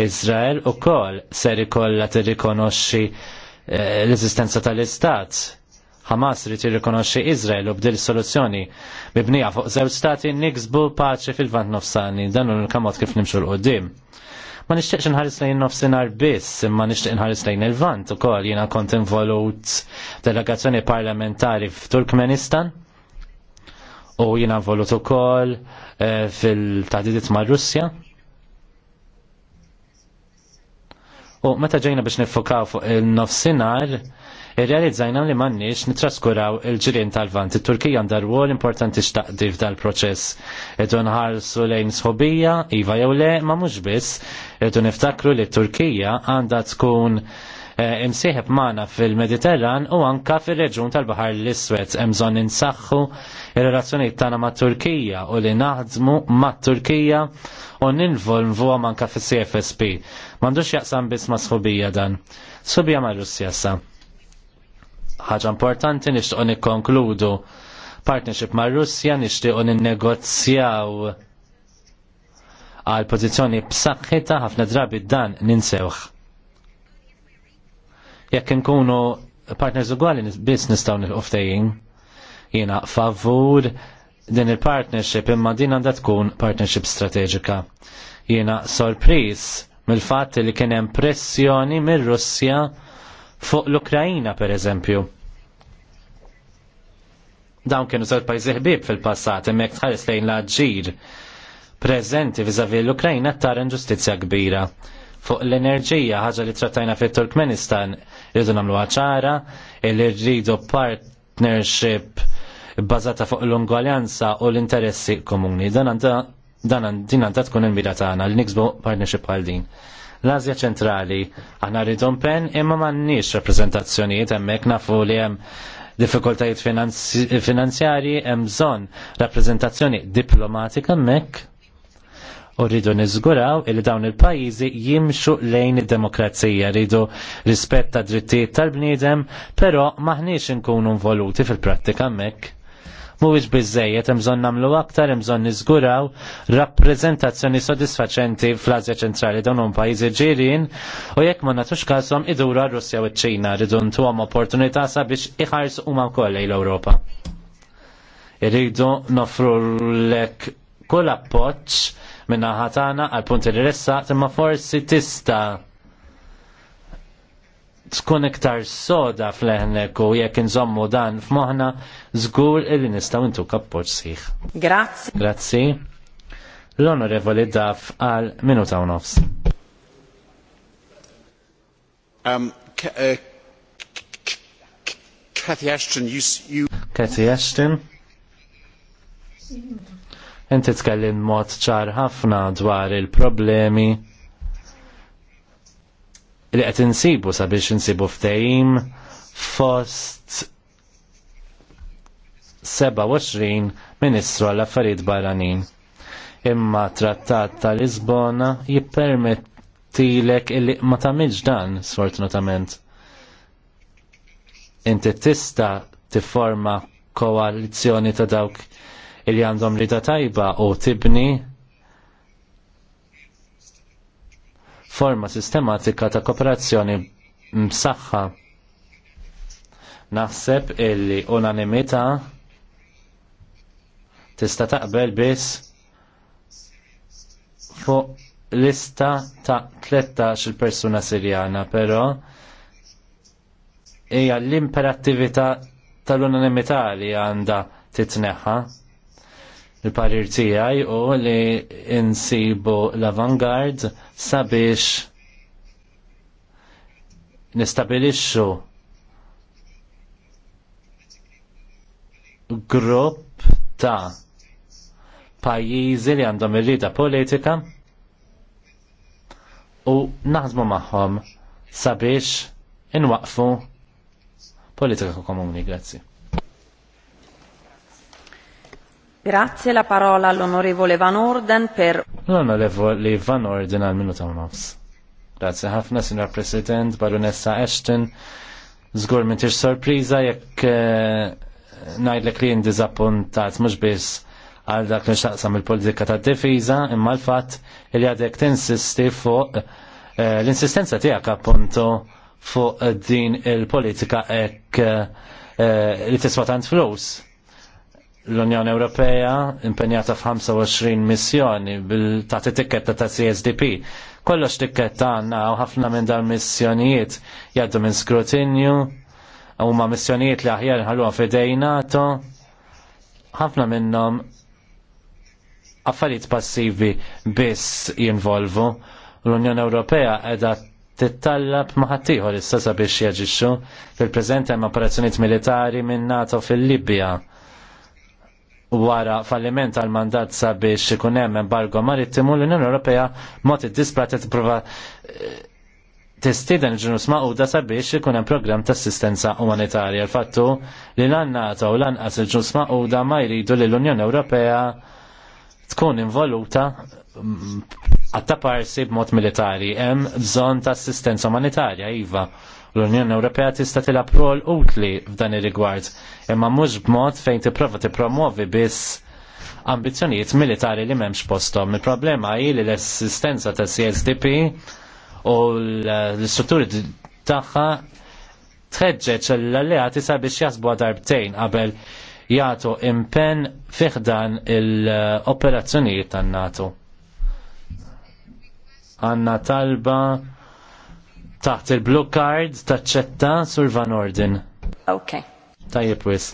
Izrael ukoll ser ikollha tirrikonoxxi eh, l-eżistenza tal-istat Hamas rrit jirrikonoxxi Izrael u bdil soluzzjoni mibnija fuq żewġ stati niksbu paċi fil-vant nofsani dan hu l-kamot kif nimxu l-qoddim. Ma nixtieqx inħares lejn nofsinhar biss, imma nixtieq inħares lejn il-vant ukoll jiena kont involut delegazzjoni parlamentari f'Turkmenistan u jiena involut ukoll eh, fil-taħdidiet ma' Russja. U meta ġejna biex nifokaw fuq il-nofsinhar, irrealizzajna li m'għandniex nitraskuraw il-ġirien tal-vant. It-Turkija għandha rwol importanti x'taqdi dal proċess. Irdu nħarsu lejn sħobija, iva jew le, ma mhux biss, irdu niftakru li t-Turkija għandha tkun eh, imsieħeb maħna fil-Mediterran u anka fil-reġun tal-Bahar l-Iswed emżon insaxħu il-relazzjoniet tagħna ma' Turkija u li naħdmu ma' Turkija u ninvolvu anka fil-CFSP. M'għandux jaqsam biss ma' sħubija dan. Subija ma' Russja sa' ħaġa importanti nixtiequ nikkonkludu partnership ma' Russja nixtiequ ninnegozjaw għal pożizzjoni b'saħħitha ħafna drabi dan ninsewħ. Jekk inkunu partners ugwali biss nistgħu nilqu jiena favur din il-partnership imma din għandha tkun partnership strateġika. Jiena sorpriż mill-fatt li kien hemm pressjoni mir-Russja fuq l-Ukrajina per eżempju. Dawn kienu zewġ pajjiżi ħbieb fil-passat hemmhekk tħares lejn l-aġġir preżenti viżavi l-Ukrajna tara inġustizzja kbira. Fuq l-enerġija ħaġa li trattajna fit-Turkmenistan rridu nagħmlu ċara, li rridu partnership bbażata fuq l-ungwaljanza u l-interessi komuni. Dan għandha din għandha tkun il-mira tagħna li niksbu partnership għal din. L-Azja ċentrali aħna rridu pen imma m'għandniex rappreżentazzjonijiet hemmhekk nafu li hemm diffikultajiet finanzjarji hemm bżonn rappreżentazzjoni diplomatika hemmhekk u rridu niżguraw li dawn il-pajjiżi jimxu lejn id-demokrazija, rridu rispett ta' drittijiet tal-bniedem, però maħniex inkunu involuti fil-prattika hemmhekk mhuwiex biżejjed hemm bżonn nagħmlu aktar, imżon nizguraw niżguraw rappreżentazzjoni sodisfaċenti fl azja ċentrali dawn un pajjiżi ġirien u jekk ma nagħtux każhom idura Russja u ċ-Ċina rridu ntuhom opportunità sabiex iħarsu huma wkoll l europa Irridu nofru l-ek kull appoġġ minna ħatana għal punti li ressa, imma forsi tista' tkun iktar soda fl u jekk nżommu dan f'moħna żgur illi nistgħu intu kapport sħiħ. Grazzi. Grazzi. L-onorevoli daf għal minuta u nofs. Um, uh, Kathy Ashton, you... you... Kathy Ashton? Inti tkellim mod ċar ħafna dwar il-problemi li qed insibu sabiex insibu ftehim fost 27 Ministru għall affarijiet barranin. Imma trattat ta' Lisbona jippermettilek illi ma tagħmilx dan sfortunatament. Inti tista' tifforma koalizzjoni ta' dawk li għandhom rida tajba u tibni forma sistematika ta' kooperazzjoni msaħħa. Naħseb illi unanimità tista' taqbel biss fuq lista ta' 13 il-persuna sirjana, però hija l-imperattività tal-unanimità li għandha titneħħa il-parir tiegħi u li insibu l-avangard sabiex nistabilixxu grupp ta' pajjiżi li għandhom ir-rida politika u naħdmu magħhom sabiex inwaqfu politika komuni. Grazzi. Grazie, la parola all'onorevole Van Orden per... L'onorevole Van Orden al minuto e nofs. Grazie ħafna, signor President, Baronessa Ashton. Zgur minn tix sorpriza jekk eh, najdlek li ndiżappuntat mux biss għal dak li xaqsam il-politika ta' difiża imma l-fatt li għadek tinsisti fuq eh, l-insistenza tiegħek appunto fuq din il-politika ek eh, li tiswa tant flus l-Unjoni Ewropea impenjata f-25 missjoni bil-tati tikketta ta' CSDP. Kollox tikketta għanna u ħafna minn dal missjonijiet jaddu minn skrutinju, u ma' missjonijiet li aħjar ħalluha fidej NATO, ħafna minnhom affarijiet passivi biss jinvolvu. L-Unjoni Ewropea edha tittallab maħattijħor issa sabiex jaġixxu fil-preżent hemm operazzjonijiet militari minn NATO fil-Libja wara falliment għal mandat sabiex ikun hemm embargo marittimu l-Unjoni Ewropea mod id-disprat tipprova eh, tistiden ġnus maquda sabiex ikun hemm programm ta' assistenza umanitarja. Il-fattu li l-annata u lanqas il-ġnus maquda ma jridu li l-Unjoni Ewropea tkun involuta mm, għatta parsi b'mod militari, hemm bżonn ta' assistenza umanitarja, iva. L-Unjoni Ewropea tista' tilab rol utli f'dan ir-rigward, imma mhux b'mod fejn tipprova tippromovi biss ambizzjonijiet militari li m'hemmx posthom. Il-problema hi li l assistenza ta' CSDP u l-istrutturi tagħha tħeġġeġ l-alleati sabiex jasbu darbtejn qabel jagħtu impenn fiħdan l-operazzjonijiet tan-NATO. Għanna talba Taħt il-blue card taċċetta Sur Van Orden. Ok. Tajjeb wis.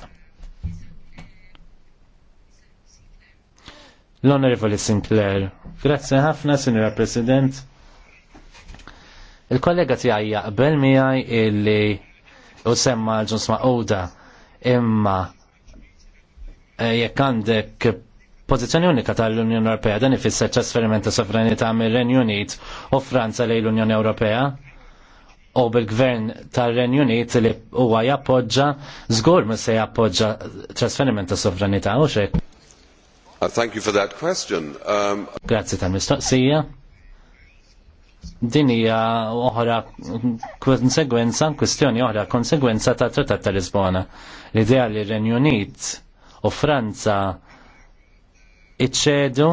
L-Onorevoli Sinclair. Grazie ħafna, Sinjora President. Il-kollega tiegħi mi għaj illi u semma ġunsma Oda imma eh, jekk għandek pożizzjoni unika tal-Unjoni Ewropea dan ifisser ċasferimenta ta' sovranità mill renju Unit u Franza lejn l-Unjoni Ewropea u bil-gvern tar-Renju Unit li huwa jappoġġa żgur ma se jappoġġa trasferiment ta' sovranità u xejn. Uh, thank you for that question. Um... Grazzi tal-mistoqsija. Din hija oħra konsegwenza, kwestjoni oħra konsegwenza ta' Trattat ta' Lisbona. L-idea li r-Renju Unit u Franza iċċedu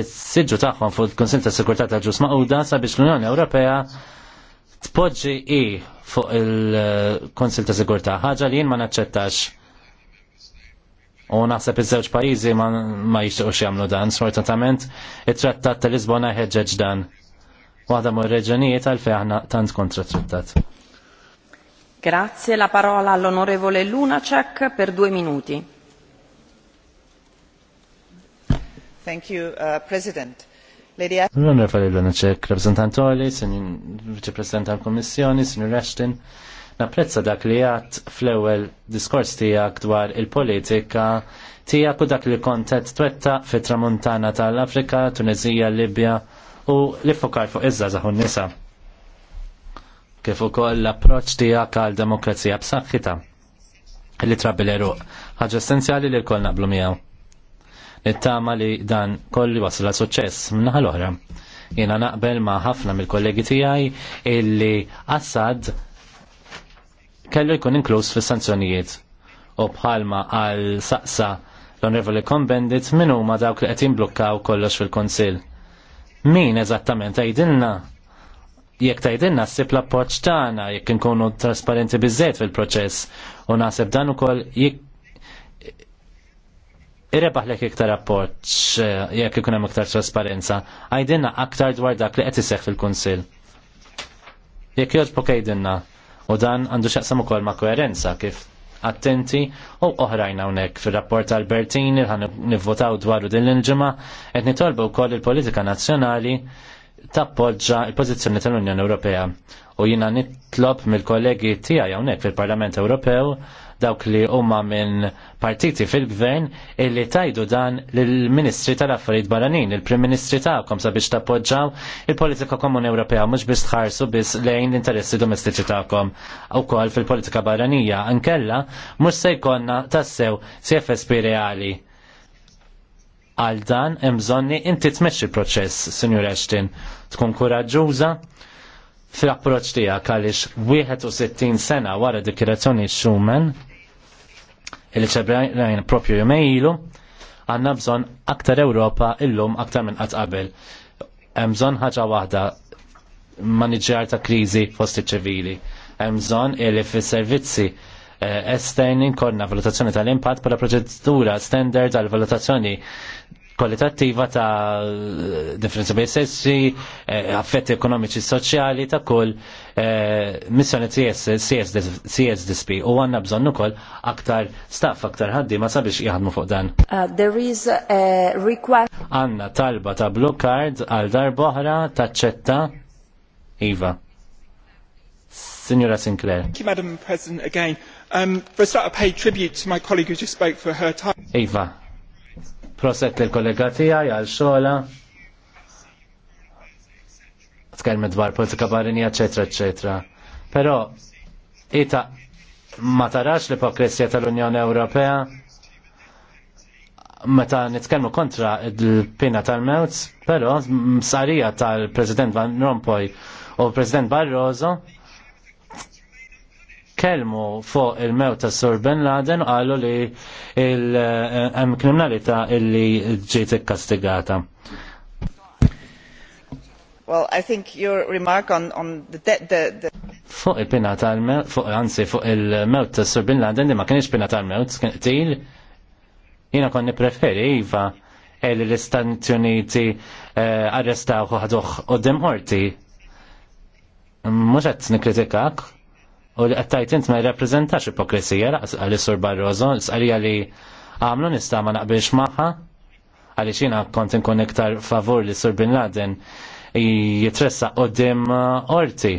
is siġu tagħhom fuq il-Kunsil ta' Sigurtà ta' Ġus Maquda sabiex l-Unjoni Ewropea tpoġġi i fuq il-Konsil ta' Sigurtà, ħaġa li jien ma naċċettax. U naħseb iż-żewġ pajjiżi ma, ma jagħmlu dan, sfortunatament it-trattat ta' Lisbona ħeġġeġ dan. Waħda mu reġunijiet għalfej aħna tant kontra trattat. Grazie, la parola all'onorevole Lunacek per due minuti. Thank you, uh, President Lady Ashton. Non rafali l senin tal-Komissjoni, senin Ashton. Napprezza dak li għat fl-ewel diskors tijak dwar il-politika tijak u dak li kontet twetta fit tramuntana tal-Afrika, Tunezija, Libja u li fokar fuq izza zaħun nisa. Kif ukoll l-approċ tijak għal demokrazija b-sakħita li trabbil eruq. Ħaġa essenzjali li l koll naqblu miegħu. Nittama li dan kolli wasla suċċess minnaħa l-oħra. Jiena naqbel ma' ħafna mill-kollegi tiegħi illi Assad kellu jkun inkluż fis-sanzjonijiet. U bħalma għal saqsa l onrevoli Combendit min huma dawk li qed blokkaw kollox fil-Kunsill. Min eżattament għajdilna? jekk tajdinna s-sib l-appoċ tagħna jekk nkunu trasparenti bizzet fil-proċess u nasib dan ukoll jek irrebaħ lek iktar rapport eh, jekk ikun hemm iktar trasparenza, għajdinna aktar dwar dak li qed iseħħ fil-Kunsill. Jekk jogħġbok għajdinna u dan għandu x'aqsam ukoll ma' koerenza kif attenti u oħrajn hawnhekk fir-rapport Albertini ħan nivvotaw dwaru din l-inġimgħa qed nitolbu wkoll il-politika nazzjonali tappoġġa il-pożizzjoni tal-Unjoni Ewropea u jina nitlob mill-kollegi tiegħi hawnhekk fil-Parlament Ewropew dawk li huma minn partiti fil-gvern illi tajdu dan lill-Ministri tal-Affarijiet Barranin, il-Prim Ministri tagħkom sabiex tappoġġaw il-politika komuni Ewropea mhux biex tħarsu biss lejn l-interessi domestiċi tagħkom wkoll fil-politika barranija ankella mhux se jkollna tassew CFSP reali. Għal dan hemm bżonni inti tmexxi proċess, Sinjur Ashton, tkun kuraġuża fl approċċ tiegħek għaliex 61 sena wara dikirazzjoni Schumann il-ċebrajn propju jomejlu, għanna bżon aktar Ewropa illum aktar minn qatt qabel. Hemm bżonn ħaġa waħda maniġġar ta' kriżi fost iċ-ċivili. Hemm bżonn li fis-servizzi eh, esterni nkollna valutazzjoni tal-impatt bħala proċedura standard għal valutazzjoni kwalitattiva ta' differenza bej sessi, eh, affetti ekonomiċi soċjali ta' kull eh, missjoni CSDSP u għanna bżonnu kol aktar staff, aktar ħaddi ma sabiex jgħadmu fuq dan. Uh, there is a request. Għanna talba ta' blue card għal darboħra ta' ċetta Iva. Signora Sinclair. Thank you, Madam President, again. Um, first start, I pay tribute to my colleague who just spoke for her time. Eva, Proset l kollega tijaj għal xola. Tkelmet dwar politika barini, eccetera, eccetera. Pero, ita ma tarax l-ipokrisja tal-Unjoni Ewropea meta nitkellmu kontra il-pina tal-mewt, pero msarija tal-President Van Rompuy u President Barroso kelmu fuq il-mew ta' Sur Bin Laden u qalu li eh, hemm kriminalità illi ġiet ikkastigata. Well, I think your remark on, on the, de- the, the Fuq il-pina tal-mewt, fuq anzi fuq il-mewt ta' Sur Bin Laden li ma kienx pina tal-mewt, kien qtil, jiena konni preferi iva li l-Istati Uniti eh, arrestaw ħaduħ u demħorti. Mhux qed nikkritikak, U li għattajt int ma jirrapprezentax ipokrisija, għalli sur Barroso, għalli għalli għamlu nista ma naqbilx maħħa, għalli xina kont nkun iktar favur li sur Bin Laden jitressa qoddim uh, orti.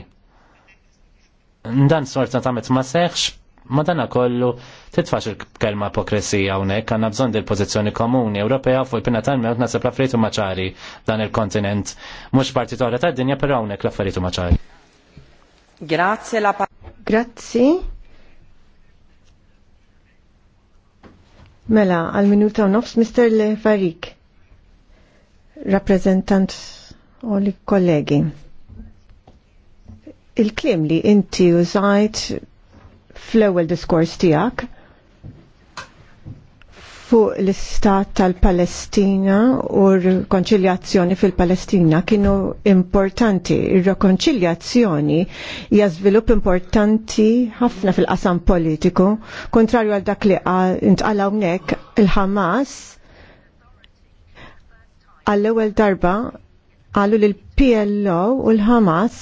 Dan sorta tamet ma seħx, ma dan kollu titfax il-kelma apokrisija unek, għanna bżon dil-pozizjoni komuni Ewropea fuq il-pina tal-mewt nasib l-affarijiet maċari dan il-kontinent. Mux partitora tad dinja però unek l-affarijiet maċari. Grazie la Grazzi. Mela, għal minuta u nofs, Mr. Le Farik, rappresentant u li kollegi. Il-klim li inti użajt fl-ewel diskors tijak, fuq l-istat tal-Palestina u r-konċiljazzjoni fil-Palestina kienu importanti. Ir-rekonċiljazzjoni hija żvilupp importanti ħafna fil-qasam politiku, kontrarju għal dak li intqal hawnhekk il-Ħamas għall-ewwel darba għallu li l-PLO u l-Hamas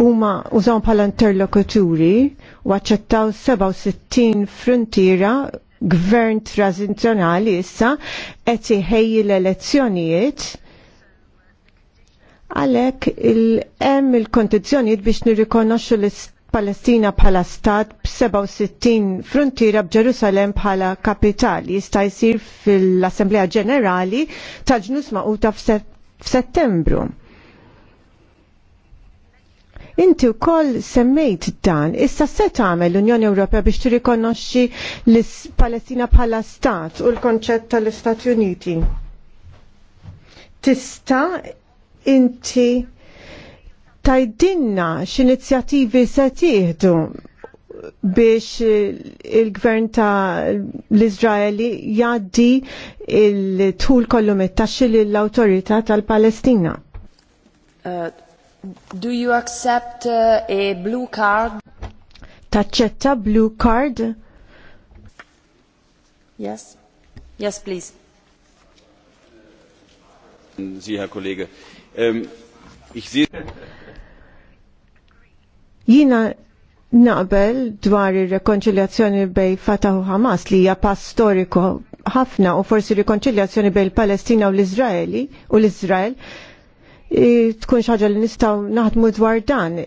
huma użaw bħala interlokuturi u aċċettaw 67 frontiera gvern tranzizjonali issa qed iħejji l-elezzjonijiet għalhekk hemm il-kondizzjonijiet biex nirrikonoxxu l-Palestina bħala stat b-67 frontiera b'Ġerusalem bħala kapitali jista' jsir fl-Assemblea Ġenerali ta' ġnus maquta f'Settembru. Inti wkoll semmejt dan, issa se tagħmel l-Unjoni Ewropea biex tirrikonoxxi l-Palestina bħala stat u l-konċett tal-Istati Uniti. Tista' inti tajdinna x'inizjattivi se tieħdu biex il-gvern ta' l-Izraeli jaddi il-tul kollu mit-taxxi l autorita tal-Palestina. Uh, Do you accept uh, a blue card? Taċċetta blue card? Yes. Yes, please. Sie, Herr Kollege. Ähm, ich sehe... Jina naqbel dwar ir-rekonċiljazzjoni bej Fatah u Hamas li hija pass storiku ħafna u forsi rikonċiljazzjoni bejn il-Palestina u l-Iżraeli u l-Iżrael tkun xaġa li nistaw naħdmu dwar dan.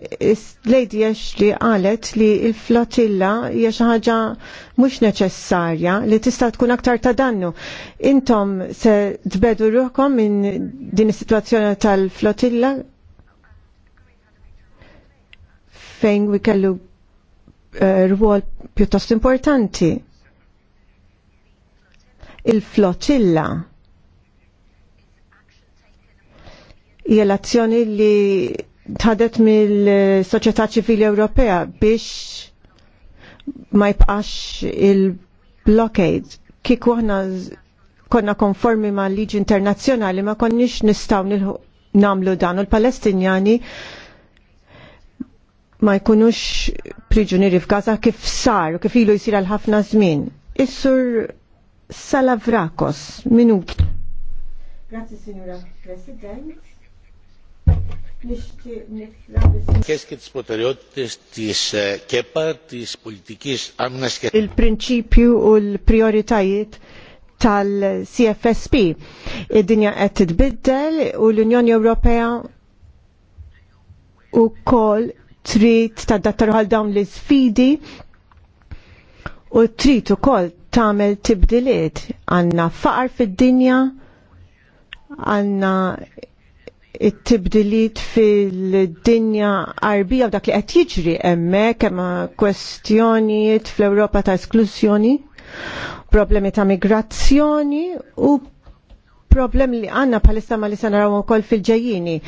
Lady li qalet li il-flotilla hija xi ħaġa mhux neċessarja li tista' tkun aktar ta' dannu. Intom se tbedu ruħkom minn din is-sitwazzjoni tal-flotilla fejn wi kellu eh, rwol pjuttost importanti. Il-flotilla hija l-azzjoni li tħadet mill-soċjetà ċivili Ewropea biex ma jibqax il-blockade. Kieku aħna konna konformi ma' liġi internazzjonali ma konniex nistaw namlu dan u l-Palestinjani ma jkunux priġunieri f'Gaza kif sar u kif ilu jisir għal ħafna żmien. Issur Salavrakos, minut. Grazie, Signora President. Il-prinċipju u l-prioritajiet tal-CFSP. Id-dinja qed titbiddel u l-Unjoni Ewropea u kol trid tadattar għal dawn l-sfidi u trid ukoll tagħmel tibdiliet għandna faqar fid-dinja għandna it-tibdiliet fil-dinja arbija u dak li qed jiġri hemmhekk hemm kwestjonijiet fl-Ewropa ta' esklużjoni, problemi ta' migrazzjoni u problem li għanna palissa ma li sanaraw u koll fil-ġejjini.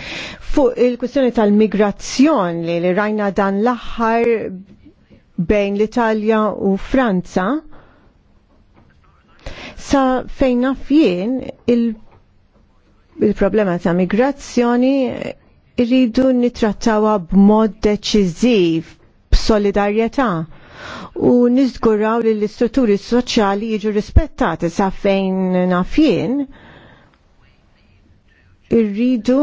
Fuq il-kwestjoni tal-migrazzjoni li rajna dan l aħħar bejn l-Italja u Franza, sa fejna fjien il- il-problema ta' migrazzjoni irridu nitrattawa b'mod deċiżiv, b'solidarjetà u niżguraw li l-istrutturi soċjali jiġu rispettati sa' fejn nafjien irridu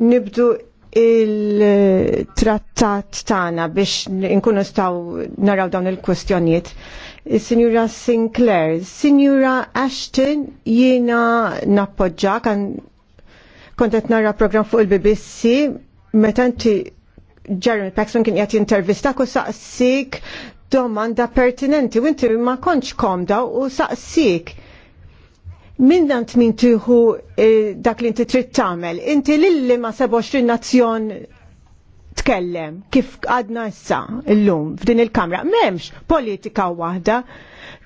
nibdu il-trattat tagħna biex nkunu staw naraw dawn il-kwestjonijiet. Signora Sinclair, Signora Ashton jiena nappoġġa kan kontet narra program fuq il-BBC, meta inti Jeremy Paxton kien jgħati intervista u saqsik domanda pertinenti u inti ma konċ komda u saqsik. Min għant min tiħu eh, dak li inti trid tagħmel, inti lilli ma 27 nazzjon tkellem kif għadna issa l-lum f'din il-kamra. M'hemmx politika waħda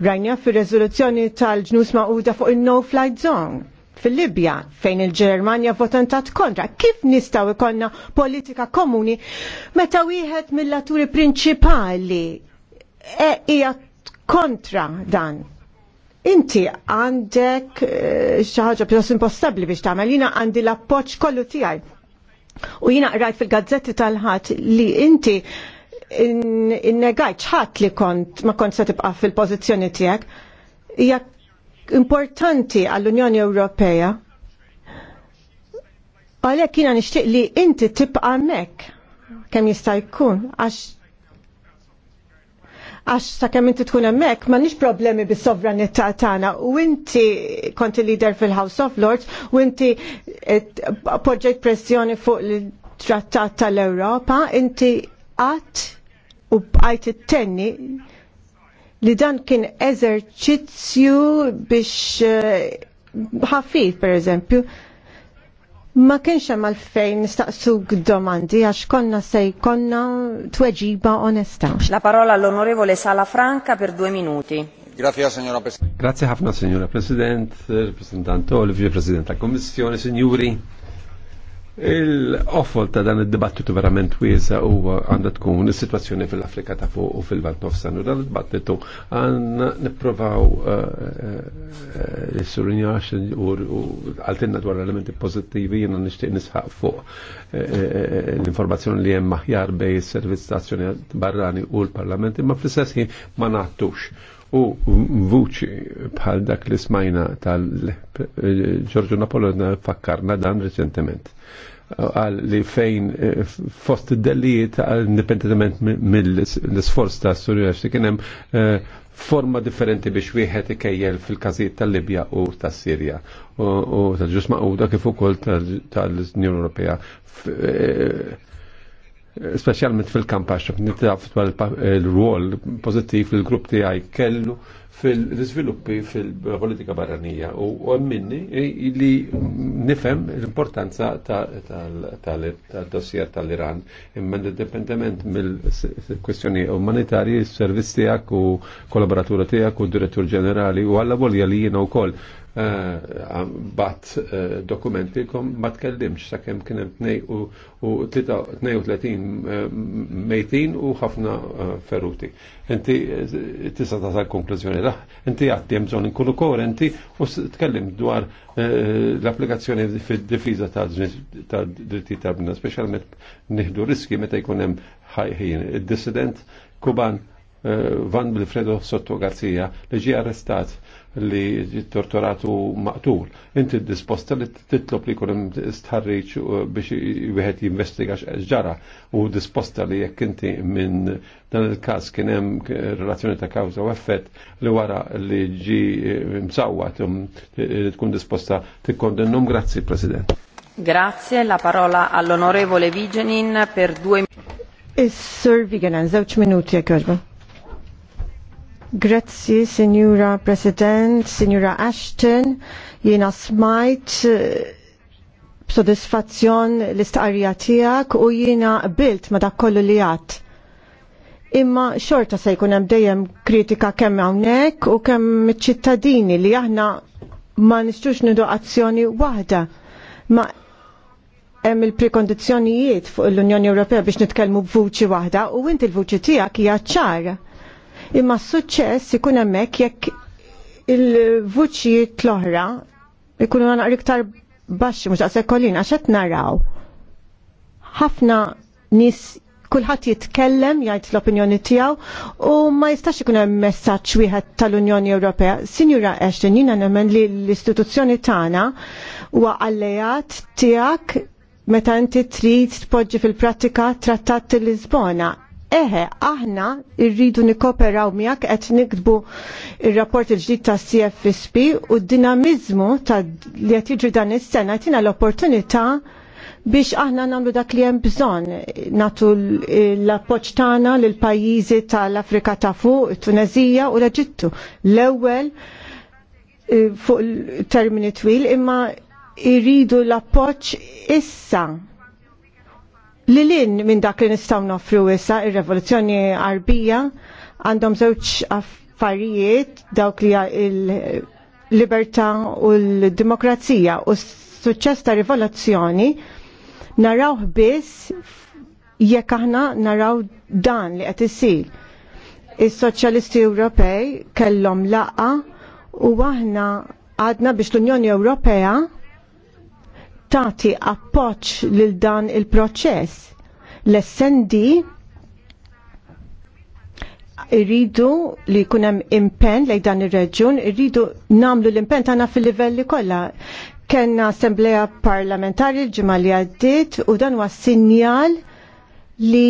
rajna fir-reżoluzzjoni tal-ġnus maquda fuq il-no-flight zone fil-Libja fejn il-Ġermanja votantat kontra. Kif nistaw ikonna politika komuni meta wieħed mill-laturi prinċipali e, hija kontra dan? Inti għandek e, xi ħaġa pjuttost impostabbli biex tagħmel, jiena għandi l-appoġġ kollu tiegħi. U jiena qrajt fil-gazzetti tal-ħadd li inti innegajt in li kont ma kont se tibqa' fil-pożizzjoni tiegħek Jekk importanti għall-Unjoni Ewropea. Għalhekk jiena nixtieq li inti tibqa' mek kemm jista' jkun għax għax sa' kem inti tkun hemmhekk m'għandniex problemi bis-sovranità tagħna u inti konti leader fil-House of Lords u inti eh, poġġejt pressjoni fuq il-Trattat tal-Ewropa, inti qatt u bqajt it-tenni li dan kien eżerċizzju biex eh, ħafif per eżempju. Ma kienx hemm għalfejn nistaqsuk domandi għax konna se jkollna tweġiba onesta. La parola all'onorevole Sala Franca per due minuti. Grazie, signora Presidente. Grazie ħafna, signora President, rappresentant Olivio, President tal Kommissjoni, Signori. Il-offol ta' dan id-dibattitu verament wiesa u għanda tkun is-sitwazzjoni fil-Afrika ta' fuq u fil valt Nofsan u dan il dibattitu għanna niprofaw il surinjax u għaltinna dwar elementi pozittivi jena nishtiq nisħaq fuq eh, eh, eh, l-informazzjoni li jemma maħjar bej il-servizzazzjoni barrani u l parlamenti imma fl sessi ma naħtux u vuċi bħal dak li smajna tal-Ġorġu Napoleon fakkarna dan reċentement għal li fejn eh, fost id-dellijiet independentement mill-sforz ta' Surja kienem eh, forma differenti biex wieħed ikejjel fil-każijiet tal-Libja u tas-Sirja u tal-ġusma u dak kif ukoll tal-Unjoni Ewropea eh, specialment fil-kampax, nittaf il-ruol pozittiv fil grupp ti għaj kellu fil-rizviluppi fil-politika barranija u għamminni li nifem l-importanza tal-dossier tal-Iran imma indipendement mill-kwestjoni umanitarji, s-servizz u kollaboratura tijak u direttur ġenerali u għalla volja li jina u koll Eh, bat eh, dokumenti kom ma tkellimx sakemm kien hemm 32 eh, mejtin u ħafna feruti. Inti tista' ta' konklużjoni raħ, inti għad hemm bżonn inkunu koerenti u tkellim dwar l-applikazzjoni fid-difiża ta' dritti ta' bna, speċjalment nieħdu riski meta jkun hemm ħajħin. Id-dissident Kuban Van Bilfredo Sotto Garcia li ġie arrestat li torturatu maqtul. Inti disposta li titlob li kun istħarriċ uh, biex wieħed jinvestiga ġara u disposta li jekk inti minn dan il-każ kien hemm relazzjoni ta' kawża u effett li wara li ġi uh, msawwat um, tkun disposta tikkondennhom. Grazzi President. Grazie, la parola all'onorevole Vigenin per due minuti. Is-Sir Vigenin, żewġ minuti jekk Grazzi, Signora President, Signora Ashton, jiena smajt eh, b'sodisfazzjon l-istqarrija tiegħek u jiena bilt ma dak kollu li għat. Imma xorta se jkun hemm dejjem kritika kemm hawnhekk u kemm iċ-ċittadini li aħna ma nistux nidu azzjoni waħda. Ma hemm il-prekondizzjonijiet fuq l-Unjoni Ewropea biex nitkellmu b'vuċi waħda u inti l-vuċi tiegħek hija ċara Imma s-suċċess ikun hemmhekk jekk il-vuċijiet l-oħra ikunu għana iktar baxxi mhux għasek kollin għax qed naraw. Ħafna nies kulħadd jitkellem jgħid l-opinjoni tiegħu u ma jistax ikun hemm messaġġ wieħed tal-Unjoni Ewropea. Sinjura Ashton, jiena nemmen li l-istituzzjoni tagħna huwa allejat tiegħek meta inti trid tpoġġi fil-prattika trattat il-Lisbona eħe, aħna irridu nikoperaw miegħek qed nikdbu il rapport il-ġdid ta' CFSP u d-dinamizmu ta' li qed jiġri dan is-sena tina l-opportunità biex aħna nagħmlu dak li hemm bżonn nagħtu l-appoġġ tagħna lil pajjiżi tal-Afrika ta' fuq, it-Tunezija u l-Eġittu. L-ewwel eh, fuq termini twil imma iridu l-appoġġ issa li lin minn dak li nistaw nofru issa ir-revoluzzjoni arbija għandhom żewġ affarijiet dawk li il-libertà u l-demokrazija u s-suċċess ta' rivoluzzjoni narawh biss jekk aħna naraw dan li qed isir. Is-Soċjalisti Ewropej kellhom laqa u aħna għadna biex l-Unjoni Ewropea Tati appoġġ lil dan il-proċess. L-essendi irridu li kunem impen lej dan ir-reġun, irridu namlu l-impen tagħna fil-livelli kollha. Kenna assembleja parlamentari l-ġimgħa li għaddiet u dan huwa sinjal li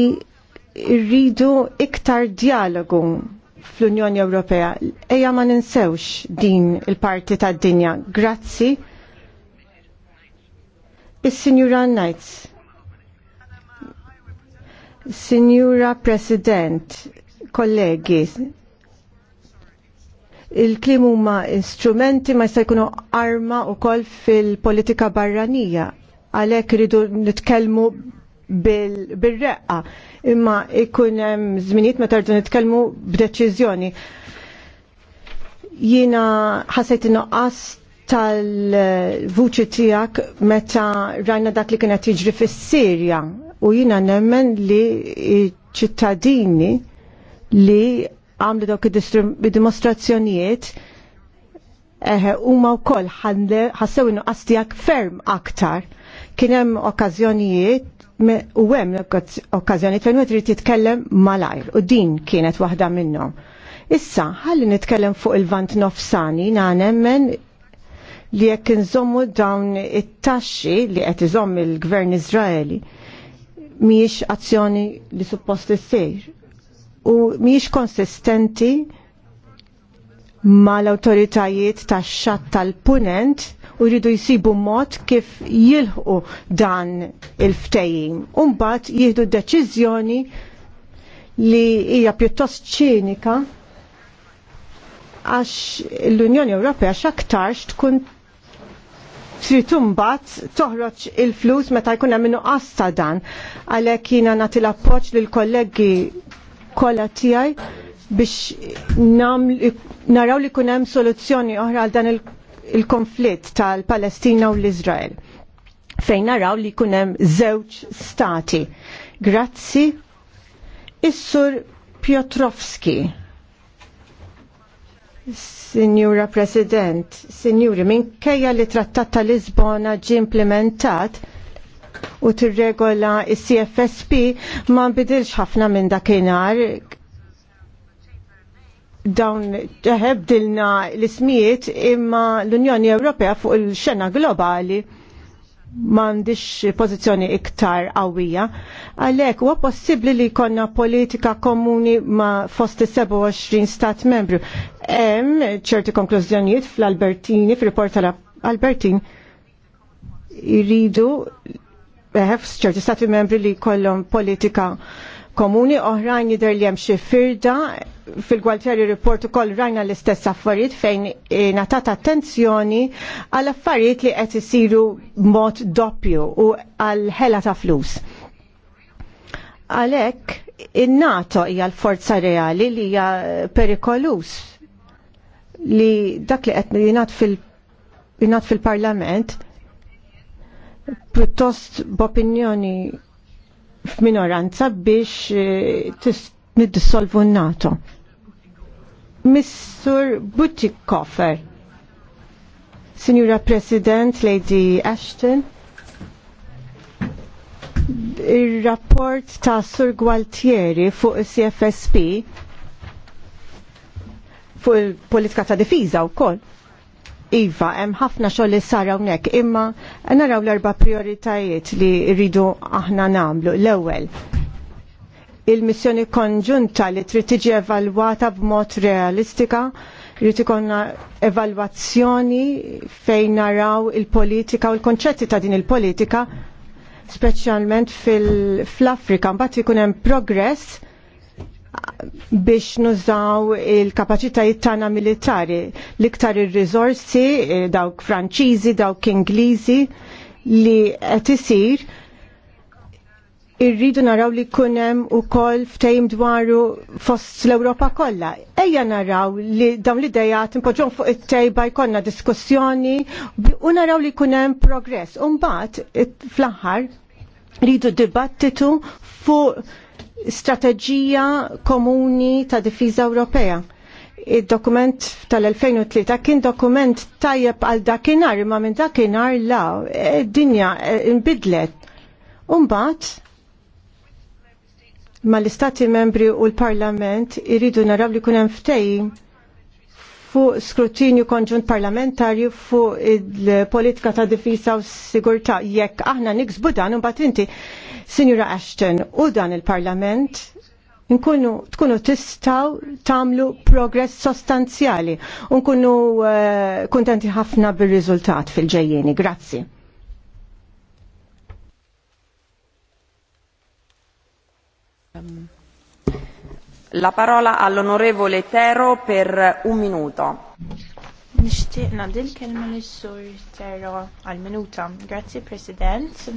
rridu iktar dialogu fl-Unjoni Ewropea. Ejja ma ninsewx din il-parti tad-dinja. Grazzi Is-Sinjura Knights. Sinjura President, kollegi, il-klim huma instrumenti ma jista' jkunu arma wkoll fil-politika barranija. Għalhekk iridu nitkellmu bil-reqqa imma ikun hemm żminijiet meta rridu nitkellmu b'deċiżjoni. Jiena ħasejt inqas tal-vuċi tijak meta rajna dak li kienet jiġri fis-Sirja u jina nemmen li ċittadini li għamlu dawk id-dimostrazzjonijiet eħe u ma wkoll ħassew inu tiegħek ferm aktar. Kien hemm okkażjonijiet u hemm okkażjonijiet fejn wieħed jitkellem malajr u din kienet waħda minnhom. Issa, ħalli nitkellem fuq il-vant nofsani, na nemmen li jekk nżommu dawn it-taxxi li qed iżomm il-Gvern Iżraeli mhijiex azzjoni li suppost issir u mhijiex konsistenti mal-awtoritajiet tax-xatt tal-punent u jridu jisibu mod kif jilħu dan il-ftejim. Umbat jihdu deċizjoni li hija pjuttost ċinika għax l-Unjoni Ewropea x'aktarx tkun Tri imbagħad toħroġ il-flus meta jkun hemm inqas ta' dan. Għalhekk jiena nagħti l-appoġġ lill kollegi kollha tiegħi biex naraw li kun hemm soluzzjoni oħra għal dan il-konflitt il konflitt tal palestina u l-Iżrael fejn naraw li kun hemm żewġ stati. Grazzi. Is-Sur Piotrowski. Signora President, Signori, minkejja li trattat ta' Lisbona ġi implementat u tirregola il-CFSP ma bidilx ħafna minn dakinhar dawn dilna l-ismijiet imma l-Unjoni Ewropea fuq il-xena globali mandiċ pozizjoni iktar għawija. Għalek, huwa possibli li konna politika komuni ma fost 27 stat membru. Em, ċerti konklużjonijiet fl-Albertini, fil-report tal-Albertin, iridu, ċerti stati membri li kollom politika komuni oħrajn jidher li hemm xi firda fil-Gualtieri Report ukoll rajna l-istess affarijiet fejn eh, natat attenzjoni għal affarijiet li qed isiru mod doppju u għal ħela ta' flus. Għalhekk in-NATO hija l-forza reali li hija perikolus li dak li qed jingħad fil-parlament fil parlament pjuttost b'opinjoni f'minoranza biex eh, nid-dissolvu n-NATO. Mr. Butikoffer, Signora President, Lady Ashton, il-rapport ta' Sur Gualtieri fuq il-CFSP fuq il-politika ta' difiża u koll Iva, hemm ħafna xogħol li sar hawnhekk, imma naraw l-erba' prioritajiet li rridu aħna nagħmlu. L-ewwel, il-missjoni konġunta li trid tiġi evalwata b'mod realistika jrid ikonna evalwazzjoni fejn naraw il-politika u l-konċetti ta' din il-politika, speċjalment fil-Afrika, mbagħad ikun hemm progress biex nużaw il-kapacitajiet tagħna militari, l-iktar ir risorsi eh, dawk Franċiżi, dawk Ingliżi li qed isir irridu naraw li kunem u kol ftejm dwaru fost l-Europa kolla. Ejja naraw li dawn li dejat impoġon fuq it-tejba jkonna diskussjoni u naraw li kunem progress. Umbat, fl-ħar, rridu dibattitu fuq strateġija komuni ta' difiża Ewropea. il dokument tal-2003 kien dokument tajjeb għal dakinhar imma minn dakinhar la e, dinja e, nbidlet. Umbat, ma l-istati membri u l-parlament irridu naraw li kunem ftej fuq skrutinju konġunt parlamentarju fuq il-politika ta' difisa u sigurta jekk aħna niksbu dan un inti Signora Ashton, u dan il-Parlament nkunu tkunu tistaw tamlu progress sostanzjali u nkunu eh, kontenti uh, ħafna bir-riżultat fil-ġejjeni. Grazzi. La parola all'onorevole Tero per un minuto. Nishtiq nadil kelma l-sur Tero għal-minuta. Grazie, President.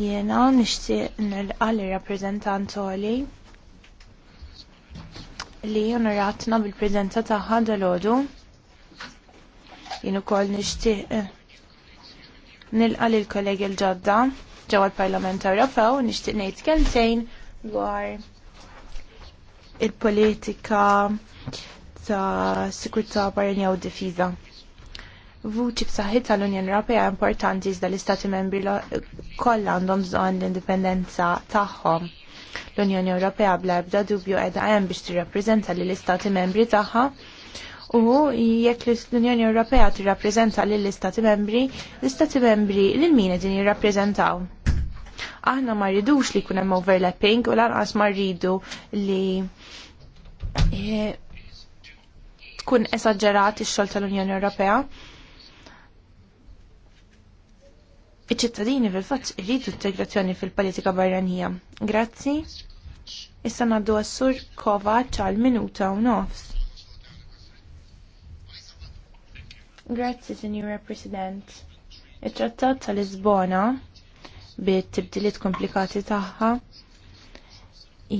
Jena nixtieq nilqal li rappresentant Oli li onoratna bil taħħa tagħha ħodu Jien ukoll nixtieq eh, nilqa l kollegi l ġadda ġewwa l-Parlament Ewropew nixtieq ngħid kelmtejn dwar il-politika ta' sikurta barranija u difiża vuċi b'saħħit tal-Unjoni Ewropea importanti iżda l-Istati membri kollha għandhom bżonn l-indipendenza tagħhom. L-Unjoni Ewropea bla ebda dubju qiegħda hemm biex tirrappreżenta lill istati membri tagħha u jekk l-Unjoni Ewropea tirrappreżenta lill istati membri, l-Istati membri lil min qegħdin jirrappreżentaw. Aħna ma rridux li jkun hemm overlapping u lanqas ma rridu li eh, tkun esaġġerat ix-xogħol tal-Unjoni Ewropea Iċ-ċittadini fil-fatt irridu integrazzjoni fil-politika barranija. Grazzi. Issa naddu sur kova ċal minuta u nofs. Grazzi, Signora President. Il-Trattat tal-Lisbona bit-tibdiliet komplikati tagħha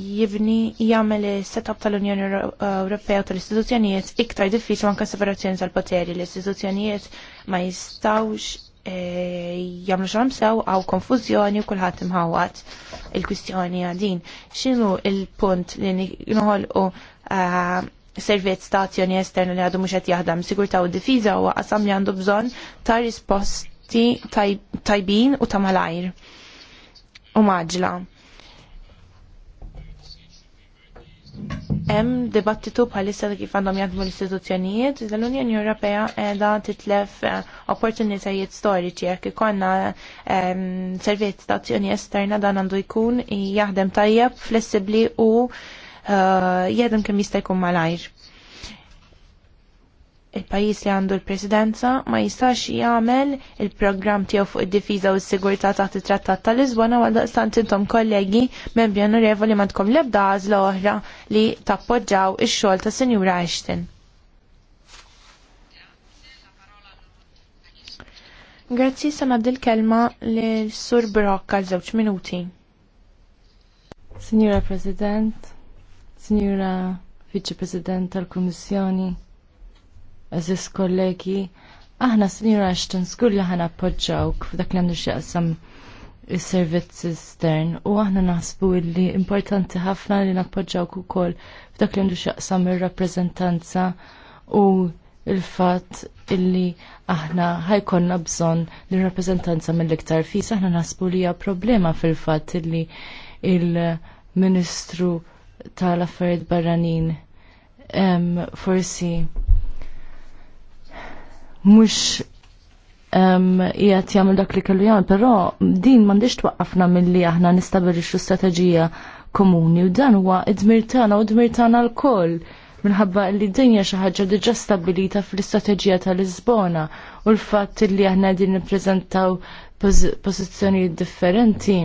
jibni jagħmel is-setup tal-Unjoni Ewropea u tal-istituzzjonijiet iktar diffiċli anke separazzjoni tal-poteri. L-istituzzjonijiet ma jistawx E, jamlu xorm sew għaw konfuzjoni u kullħat imħawat il-kwistjoni għadin. Xinu il-punt li nħol u e, servizz stazzjoni esternu li għadu muxet jahdam sigurta u difiza u għasam li għandu bżon ta' risposti tajbin u ta' malajr u maġla. Hemm dibattitu bħalissa kif għandhom jaħdmu l-istituzzjonijiet, l-Unjoni Ewropea qiegħda titlef eh, opportunitajiet storiċi jekk ikollna ehm, servizz ta' azzjoni esterna dan għandu jkun jaħdem tajjeb, flessibbli u eh, jaħdem kemm jista' jkun malajr il-pajis li għandu l-presidenza ma jistax jagħmel il-programm tiegħu fuq id-difiża u s-sigurtà taħt it-Trattat tal-Lisbona għal daqstant intom kollegi membri onorevoli ma tkom l-ebda għażla oħra li tappoġġaw ix-xogħol ta' Sinjura Ashton. Grazzi sa naddi l-kelma lil Sur Brock għal żewġ minuti. Signora President, Signora Viċi President tal-Kummissjoni, Aziz kollegi, aħna Sinjura Ashton skur ħana appoġġawk f'dak li għandu xieqsam is-servizz stern u aħna naħsbu li importanti ħafna li nappoġġawk ukoll f'dak li għandu xieqsam ir-rappreżentanza u il-fatt illi aħna ħajkonna bżonn li rappreżentanza mill-iktar fis aħna naħsbu li hija problema fil-fatt illi il-Ministru tal-Affarijiet Barranin forsi mux jgħat jgħamil dak li kellu jgħamil, pero din mandiġ twaqqafna mill-li aħna nistabilixu strategija komuni u dan huwa id mirtana u id-mirtana l-koll minħabba li d-dinja xaħġa diġa stabilita fl-istrateġija tal-Lisbona u l-fatt li aħna din nippreżentaw pozizjoni differenti.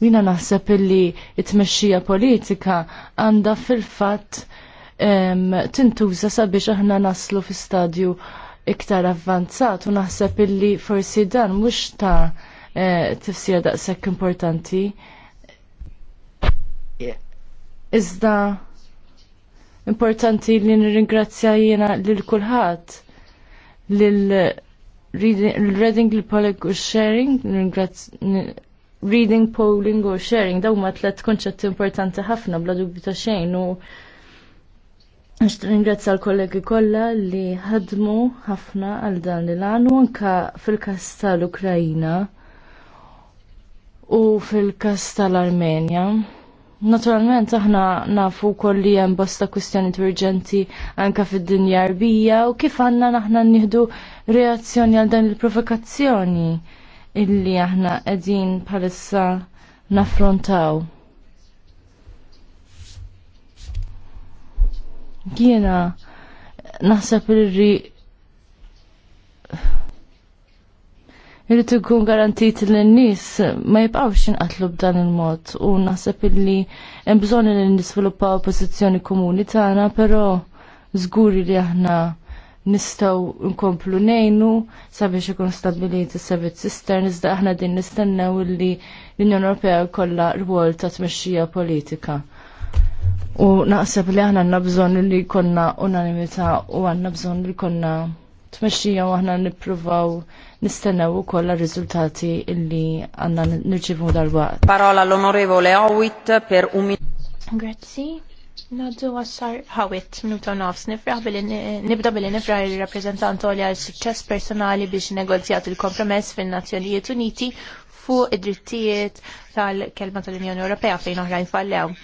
Jina naħseb li it-tmexxija politika għandha fil-fatt tintuża sabiex aħna naslu fi stadju iktar avvanzat u naħseb illi forsi dan mhux ta' eh, tifsir daqshekk importanti. Iżda importanti li nirringrazzja jiena lil kulħadd lil reading li polling u sharing, reading, polling u sharing, daw ma tlet konċetti importanti ħafna bla dubju ta' xejn u Ringrazza l-kollegi kollha li ħadmu ħafna għal dan li l-għanu anka fil-kas tal-Ukrajina u fil-kas tal-Armenja. Naturalment aħna nafu wkoll li hemm bosta kwistjoni urġenti anka fid-dinja arbija u kif għandna aħna nihdu reazzjoni għal dan il-provokazzjoni illi aħna qegħdin bħalissa naffrontaw. Jiena naħseb irri irrid ikun garantit l-nis nies ma jibqgħux inqatlu b'dan il-mod u naħseb illi hemm bżonn li nisviluppaw pożizzjoni komuni tagħna, però żguri li aħna nistgħu nkomplu ngħinu sabiex ikun stabiliti is-servizz istern iżda aħna din nistennew illi l-Unjoni Ewropea jkollha rwol ta' tmexxija politika. U naqseb li aħna għanna bżon li konna unanimità u għanna bżon li konna tmexxija u aħna nippruvaw nistennew ukoll riżultati illi għandna nirċivu dal-waqt. Parola l-Onorevole Howitt per umi. Grazzi. Naddu għassar ħawit minuta nafs nifraħ billi nibda billi nifra il-rappresentant għolja għal-suċċess personali biex negozjat il-kompromess fil-Nazzjonijiet Uniti fuq id-drittijiet tal-kelma tal-Unjoni Ewropea fejn oħrajn fallew.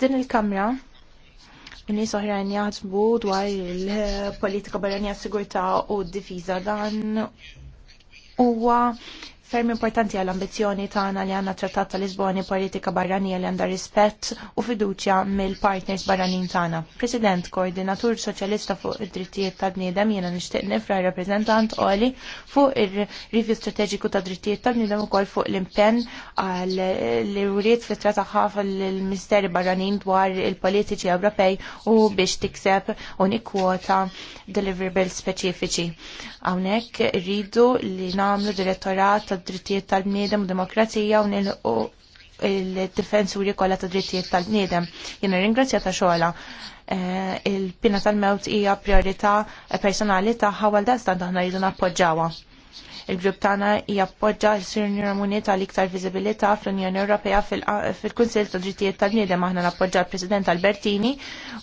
Din il-Kamra n soħrajn oħrajn jaħdmu dwar il-politika barranija sigurtà u d-difiża dan huwa ferm importanti għall ambizzjoni tagħna li għandna trattat ta' Lisboni politika barranija li għandha rispett u fiduċja mill-partners barranin tagħna. President, koordinatur soċjalista fuq id-drittijiet tal-bniedem jiena nixtieq nifra rappreżentant Oli fuq ir-review strateġiku ta' drittijiet tal-bniedem ukoll fuq l-impenn għal l wriet fitra tagħha fil-Misteri Barranin dwar il-politiċi Ewropej u biex tikseb unik kwota deliverables speċifiċi. Hawnhekk rridu li nagħmlu direttorat ta' drittijiet tal-bniedem u demokrazija u nilqu il-difensuri kollha ta' drittijiet tal-bniedem. Jiena ringrazzja ta' xoħla. Eh, il-pina tal-mewt hija priorità personali tagħha għal dan aħna rridu nappoġġawha. Il-grupp tagħna jappoġġa s-Sirni Ramuni tal-iktar viżibilità fl-Unjoni Ewropea fil kunsil ta' Drittijiet tal-Niedem aħna nappoġġa l-President Albertini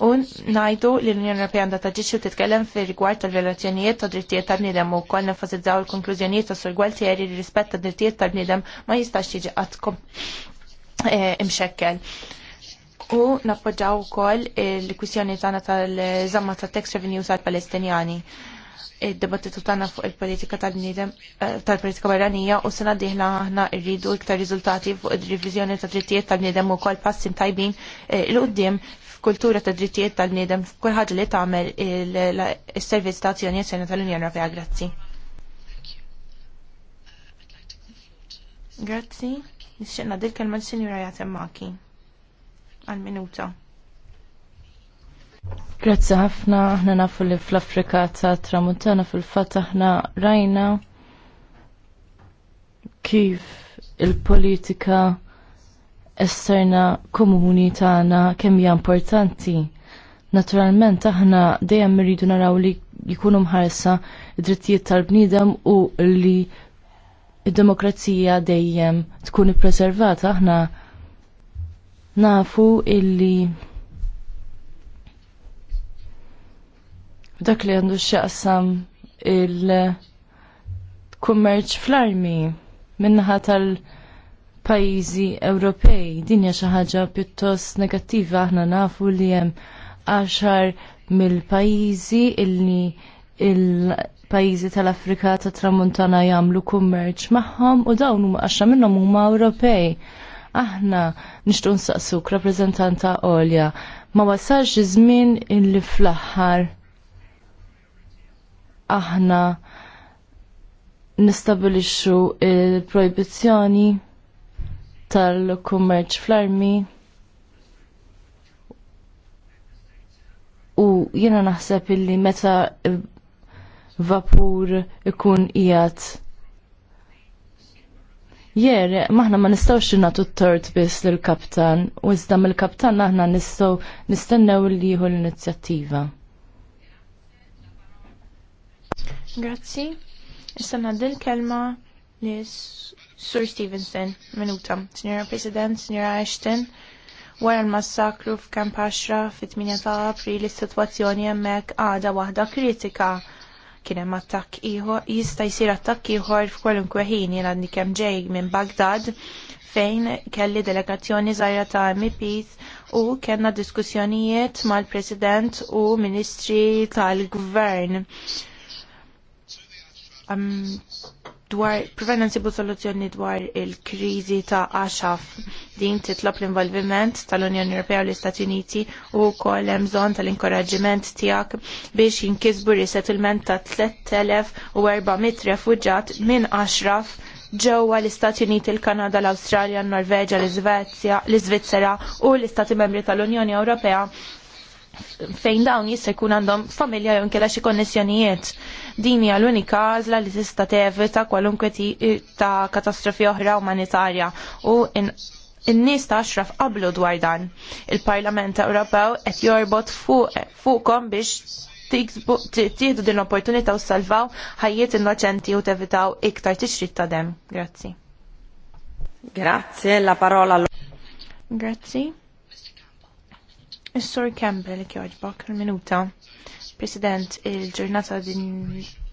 u ngħidu li l-Unjoni Ewropea għandha taġixxi u titkellem fir-rigward tal-relazzjonijiet ta' drittijiet tal-niedem u wkoll nefazizzaw il-konklużjonijiet ta' sur li rispett ta' drittijiet tal-niedem ma jistax jiġi qatt eh, imxekkel. U nappoġġaw ukoll il kwissjoni tagħna tal-żamma tat-tax revenue sal palestinjani id-debattitu tagħna fuq il-politika tal-bniedem eh, tal-politika barranija u sena diħla aħna rridu iktar riżultati fuq id-riviżjoni ta' drittijiet tal-bniedem ukoll passin tajbin il-qudiem eh, f'kultura ta' drittijiet tal-bniedem f'kull ħaġa li tagħmel is-servizz ta' azzjoni sena tal-Unjoni Ewropea. Grazzi. Grazzi. Nixtieq dil l-kelma l-Sinjura Jatem Maki għal-minuta. Grazzi ħafna, aħna nafu li fl-Afrika ta' tramuntana fil fat aħna rajna kif il-politika esterna komuni tagħna kemm hija importanti. Naturalment aħna dejjem irridu naraw li jkunu mħarsa id-drittijiet tal-bniedem u li id-demokrazija dejjem tkun ippreservata aħna nafu illi dak li għandu xaqsam il-kummerċ fl-armi minnaħa tal-pajizi Ewropej. Din hija xi ħaġa pjuttost negattiva aħna nafu li hemm għaxar mill-pajizi illi il-pajizi tal-Afrika ta' tramuntana jagħmlu kummerċ magħhom u dawn huma għaxra minnhom huma Ewropej. Aħna nixtru nsaqsuk rappreżentanta Olja ma wasalx iż-żmien illi fl-aħħar aħna nistabilixxu il-proibizzjoni tal-kummerċ fl-armi u jiena naħseb illi meta vapur ikun ijat Jer, maħna ma nistawx natu t-tort biss l-kaptan, u iżda mill-kaptan aħna nistaw nistennew li jieħu l-inizjattiva. Grazzi. Issa nadil kelma li Sir Stevenson, minuta. Signora President, Signora Ashton, wara l-massakru f'Kamp Ashra fit-8 ta' April is-sitwazzjoni hemmhekk għada waħda kritika. Kien hemm attakk ieħor jista' jsir attakk ieħor f'kwalunkwe ħin jien għandi kemm ġej minn Baghdad fejn kelli delegazzjoni żgħira ta' MPs u kellna diskussjonijiet mal-President u Ministri tal-Gvern dwar provajna nsibu soluzzjoni dwar il-kriżi ta' għaxaf din titlob l-involviment tal-Unjoni Ewropea u l-Istati Uniti u wkoll hemm bżonn tal-inkoraġġiment tiegħek biex jinkisbu resettlement ta' 3400 refugġat minn għaxraf ġewwa l-Istati Uniti, il-Kanada, l-Awstralja, l norveġa l-Iżvezja, l svizzera u l-Istati Membri tal-Unjoni Ewropea fejn dawn jista' jkun għandhom familja jew inkella xi konnessjonijiet. Din hija l-unika għażla li tista' tevita kwalunkwe ta' katastrofi oħra umanitarja u in-nies ta' xraf qablu dwar dan. Il-Parlament Ewropew qed jorbot fuqhom biex tieħdu din l-opportunità u salvaw ħajjiet innoċenti u tevitaw iktar tixrid ta' dem. Grazzi. Grazie, la parola. Grazie. Mr. Campbell kjoġbok il-minuta. President, il-ġurnata din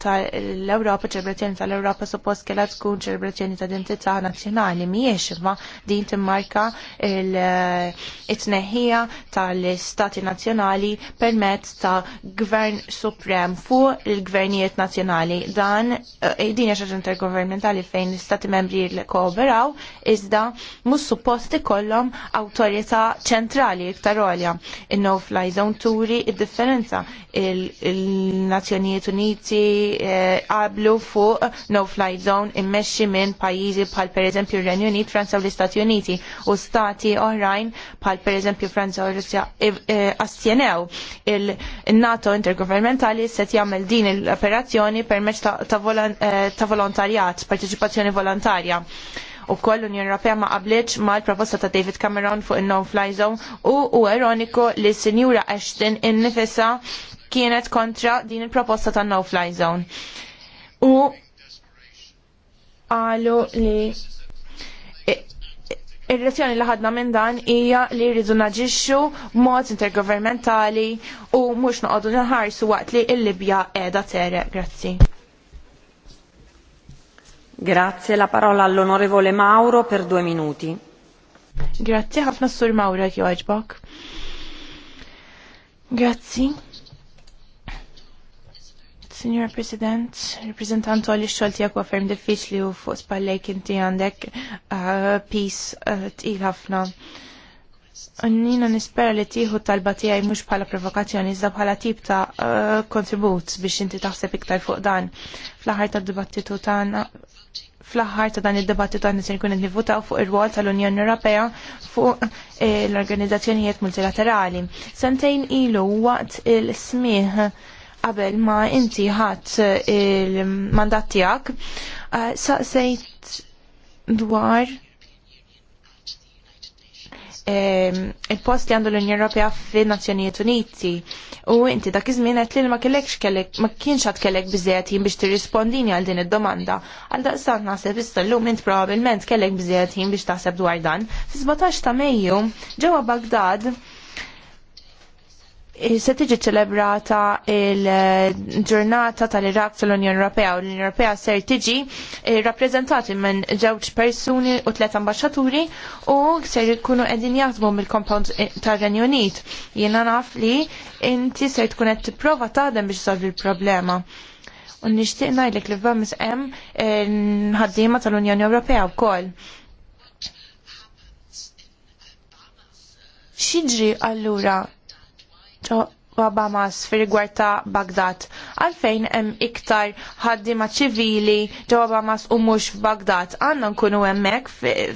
tal-Ewropa, ċelebrazzjoni tal-Ewropa suppost kella tkun ċelebrazzjoni ta' identità nazzjonali mhijiex imma din timmarka eh, it-tneħħija tal-Stati nazzjonali permezz ta' Gvern Suprem fuq il-Gvernijiet nazzjonali. Dan eh, din hija xaġa intergovernmentali fejn l-Stati membri kooperaw iżda mhux suppost ikollhom awtorità ċentrali iktar għolja. In-no-fly zone turi id-differenza il-Nazzjonijiet Uniti, li qablu fuq no-fly zone immexxi minn pajjiżi bħal pereżempju r-Renju Unit, Franza u l-Istati Uniti u stati oħrajn bħal pereżempju Franza u Russja e, e, assjenew il-NATO intergovernmentali se jagħmel din l-operazzjoni permezz ta' e, volontarjat, partecipazzjoni volontarja u koll l-Unjoni Ewropea ma qablitx mal-proposta ta' David Cameron fuq il-non-fly zone u u ironiku li s-Sinjura Ashton innifisa kienet kontra din il-proposta ta' no-fly zone. U għalu li Ir-reazzjoni li ħadna minn dan hija li rridu naġixxu mod intergovernmentali u mhux noqogħdu nħarsu waqt li l-Libja qiegħda tereq. Grazzi. Grazie, la parola all'onorevole Mauro per due minuti. Grazie, ħafna sur Mauro jogħġbok. Grazzi. Signora President, rappresentant għalli xolti għakwa ferm diffiċli u fuq spallej kinti għandek pis uh, peace uh, ħafna. Nina nispera li tiħu talba tijaj mux bħala provokazzjoni, iżda bħala tip ta' uh, kontribut biex inti taħseb iktar fuq dan. Fl-ħar ta' dibattitu ta' fl-aħħar ta' dan id-dibattitu għandna se nkun nivvutaw fuq il rwol tal-Unjoni Ewropea fuq eh, l-organizzazzjonijiet multilaterali. Sentejn ilu waqt il smih qabel ma inti ħadd eh, il-mandat tiegħek eh, saqsejt dwar eh, il-post li għandu l-Unjoni Ewropea fin-Nazzjonijiet Uniti. U inti dak iż-żmien qed lil ma kellekx kellek ma kienx għad kellek biżejjed jien biex tirrispondini għal din id-domanda. Għal daqstant naħseb issa llum int probabbilment kellek biżejjed jien biex taħseb dwar dan. fis 17 ta' Mejju ġewwa Bagdad Eh, se tiġi ċelebrata il-ġurnata tal-Iraq tal-Unjoni Ewropea u l-Unjoni Ewropea ser tiġi eh, rappreżentati minn ġewġ persuni u tliet ambasċaturi u ser ikunu qegħdin jaħdmu mill-compound eh, tar-Renju Unit. Jiena naf li inti ser tkun qed tipprova taħdem biex solvi l-problema. U nixtieq ngħidlek li b'hemm hemm ħaddiema tal-Unjoni Ewropea wkoll. X'jiġri allura Ciao. Obamas fi rigward ta' Bagdad. Għalfejn hemm iktar ħaddima ċivili ġew Abamas u mhux f'Bagdad. Għandna nkunu hemmhekk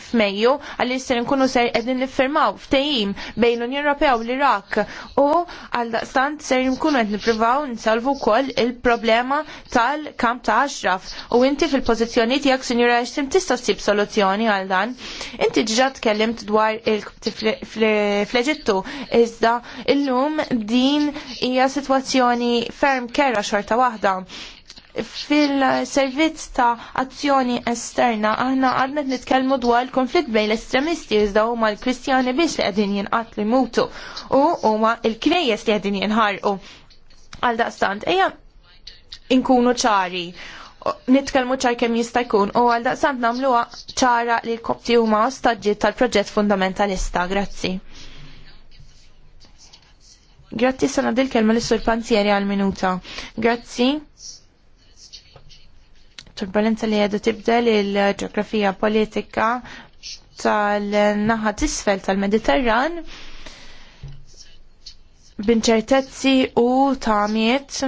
f'Mejju għal ser nkunu ser qegħdin niffirmaw ftehim bejn l-Unjoni Ewropea u l-Irak u għal daqstant ser nkunu qed nippruvaw nsalvu wkoll il-problema tal-kamp ta' Ashraf u inti fil-pożizzjoni tiegħek Sinjura Ashtim tista' ssib soluzzjoni għal dan. Inti ġġa tkellimt dwar il-fl-Eġittu iżda illum din hija sitwazzjoni ferm kera xorta waħda fil-servizz ta' azzjoni esterna aħna għadna nitkellmu dwar il-konflitt bejn l-estremisti iżda huma l-Kristjani biex li qegħdin jinqatlu mutu u huma l-knejjes li qegħdin jinħarqu. Għal daqstant ejja inkunu ċari nitkellmu ċar kemm jista' jkun u għal daqstant nagħmluha ċara li l-kopti huma ostaġġi tal-proġett fundamentalista. Grazzi. Grazzi sana dil kelma li sur panzieri għal minuta. Grazzi. Turbalenza li għedu tibdel il-ġeografija politika tal-naħa tisfel tal-Mediterran b'inċertezzi u tamiet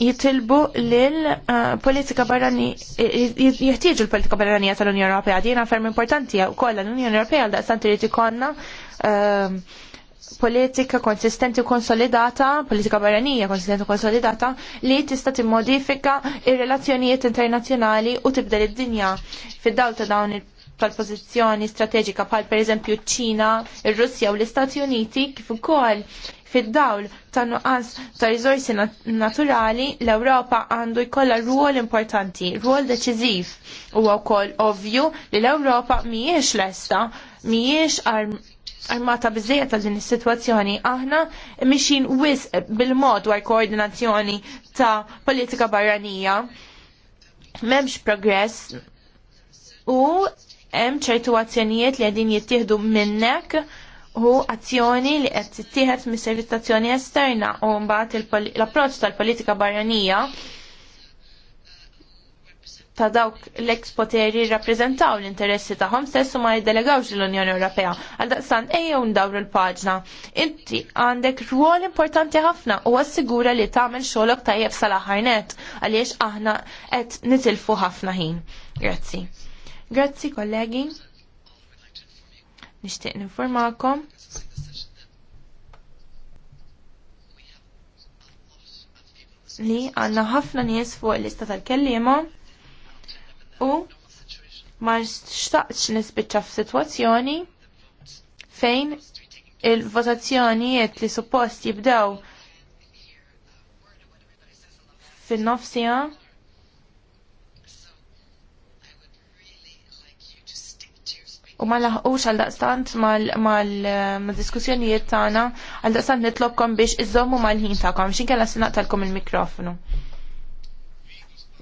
jitilbu l-politika uh, barrani, jihtieġu l-politika barranija tal-Unjoni Europea Dina ferm importanti u kolla l-Unjoni Europea għal-daqstan trid ikonna uh, politika konsistenti konsolidata, politika barranija konsistenti konsolidata li tista' timmodifika il relazzjonijiet internazzjonali u tibdel id-dinja fid-dawl ta' dawn tal pozizjoni strateġika pal pereżempju eżempju ċina ir-Russja u l-Istati Uniti kif ukoll fid-dawl ta' nuqqas ta' riżorsi naturali l-Ewropa għandu jkollha rwol importanti, rwol deċiżiv. Huwa wkoll ovvju li l-Ewropa mhijiex lesta, mhijiex armata bizzejet ta' din is-sitwazzjoni aħna mixin wis bil-mod dwar koordinazzjoni ta' politika barranija m'hemmx progress u hemm ċertu azzjonijiet li qegħdin jittieħdu minnek u azzjoni li qed tittieħed mis-servizzazzjoni esterna u mbagħad l-approċċ tal-politika barranija ta' dawk l-ekspoteri rappresentaw l-interessi ta' stess u ma jiddelegawx l-Unjoni Ewropea. Għal daqstan ejjew dawru l-paġna. Inti għandek rwol importanti ħafna u għassigura li tagħmel xogħolok tajjeb sal-aħarnet għaliex aħna qed nitilfu ħafna ħin. Grazzi. Grazzi kollegi. Nixtieq informakom. li għanna ħafna nies fuq l-lista tal-kellima u ma nisbitċa nispiċċa f'sitwazzjoni fejn il-votazzjonijiet li suppost jibdew fin-nofsija u ma laħqux għal daqstant mal-diskussjonijiet tagħna għal daqstant nitlobkom biex iżommu mal-ħin tagħkom x'inkella se naqtalkom il-mikrofonu.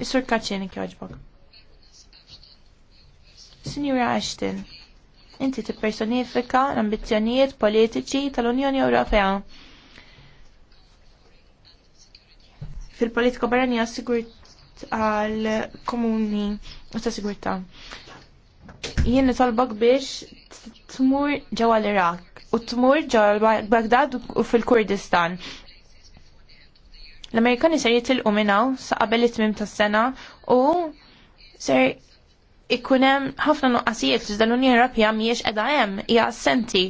Is-sur kaċċini kjoġbok. Signora Ashton, inti personifika l-ambizzjonijiet politiċi tal-Unjoni Ewropea. Fil-politika barranija sigurt għal komuni u ta' sigurtà. Jien nitolbok biex tmur ġewwa l-Iraq u tmur ġewwa Bagdad u fil-Kurdistan. L-Amerikani ser jitilqu minnaw sa' qabel it-tmim tas-sena u ser ikunem ħafna nuqqasijiet li l-Unjoni Ewropea mhijiex qiegħda hemm hija assenti.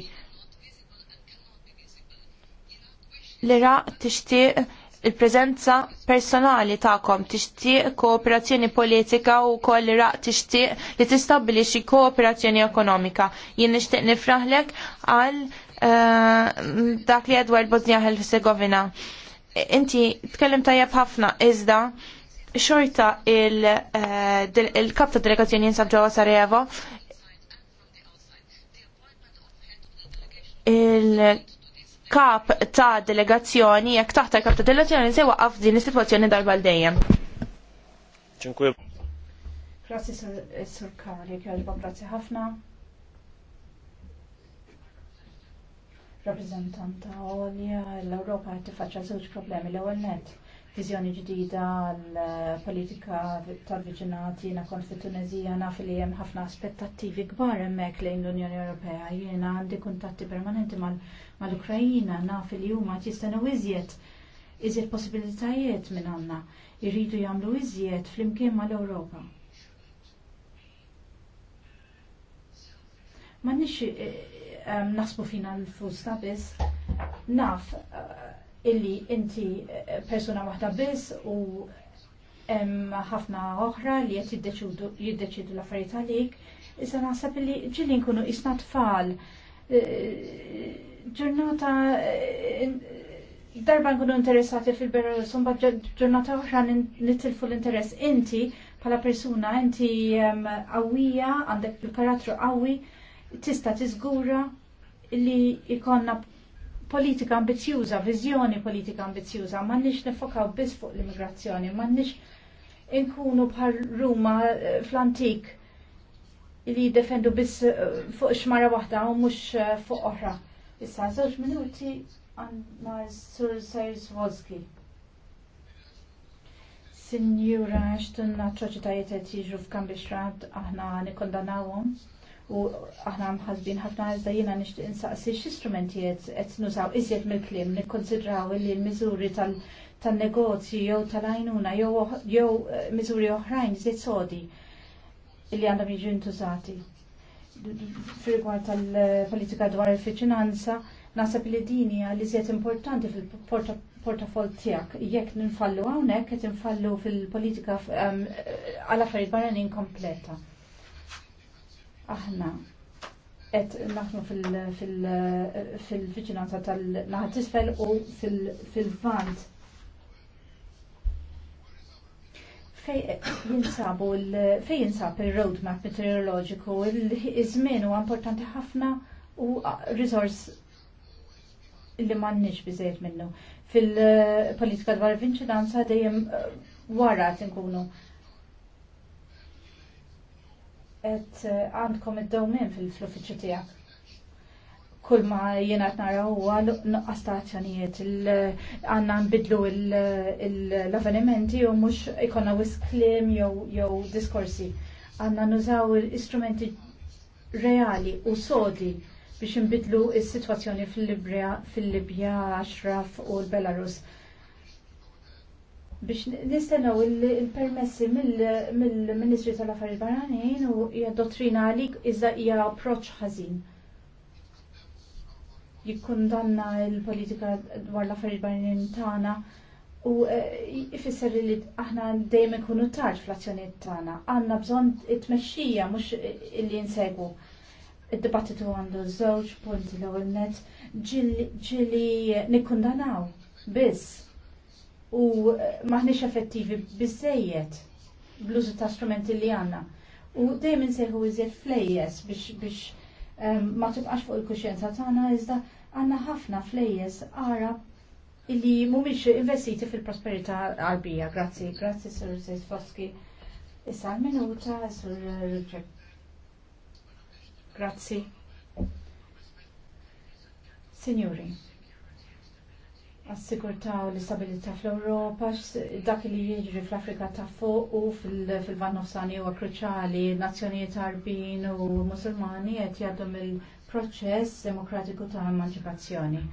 L-Iraq tixtieq il-preżenza personali tagħkom tixtieq kooperazzjoni politika u koll Iraq tixtieq li tistabbilixxi kooperazzjoni ekonomika. Jien nixtieq nifraħlek għal eh, dak li Edward Bosnia Herzegovina. Inti tkellim tajjeb ħafna iżda xorta eh, il-kap ta' delegazzjoni jinsab ġewwa Sarajevo il-kap ta' delegazzjoni jekk taħt il-kap ta' delegazzjoni se waqaf din is-sitwazzjoni darba l dejjem. Ġinkwe. Grazie, Sur Kari, kelba Grazie ħafna. Rappreżentanta Olja, l-Ewropa qed tiffaċċja żewġ problemi l-ewwel net viżjoni ġdida għall-politika tal-viġinati na kont fit Tunezija naf li hemm ħafna aspettattivi kbar hemmhekk lejn l-Unjoni Ewropea. Jiena għandi kuntatti permanenti mal-Ukrajina naf li huma qed jistennew iżjed iżjed possibilitajiet minn għandna jridu jagħmlu iżjed flimkien mal-Ewropa. Ma nix eh, eh, eh, nasbu fina l-fusta biss, naf illi inti eh, persuna waħda biss u hemm ħafna oħra li qed jiddeċidu l-affarijiet għalik, issa naħseb illi ġilli nkunu isna tfal. Eh, ġurnata eh, darba nkunu interessati fil-berra sumba ġurnata oħra nittilfu l-interess. Inti, bħala persuna, inti għawija, għandek il-karattru għawi, tista tiżgura li ikonna politika ambizjuża, viżjoni politika ambizjuża, m'għandniex nifokaw biss fuq l-immigrazzjoni, m'għandniex inkunu bħal Ruma eh, fl-antik li jiddefendu biss eh, fuq xmara waħda u mhux eh, fuq oħra. Issa żewġ minuti għandna Sur Sajus Swolski. Sinjura, xtunna atroċitajiet qed jiġu f'Kambixrad aħna nikkondanawhom u aħna mħazbin ħafna għazda jena nishtiq insaqsi x-istrumenti qed nużaw iżjed mill-klim nikkonsidraw li l-miżuri tal-negozji jew tal ajnuna jew eh, miżuri oħrajn iżjed sodi li għandhom jiġu ntużati. Firgwar tal-politika dwar il fiċinanza nasab li dini għal iżjed importanti fil-portafol tijak, jekk ninfallu għawnek, qed infallu fil-politika eh, għal affarijiet barranin kompleta aħna qed naħnu fil-viċinanza tal-naħat isfel u fil-vant. Fej jinsab il-roadmap meteorologiku, il-żmien huwa importanti ħafna u resource li m'għandniex biżejjed minnu. Fil-politika dwar il-vinċinanza dejjem eh, wara tinkunu. nkunu et eh, għandkom id-dawmin fil-uffiċċju tiegħek. Kull ma jiena qed nara huwa nuqqas ta' azzjonijiet għandna nbidlu l-avvenimenti u mhux ikonna wisq jew diskorsi. Għandna nużaw istrumenti reali u sodi biex nbidlu s-sitwazzjoni fil-Libja, fil-Libja, Ashraf u l-Belarus biex nistennaw il-permessi mill-Ministri tal-Affarijiet Barranin u hija dottrina għalik iżda hija approċċ ħażin. Jikkundanna l-politika dwar l-affarijiet barranin tagħna u eh, ifisser li aħna dejjem ikunu tard fl-azzjonijiet tagħna. Għandna bżonn it-tmexxija mhux illi insegwu. Id-dibattitu għandu żewġ punti l-ewwel nett ġili nikkundanaw biss u eh, maħniex effettivi bizzejiet bluż ta' strumenti li għanna. U dejjem insejħu iżjed flejjes biex biex ehm, ma tibqax fuq il-kuxjenza tagħna iżda għandna ħafna flejjes ara illi mhumiex investiti fil-prosperità qalbija. Grazzi, grazzi Sur Zejt Foski. Issa minuta Sur Richard. Grazzi. Signori għas-sigurtà u l-istabilità fl-Ewropa, dak li jiġri fl-Afrika ta' fuq u fil-Van u huwa kruċali, nazzjonijiet Arbin u Musulmani qed jgħaddu mill-proċess demokratiku ta' emanċipazzjoni.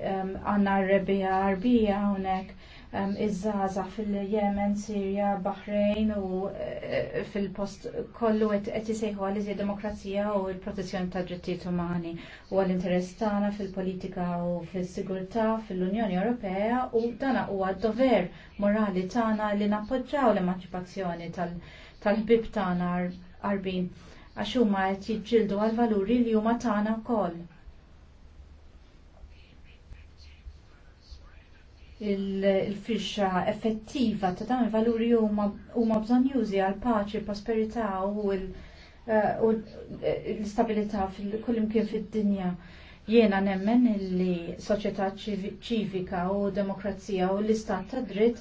Għanna rebija arbija hawnhekk iż-żaza fil yemen Sirja, Bahrain u eh, eh, fil-post kollu qed isejħu għal iżjed demokrazija u l-protezzjoni ta' drittijiet umani u għall interess tagħna fil-politika u fis-sigurtà fil-Unjoni Ewropea u dana huwa dover morali tagħna li nappoġġaw l-emanċipazzjoni tal-ħbib tagħna arbin għax huma qed jiġġieldu għal valuri li huma tagħna wkoll il-firxa effettiva ta' dawn il-valuri huma bżonn jużi għal paċi, prosperità u eh, l-istabilità kullimkien fid-dinja. Jiena nemmen li soċjetà ċivika u demokrazija u l-istat ta' dritt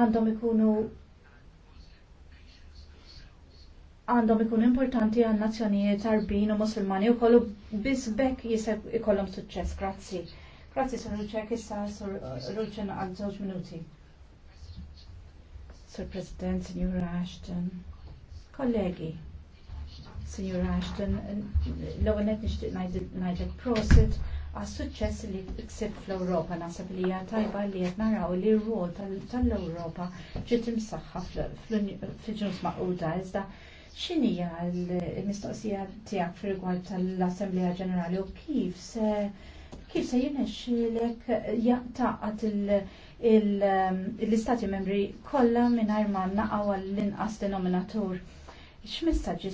għandhom ikunu għandhom ikunu importanti għal nazzjonijiet arbin u musulmani u kollu bisbek jiseb ikollhom suċċess. Grazzi. Grazie, sono Lucia, issa Sur Lucia a żewġ minuti. Sir President, signor Ashton, colleghi, signor Ashton, l-ewwel qed nixtieq ngħidlek prosit għas suċċess li iksib fl europa naħseb li hija tajba li qed naraw li r-rol tal-Ewropa ġiet imsaħħa fil-ġnus maquda iżda xinija l-mistoqsija tijak fil rigward tal-Assemblea Ġenerali u kif se kif se jirnexxilek jaqtaqat um, l-istati membri kollha mingħajr ma naqgħu għall-inqas denominatur. X'messaġġi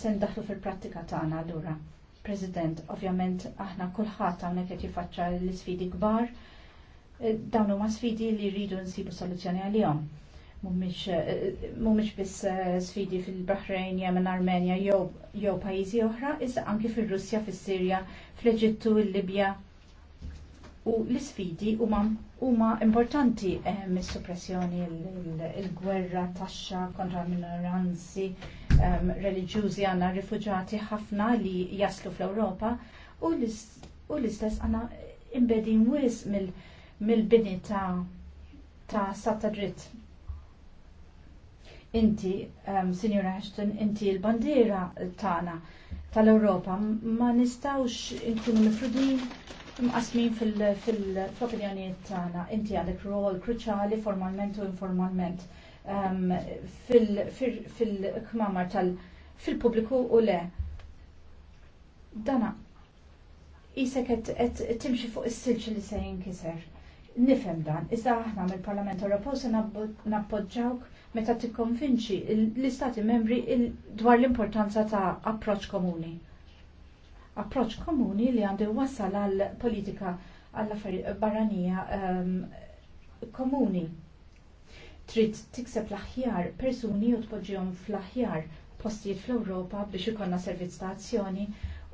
se ndaħlu fil-prattika tagħna allura? President, ovvjament aħna kulħadd hawnhekk qed jifaċċa l-isfidi kbar. Eh, dawn huma sfidi li rridu nsibu soluzzjoni għalihom. Mhumiex eh, biss eh, sfidi fil-Bahrejn, Jemen, Armenja jew pajjiżi oħra, issa anke fir-Russja, fis-Sirja, fl-Eġittu, il-Libja, u l-isfidi huma importanti eh, mis-suppressjoni il-gwerra taxxa kontra minoranzi ehm, reliġjużi għandna rifuġati ħafna li jaslu fl-Ewropa u l-istess għandna imbedin wis mill-bini ta' ta' dritt. Inti, um, Ashton, inti l-bandiera tagħna tal-Ewropa ma nistawx inkunu mifrudin mqasmin fil-opinjonijiet tagħna. Inti għandek rol kruċali formalment u informalment ehm, fil-kmamar tal- fil-pubbliku u le. Dana, jisek qed timxi fuq is-silġ li se jinkiser. Nifhem dan, iżda aħna mill-Parlament Ewropew se nappoġġawk meta tikkonvinċi l-Istati membri dwar l-importanza ta' approċċ komuni approċ komuni li għandu wassal għal politika għall barranija um, komuni. Trid tikseb l-aħjar persuni u tpoġġihom fl-aħjar postijiet fl-Ewropa biex ikonna servizz ta' azzjoni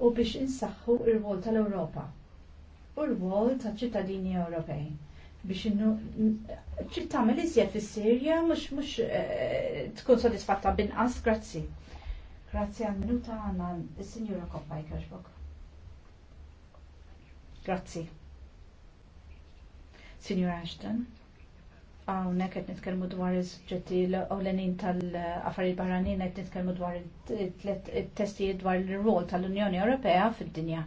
u biex insaħħu r wol tal-Ewropa u r-wol ta' ċittadini Ewropej biex innu ċil tamel iżjed fis-Sirja mhux eh, tkun sodisfatta binqas, grazzi. Grazzi għal minuta għandna is-Sinjura Koppaj Kerxbok. Grazzi. Signor Ashton. Għawnek għed nitkelmu dwar il ġetti l-għolenin tal-affarijiet barranin għed nitkelmu dwar il-testijiet dwar il-rol tal-Unjoni Ewropea fil-dinja.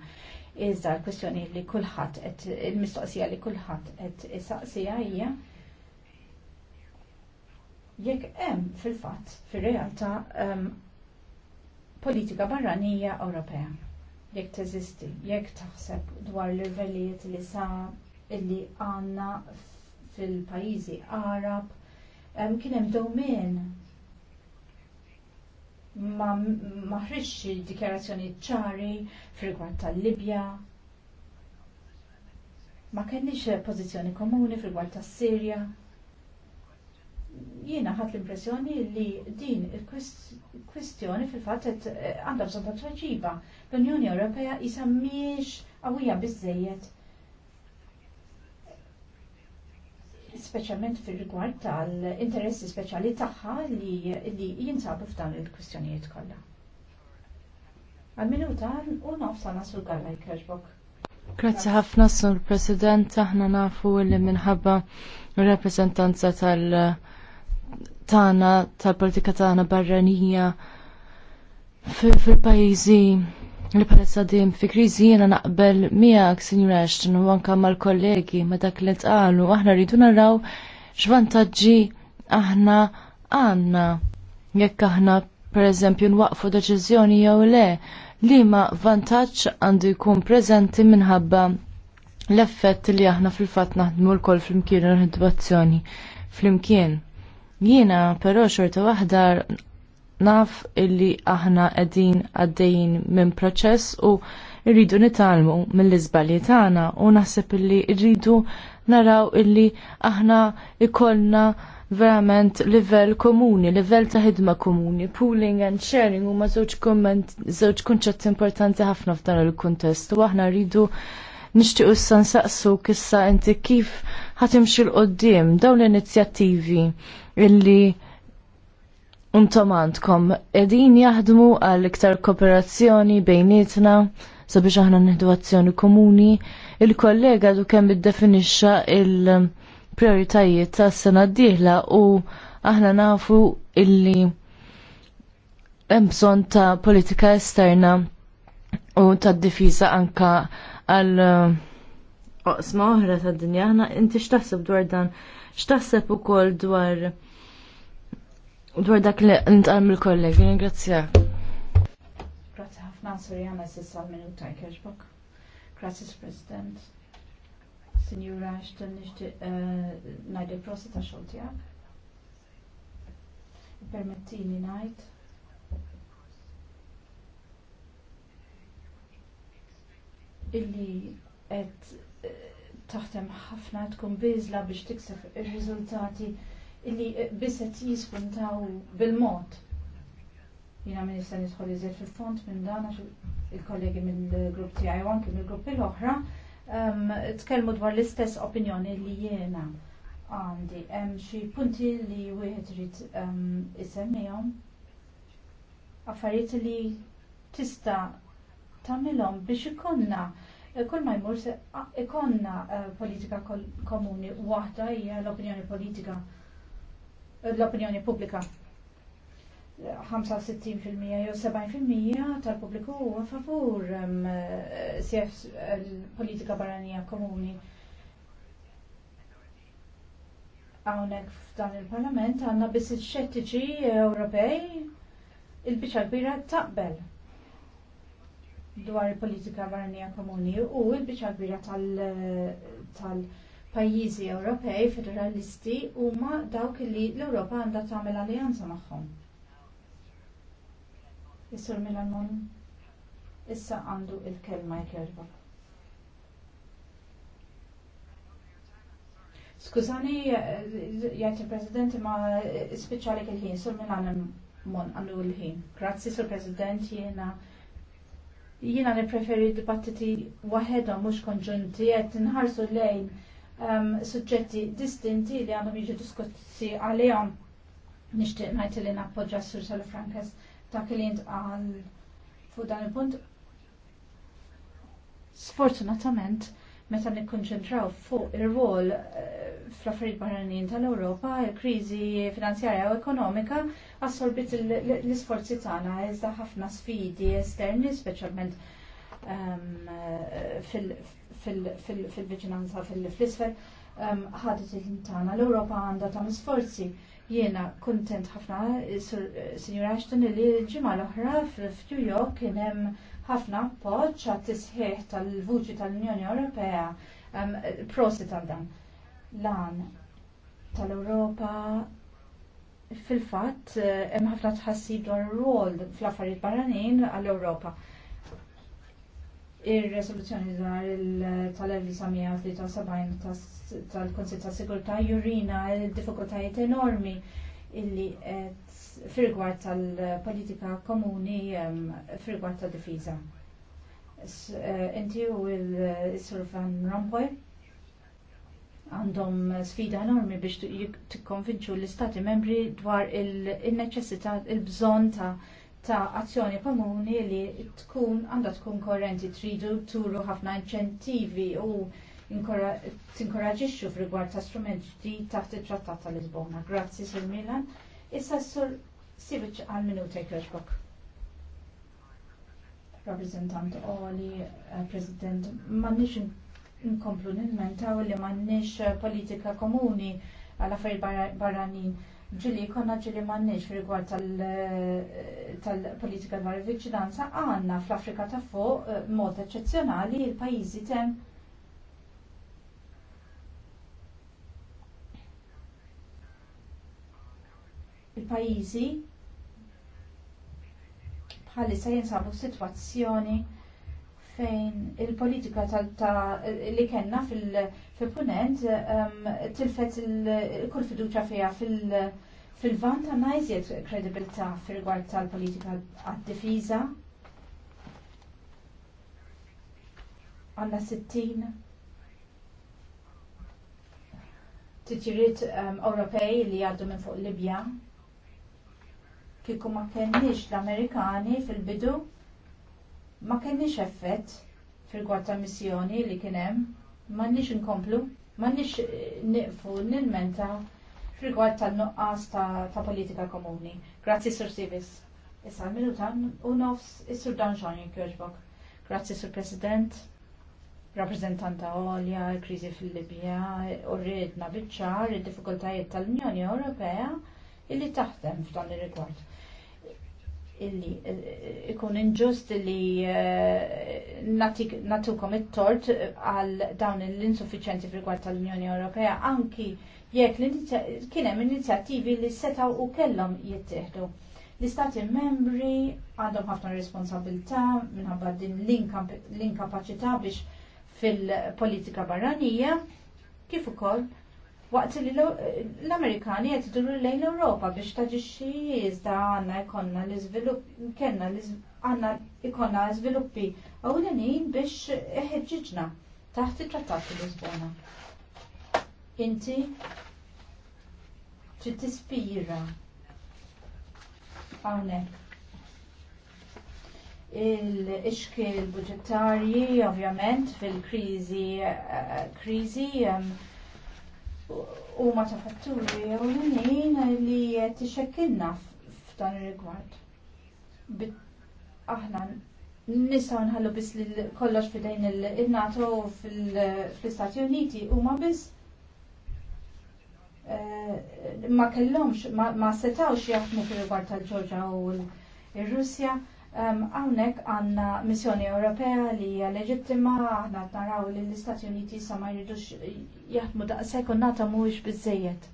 Iżda l-kwestjoni li kullħat, il-mistoqsija li kullħat għed saqsija hija jekk hemm fil-fatt fir-realtà politika barranija Ewropea jekk teżisti, jekk taħseb dwar l-livellijiet li sa illi għanna fil-pajizi Arab, kien hemm domen ma maħriċ dikjarazzjoni ċari fil-gwad tal-Libja, ma kenniex pożizzjoni komuni fil-gwad tas-Sirja jiena ħat l-impressjoni li din il-kwistjoni fil-fatt qed eh, għandha bżonn ta' tweġiba. L-Unjoni Ewropea isa mhijiex qawwija biżejjed. Speċjalment fir-rigward tal-interessi speċjali tagħha li jinsabu f'dan il-kwistjonijiet kollha. Għal-minuta u nofsa nasu għalla jkerġbok. Grazzi ħafna, Sur President, aħna nafu li minħabba rappresentanza tal- Tana tal-politika tagħna barranija fil-pajjiżi li palessa dim fi kriżi jiena naqbel miegħek Sinjura Ashton u anke mal-kollegi ma dak li tqalu aħna rridu naraw x'vantaġġi aħna għandna jekk aħna pereżempju nwaqfu deċiżjoni jew le li ma vantaġġ għandu jkun preżenti minħabba l-effett li aħna fil-fatt naħdmu l-koll fl-imkien u l-indibazzjoni fl-imkien. Jiena però xorta waħda naf illi aħna qegħdin għaddejjin minn proċess u rridu nitalmu mill-iżbalji tagħna u naħseb illi rridu naraw illi aħna ikollna verament livell komuni, livell ta' ħidma komuni, pooling and sharing huma żewġ komment, żewġ kunċett importanti ħafna f'dan il-kuntest u aħna rridu nixtiequ issa nsaqsu kissa inti kif ħatimxi l-qoddim dawn l-inizjattivi illi untom edin jaħdmu għal iktar kooperazzjoni bejnietna sabiex aħna nieħdu azzjoni komuni. Il-kollega du kemm iddefinixxa il-prioritajiet tas-sena d-dieħla u aħna nafu illi hemm bżonn ta' politika esterna u tad-difiża anka għal uh, oqsma oħra ta' dinja aħna inti x'taħseb dwar dan x'taħseb ukoll dwar dwar dak li ntqal mill-kollegi, ningrazzjak. Grazzi ħafna Sorjana s'issa minuta jkerġbok. Grazzi President. Signora Ashton nixtieq eh, ngħid il-prosi ta' xogħol tiegħek. Permettini ngħid. illi qed taħtem ħafna tkun biżla biex tikseb ir-riżultati illi biset jiskuntaw bil-mod. Jina minn jistan nidħol iżjed fil-font minn dan il-kollegi minn grupp tiegħi u anke mill-grupp il-oħra ehm, tkellmu dwar l-istess opinjoni li jiena għandi. Hemm xi punti li wieħed irid ehm, isemmihom affarijiet li tista' tagħmilhom biex ikollna Eh, kull ma jmur se ikonna eh, politika komuni waħda hija l-opinjoni politika eh, l-opinjoni pubblika. 65% jew 70% tal-pubbliku huwa favur sef politika barranija komuni. Hawnhekk f'dan il-Parlament għandna biss il-xettiċi Ewropej il-biċċa kbira taqbel dwar il-politika barranija komuni u l-biċa kbira tal-pajjiżi Ewropej federalisti huma dawk li l-Ewropa għandha tagħmel alleanza magħhom. Is-Sur Milanmon issa għandu il-kelma jkerba. Skużani, jgħid il-President ma speċjali il-ħin, Sur Milan għandu il-ħin. Grazzi, Sur President, jiena Jiena nippreferi dibattiti waħedhom mhux konġunti qed inħarsu lejn um, suġġetti distinti li għandhom jiġu diskussi għalihom. Nixtieq ngħid li nappoġġa s-Sur Salafrankes ta' li intqal fuq dan il-punt. Sfortunatament, meta nikkonċentraw fuq ir-rwol eh, fl-affarijiet barranin tal-Ewropa, il-kriżi finanzjarja u ekonomika assorbit l-isforzi tagħna iżda ħafna sfidi esterni, speċjalment ehm, fil-viċinanza fil-isfel, ehm, ħadet il-tana l-Ewropa għandha ta' sforzi. Jiena kuntent ħafna, eh, eh, Sinjura Ashton, li ġimgħa l-oħra f'New York kien hemm ħafna appoġġ għat tisħiħ tal-vuċi tal-Unjoni Ewropea um, prosi tal dan lan tal-Ewropa fil-fatt hemm ħafna tħassib dwar ir-rol fl-affarijiet barranin għall-Ewropa. Ir-resoluzzjoni dwar tal-1973 tal-Kunsill tas-Sigurtà jurina l-diffikultajiet enormi illi qed fil tal-politika komuni ehm, fil-gwar tal-difiza. Eh, inti u il-Sur Van Rompuy għandhom sfida enormi biex tikkonvinċu l-Istati membri dwar il-neċessità, il-bżon ta' azzjoni komuni li tkun għandha tkun korrenti tridu turu ħafna inċentivi u tinkoraġixxu f'rigward ta' strumenti taħt it-Trattat tal Lisbona. Grazzi, Sir Milan. Issa s-sur Sivic għal minuta jkjoġbok. Rappresentant Oli, eh, President, mannix nkomplu nimmentaw li nix eh, politika komuni għal affarijiet barranin. Ġili, konna ġili mannix rigward eh, tal-politika dwar il-vigilanza għanna fl-Afrika ta' fuq mod eccezzjonali il-pajizi tem il-pajjiżi se jinsabu f'sitwazzjoni fejn il-politika li kellna fil-punent ehm, tilfet il-kull fiduċa fiha fil-vant għandna jżjed kredibilità fil-rigward tal-politika għad-difiża. Għandna 60 titjiriet ehm, Ewropej li għaddu minn fuq Libja kieku ma kenniex l-Amerikani fil-bidu ma kenniex effett fil-gwad ta' missjoni li kien hemm, m'għandniex inkomplu, m'għandniex eh, niqfu nilmenta fil-gwad tan-nuqqas ta' politika komuni. Grazzi Sur Sivis. Issa minuta u nofs is-Sur Danġon jekk Grazzi Sur President rappresentanta għolja, kriżi fil-Libja, u rridna biċċar id diffikultajiet tal-Unjoni Ewropea illi taħdem f'dan ir-rigward illi eh, ikun inġust li eh, natukom it-tort għal dawn l-insuffiċenti fil tal-Unjoni Ewropea anki jekk kienem inizjattivi li setaw u kellhom jittieħdu. L-istati membri għandhom ħafna responsabilità minħabba din l-inkapaċità biex fil-politika barranija kif ukoll Waqt li l-Amerikani qed iduru lejn l-Ewropa biex xi jiżda għandna jkollna l-iżvilupp kellna għandna jkollna żviluppi ewlenin biex iħeġġiġna taħt it-Trattat Lisbona. Inti trid tispira hawnhekk il-ixkil budġettarji, ovvjament, fil eh, eh, kriżi, krizi, krizi um, u ma ta' fatturi u l-nin li t-xekkilna f'dan il-rigward. Aħna nistaw nħallu bis li kollox fidejn il-NATO fil-Stati Uniti u ma bis eh, ma kellomx, ma setawx jaħdmu fil-rigward tal-ġorġa u l-Russja Għawnek għanna missjoni Ewropea li hija leġittima, aħna naraw li l-Istati Uniti sa ma jridux jaħdmu daqshekk u nagħta mhuwiex biżejjed.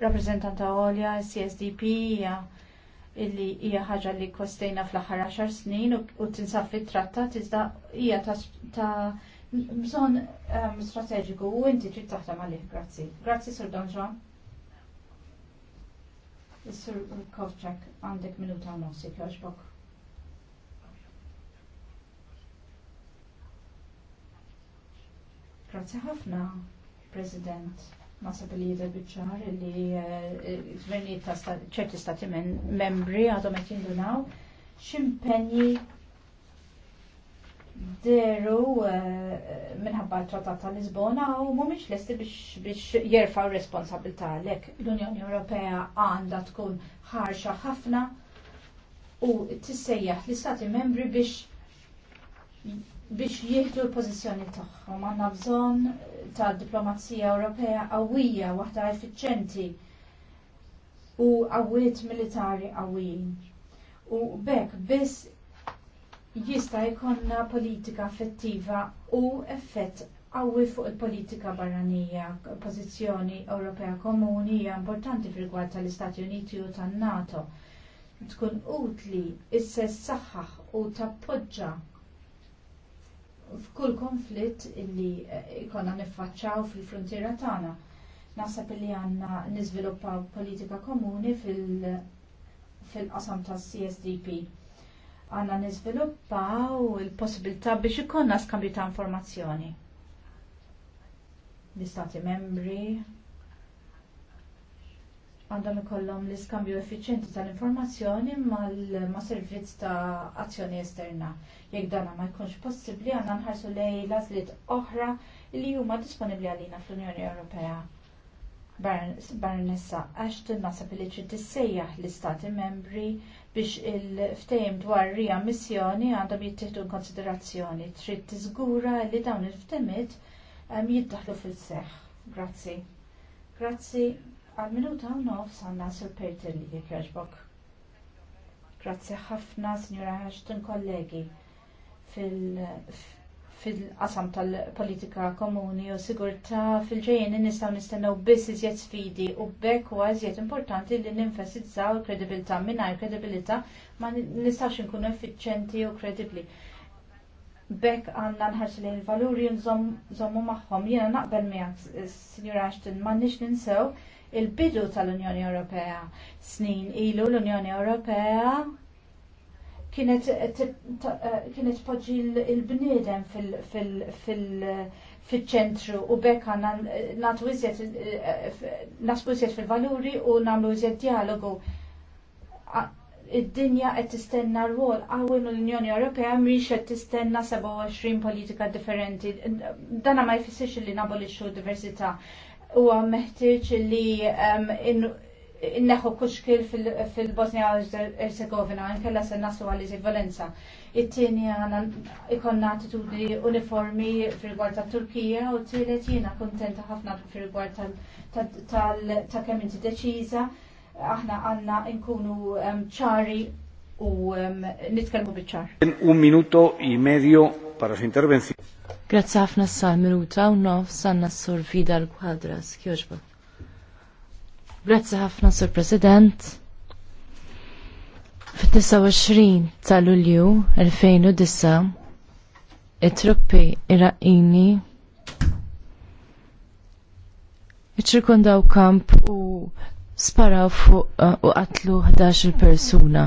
Rappreżentanta Olja, CSDP, hija illi hija ħaġa li kostejna fl-aħħar 10 snin u tinsab fit-trattat iżda hija ta' bżonn strateġiku u inti trid taħdem għalih. Grazzi. Grazzi Sur Don John. Sir Kovczak għandek minuta u nofsi Grazie ħafna, President. Nasab li jidher biċċar li eh, gvernijiet ċerti stati membri għadhom qed jindunaw x'impenji deru eh, minħabba trattat ta' Lisbona u l lesti biex jerfaw responsabilità għalhekk l-Unjoni Ewropea għandha tkun ħarxa ħafna u tissejjaħ l-Istati membri biex biex jieħdu l-pożizzjoni tagħhom għandna bżonn ta' diplomazija Ewropea qawwija waħda effiċjenti u qawwiet militari qawwijin. U bekk biss jista' jkollna politika effettiva u effett qawwi fuq il-politika barranija, pożizzjoni Ewropea komuni hija importanti fil rigward tal-Istati Uniti u tan-NATO tkun utli issess saħħaħ u tappoġġa f'kull konflitt illi jkollna eh, niffaċċaw fil-frontiera tagħna. Naħseb illi għandna niżviluppaw politika komuni fil-qasam fil qasam tas csdp għanna nizviluppaw il-possibilità biex ikonna skambju ta' informazzjoni. L-istati membri għandhom ikollhom l-iskambju effiċjenti tal-informazzjoni ma' servizz ta' azzjoni esterna. Jekk dan ma jkunx possibbli għandna nħarsu lej lażliet oħra li huma disponibbli għalina fl-Unjoni Ewropea. Baronessa Ashton nasab li tissejjaħ l-istati membri biex il-ftejm dwar rija missjoni għandhom jittieħdu konsiderazzjoni. Trid tiżgura li dawn il-ftemiet ehm, jiddaħlu fil-seħ. Grazzi. Grazzi għal-minuta u nofs sanna sur-Peter li jekjoġbok. Grazzi ħafna, Signora Ashton, kollegi fil- fil-qasam tal-politika komuni u sigurtà fil-ġejjeni nistgħu nistennew biss iżjed sfidi u bekk huwa iżjed importanti li ninfesizzaw il-kredibilità mingħajr kredibilità ma nistax inkunu effiċjenti u kredibbli. Bekk għandna nħarsu lejn il-valuri nżommu magħhom. Jiena naqbel miegħek, Sinjur Ashton, m'għandniex ninsew il-bidu tal-Unjoni Ewropea. Snin ilu l-Unjoni Ewropea kienet eh, eh, kienet poġġi l-bniedem fil-ċentru u bekka għanna eh, nasbu fil-valuri u namlu iżjed dialogu. Id-dinja qed tistenna rwol qawwi l unjoni Ewropea mhix qed tistenna 27 politika differenti. Dana ma jfissirx li nabolixxu diversità. Huwa meħtieġ li neħu kuxkil fil-Bosnia Herzegovina, nkella se nasu għal violenza. it tini għana ikonna attitudni uniformi fil-gwar ta' Turkija u t-tielet jiena kontenta ħafna fil-gwar ta' kemm inti deċiża. Aħna għanna nkunu ċari u nitkellmu biċ-ċar. Un minuto i medio para su intervenzjoni. Grazzi ħafna sal minuta u nof sanna s-sorfida l-kwadras. Kjoġba. Grazzi ħafna, Sur President. Fit-29 ta' Lulju 2009, it-truppi Iraqini iċirkundaw kamp u sparaw fuq u qatlu 11 persuna.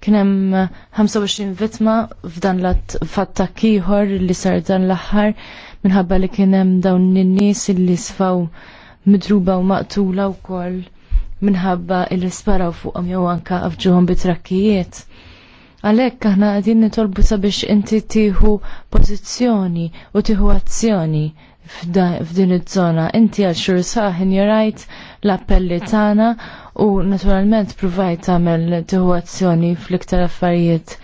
Kien hemm 25 vittma f'dan l attakk ieħor li sar dan l-aħħar minħabba li kien hemm dawn in-nies li sfaw midruba u maqtula wkoll minħabba illi sparaw fuqhom jew anka afġuhom bitrakkijiet. Għalhekk aħna għadin nitolbu sabiex inti tieħu pożizzjoni u tieħu azzjoni f'din iż-żona. Inti għal xhur saħin jirajt l-appelli tagħna u naturalment provajt tagħmel tieħu azzjoni fl-iktar affarijiet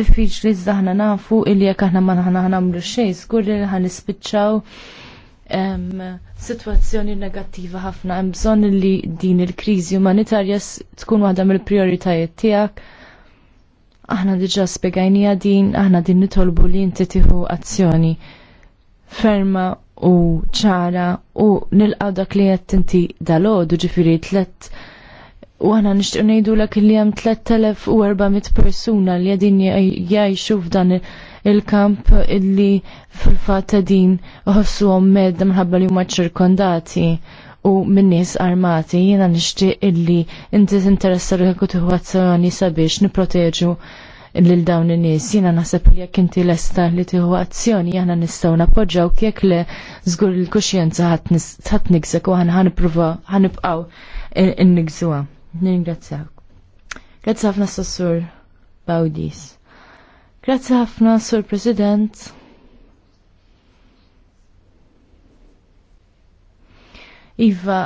diffiċli li nafu il-jek aħna ma aħna nagħmlu xejn, żgur li ħanispiċċaw situazzjoni negattiva ħafna, hemm bżonn li din il-kriżi umanitarja tkun waħda mill-prijoritajiet tiegħek. Aħna diġà spiegajnija din, aħna din nitolbu li inti tieħu azzjoni ferma u ċara u nilqaw dak li qed inti dalodu ġifieri tlett u għana nishtiq nejdu l li jem 3400 persuna li għedin jgħajxu f'dan il-kamp illi fil fatta din għom medda minħabba li huma ċirkondati u minnis armati jiena nixtieq illi inti t ruħek u tieħu azzjoni sabiex nipproteġu lil dawn in-nies. Jiena naħseb li jekk inti lesta li tieħu azzjoni aħna nistgħu nappoġġaw jekk le żgur il-kuxjenza ħadd nigżek u aħna ħanipprova ħanibqgħu innigżuha. Ningrazzjak. Grazzi ħafna Sassur Bawdis. Grazzi ħafna, Sur President. Iva,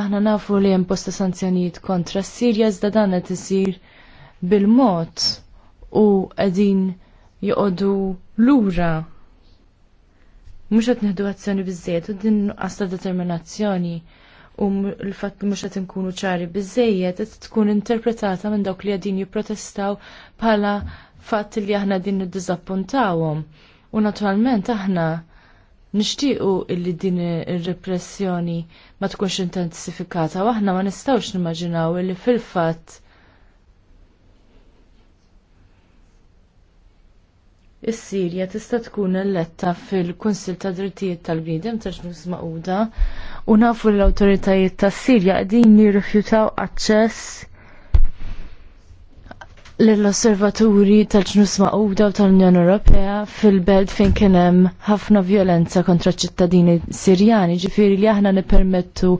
aħna nafu li hemm posta sanzjonijiet kontra s-Sirja iżda dan qed isir bil-mod u qegħdin joqogħdu lura. Mhux qed neħdu azzjoni biżejjed u din nuqqas ta' determinazzjoni u l-fatt li mhux qed inkunu ċari biżejjed qed tkun interpretata minn dawk li qegħdin jipprotestaw bħala fatt li aħna din niddiżappuntawhom. U naturalment aħna nixtiequ illi din ir-repressjoni ma tkunx intensifikata u aħna ma nistgħux nimmaġinaw illi fil-fatt is-Sirja tista' tkun eletta fil-Kunsil ta' Drittijiet tal-Bniedem ta' Ġnus Maquda u nafu l-awtoritajiet tas-Sirja qegħdin jirrifjutaw aċċess l-osservaturi tal-ġnus maquda u tal-Unjoni Ewropea fil-belt fejn kien hemm ħafna violenza kontra ċittadini Sirjani, ġifieri li aħna nippermettu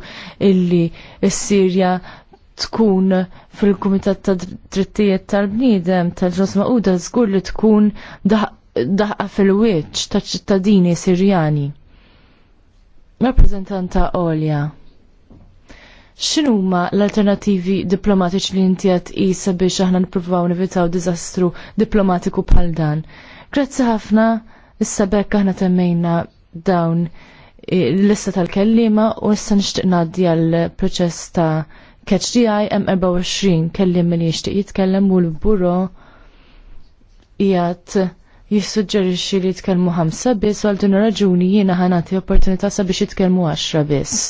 illi s-Sirja tkun fil-Kumitat ta' Drittijiet tal-Bniedem tal-ġnus maquda żgur li tkun daħqa fil-wiċċ ta' ċittadini Sirjani. Rappreżentanta Olja x'inhuma l-alternativi diplomatiċi li inti qed qisha biex aħna nippruvaw nivitaw diżastru diplomatiku bħal dan. Grazzi ħafna issa bekk aħna temmejna dawn eh, l-lista tal-kellima u issa nixtieq ngħaddi għall proċess ta' catch the eye hemm 24 kellim li jixtieq jitkellem u l-buro qiegħed jissuġġerixxi li jitkellmu ħamsa biss għal din raġuni jiena ħanati opportunità sabiex jitkellmu 10 biss.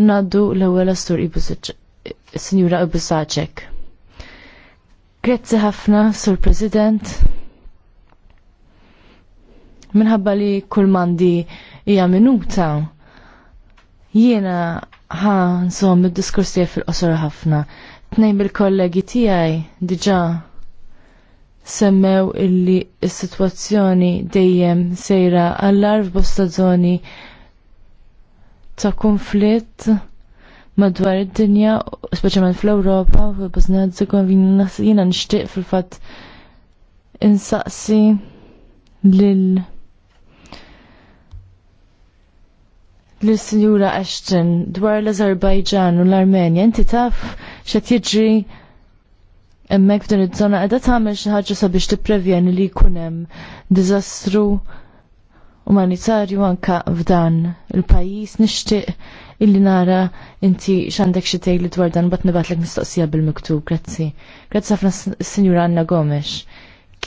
Naddu l-ewwel astur Sinjura Ibusaċek. Grazzi ħafna, Sur President. Minħabba li kull mandi hija minuta, jiena ħa nsom id-diskurs tiegħi fil-qosor ħafna. Tnejn bil-kollegi tiegħi diġà semmew illi s-sitwazzjoni dejjem sejra għall-arf bosta zoni ta' konflitt madwar id-dinja, speċjalment fl-Ewropa, u Bosnia vin nasina nixtieq fil-fatt insaqsi lil l-Sinjura Ashton dwar l-Azerbajġan u l-Armenja, inti taf xed jiġri emmek f'din iż-żona qiegħda tagħmel xi ħaġa sabiex tipprevjeni li jkun hemm diżastru umanitarju anka f'dan il-pajis nixtieq illi nara inti x'għandek xi tgħid li dwar dan bad nibatlek mistoqsija bil-miktub, grazzi. Grazzi ħafna Sinjura Anna Gomes.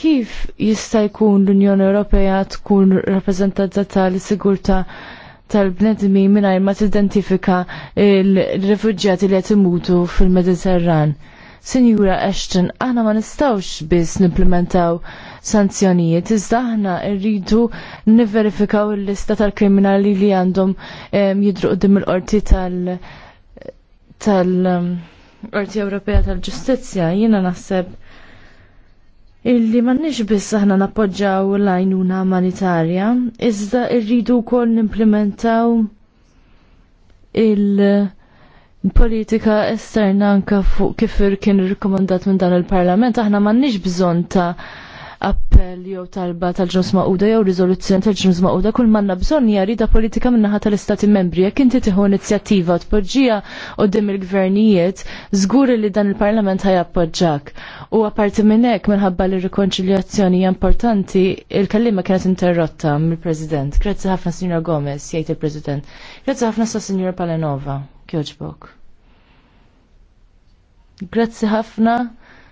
Kif jista' jkun l-Unjoni Ewropea tkun rappreżentata tal-sigurta tal-bnedmi mingħajr ma tidentifika l-rifuġġjati li qed imutu fil-Mediterran? Sinjura Ashton, aħna ma nistgħux biss nimplementaw sanzjonijiet. Iżda aħna rridu niverifikaw il-lista tal-kriminali li għandhom jidruq dim il-qorti tal- tal-Qorti Ewropea tal-Ġustizzja. Jiena naħseb illi nix biss aħna nappoġġaw l-għajnuna umanitarja, iżda irridu kol nimplementaw il-politika esterna anka fuq kif kien rikomandat minn dan il-parlament, aħna m'għandniex bżon ta' appell jew talba tal-ġnus maquda jew riżoluzzjoni tal-ġnus maquda kull manna bżonn jarida politika minnaħa tal-istati membri. Jekk inti tieħu inizjattiva tpoġġija qudiem il-gvernijiet, żgur li dan il-Parlament ħajappoġġak. U apparti minn hekk minħabba li rikonċiljazzjoni importanti, il-kallima kienet interrotta mill-President. Grazzi ħafna Sinjora Gomez, jgħid il-President. Grazzi ħafna sa Sinjora Palenova, kjoġbok. Grazzi ħafna.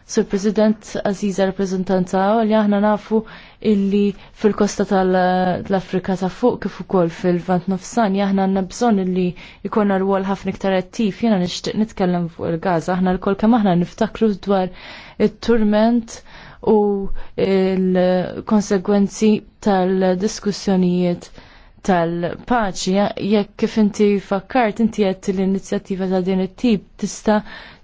Sur President Aziza rappresentanza li aħna nafu illi fil-kosta tal-Afrika ta' fuq kif ukoll fil-Vant Nofsan aħna għandna bżonn illi jkollna rwol ħafna iktar attiv jiena nixtieq nitkellem fuq il-Gaza aħna l-kol kam aħna niftakru dwar it-turment u l-konsegwenzi tal-diskussjonijiet tal-paċi jekk kif inti fakkart inti qed l-inizjattiva ta' din it-tip tista'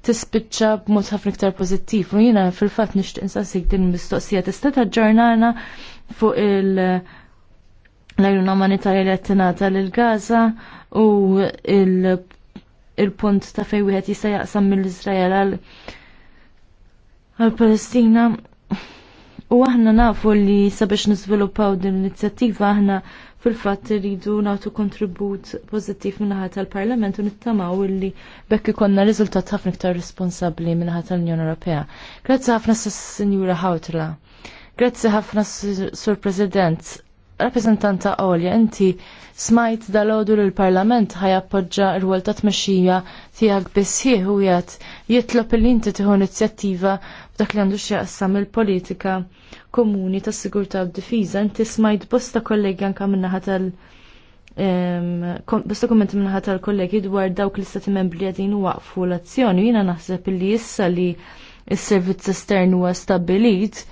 tispiċċa b'mod ħafna iktar pożittiv. U jiena fil-fatt nixtieq insassik din mistoqsija tista' taġġornana fuq il- l ajun umanitarja li għattinata l-Gaza u il-punt ta' fej wieħed jista' jaqsam mill-Izrael għal-Palestina. U aħna nafu li sabiex niżviluppaw din l-inizjattiva aħna fil-fatt rridu nagħtu kontribut pożittiv minnaħa tal-Parlament u nittamaw illi bekk ikonna riżultat ħafna iktar responsabbli minnaħa tal-Unjoni Ewropea. Grazzi ħafna s-Sinjura Hawtla. Grazzi ħafna Sur President. Rappresentanta Olja, inti smajt dal odu l-Parlament appoġġa r-wol ta' tmexxija tiegħek biss u jgħid jitlob inti tieħu inizjattiva f'dak li għandu xieqsam il-politika komuni ta' sigurta u difiża. Inti smajt bosta kollegi anka minnaħa tal- Bosta kommenti minnaħa tal-kollegi dwar dawk l-istati membri għadin għafu l-azzjoni. Jina naħseb li jissa li s-servizz estern huwa stabilit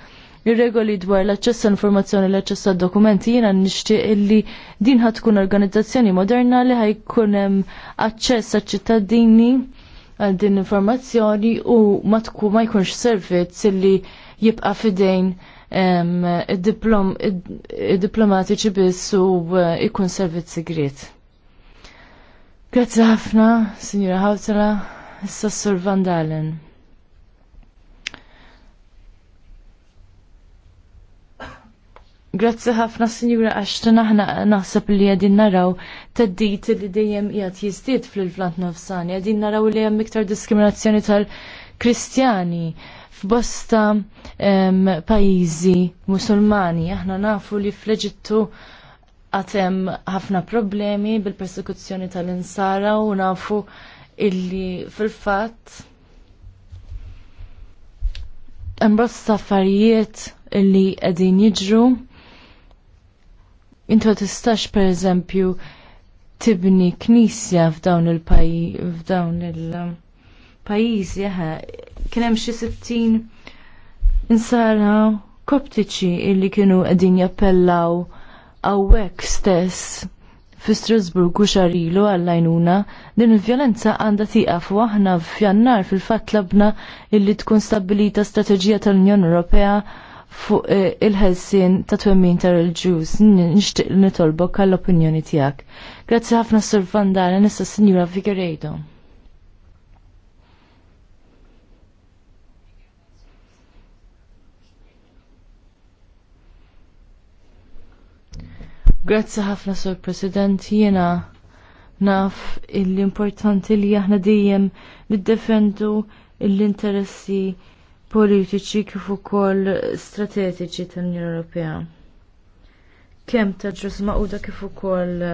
ir-regoli dwar l-aċċess għall informazzjoni l-aċċess għad dokumenti jiena nixtieq illi din ħatkun tkun organizzazzjoni moderna li ħajkun hemm aċċess ċittadini għal din informazzjoni u ma tkun ma jkunx servizz illi jibqa' fidejn diplomatiċi biss u eh, ikun servizz segret. Grazzi ħafna, Signora Hautala, issa Sur Van Dalen. Grazzi ħafna Sinjura Ashton aħna naħseb li għedin naraw teddit li dejjem jgħat jizdiet fil-vlant nofsani, għedin naraw li hemm iktar diskriminazzjoni tal-Kristjani f'bosta pajjiżi Musulmani. Aħna nafu li fl-Eġittu għatem ħafna problemi bil-persekuzzjoni tal-insara u nafu illi fil-fatt bosta affarijiet illi qegħdin jiġru. Intu tistax per eżempju tibni knisja f'dawn il-paj, f'dawn il-, -paj, f'dawn il pajjiżi jaha kien hemm xi sittin insara koptiċi illi kienu qegħdin jappellaw hawnhekk stess fi Strasburgu xarilu għallajnuna din il-vjolenza għanda tiqaf aħna f'jannar fil-fat labna illi tkun stabilita strategija tal-Unjoni Ewropea fuq eh, il-ħelsin ta' twemmin tar il-ġuż. Nixtieq nitolbok għall-opinjoni tiegħek. Grazzi ħafna Sur Vandana, nista' Sinjura Figueredo. Grazzi ħafna sur President jiena naf l-importanti li aħna dejjem niddefendu l-interessi politiċi kif ukoll strateġiċi tal-Unjoni Ewropea. Kemm ta' ġus maquda kif ukoll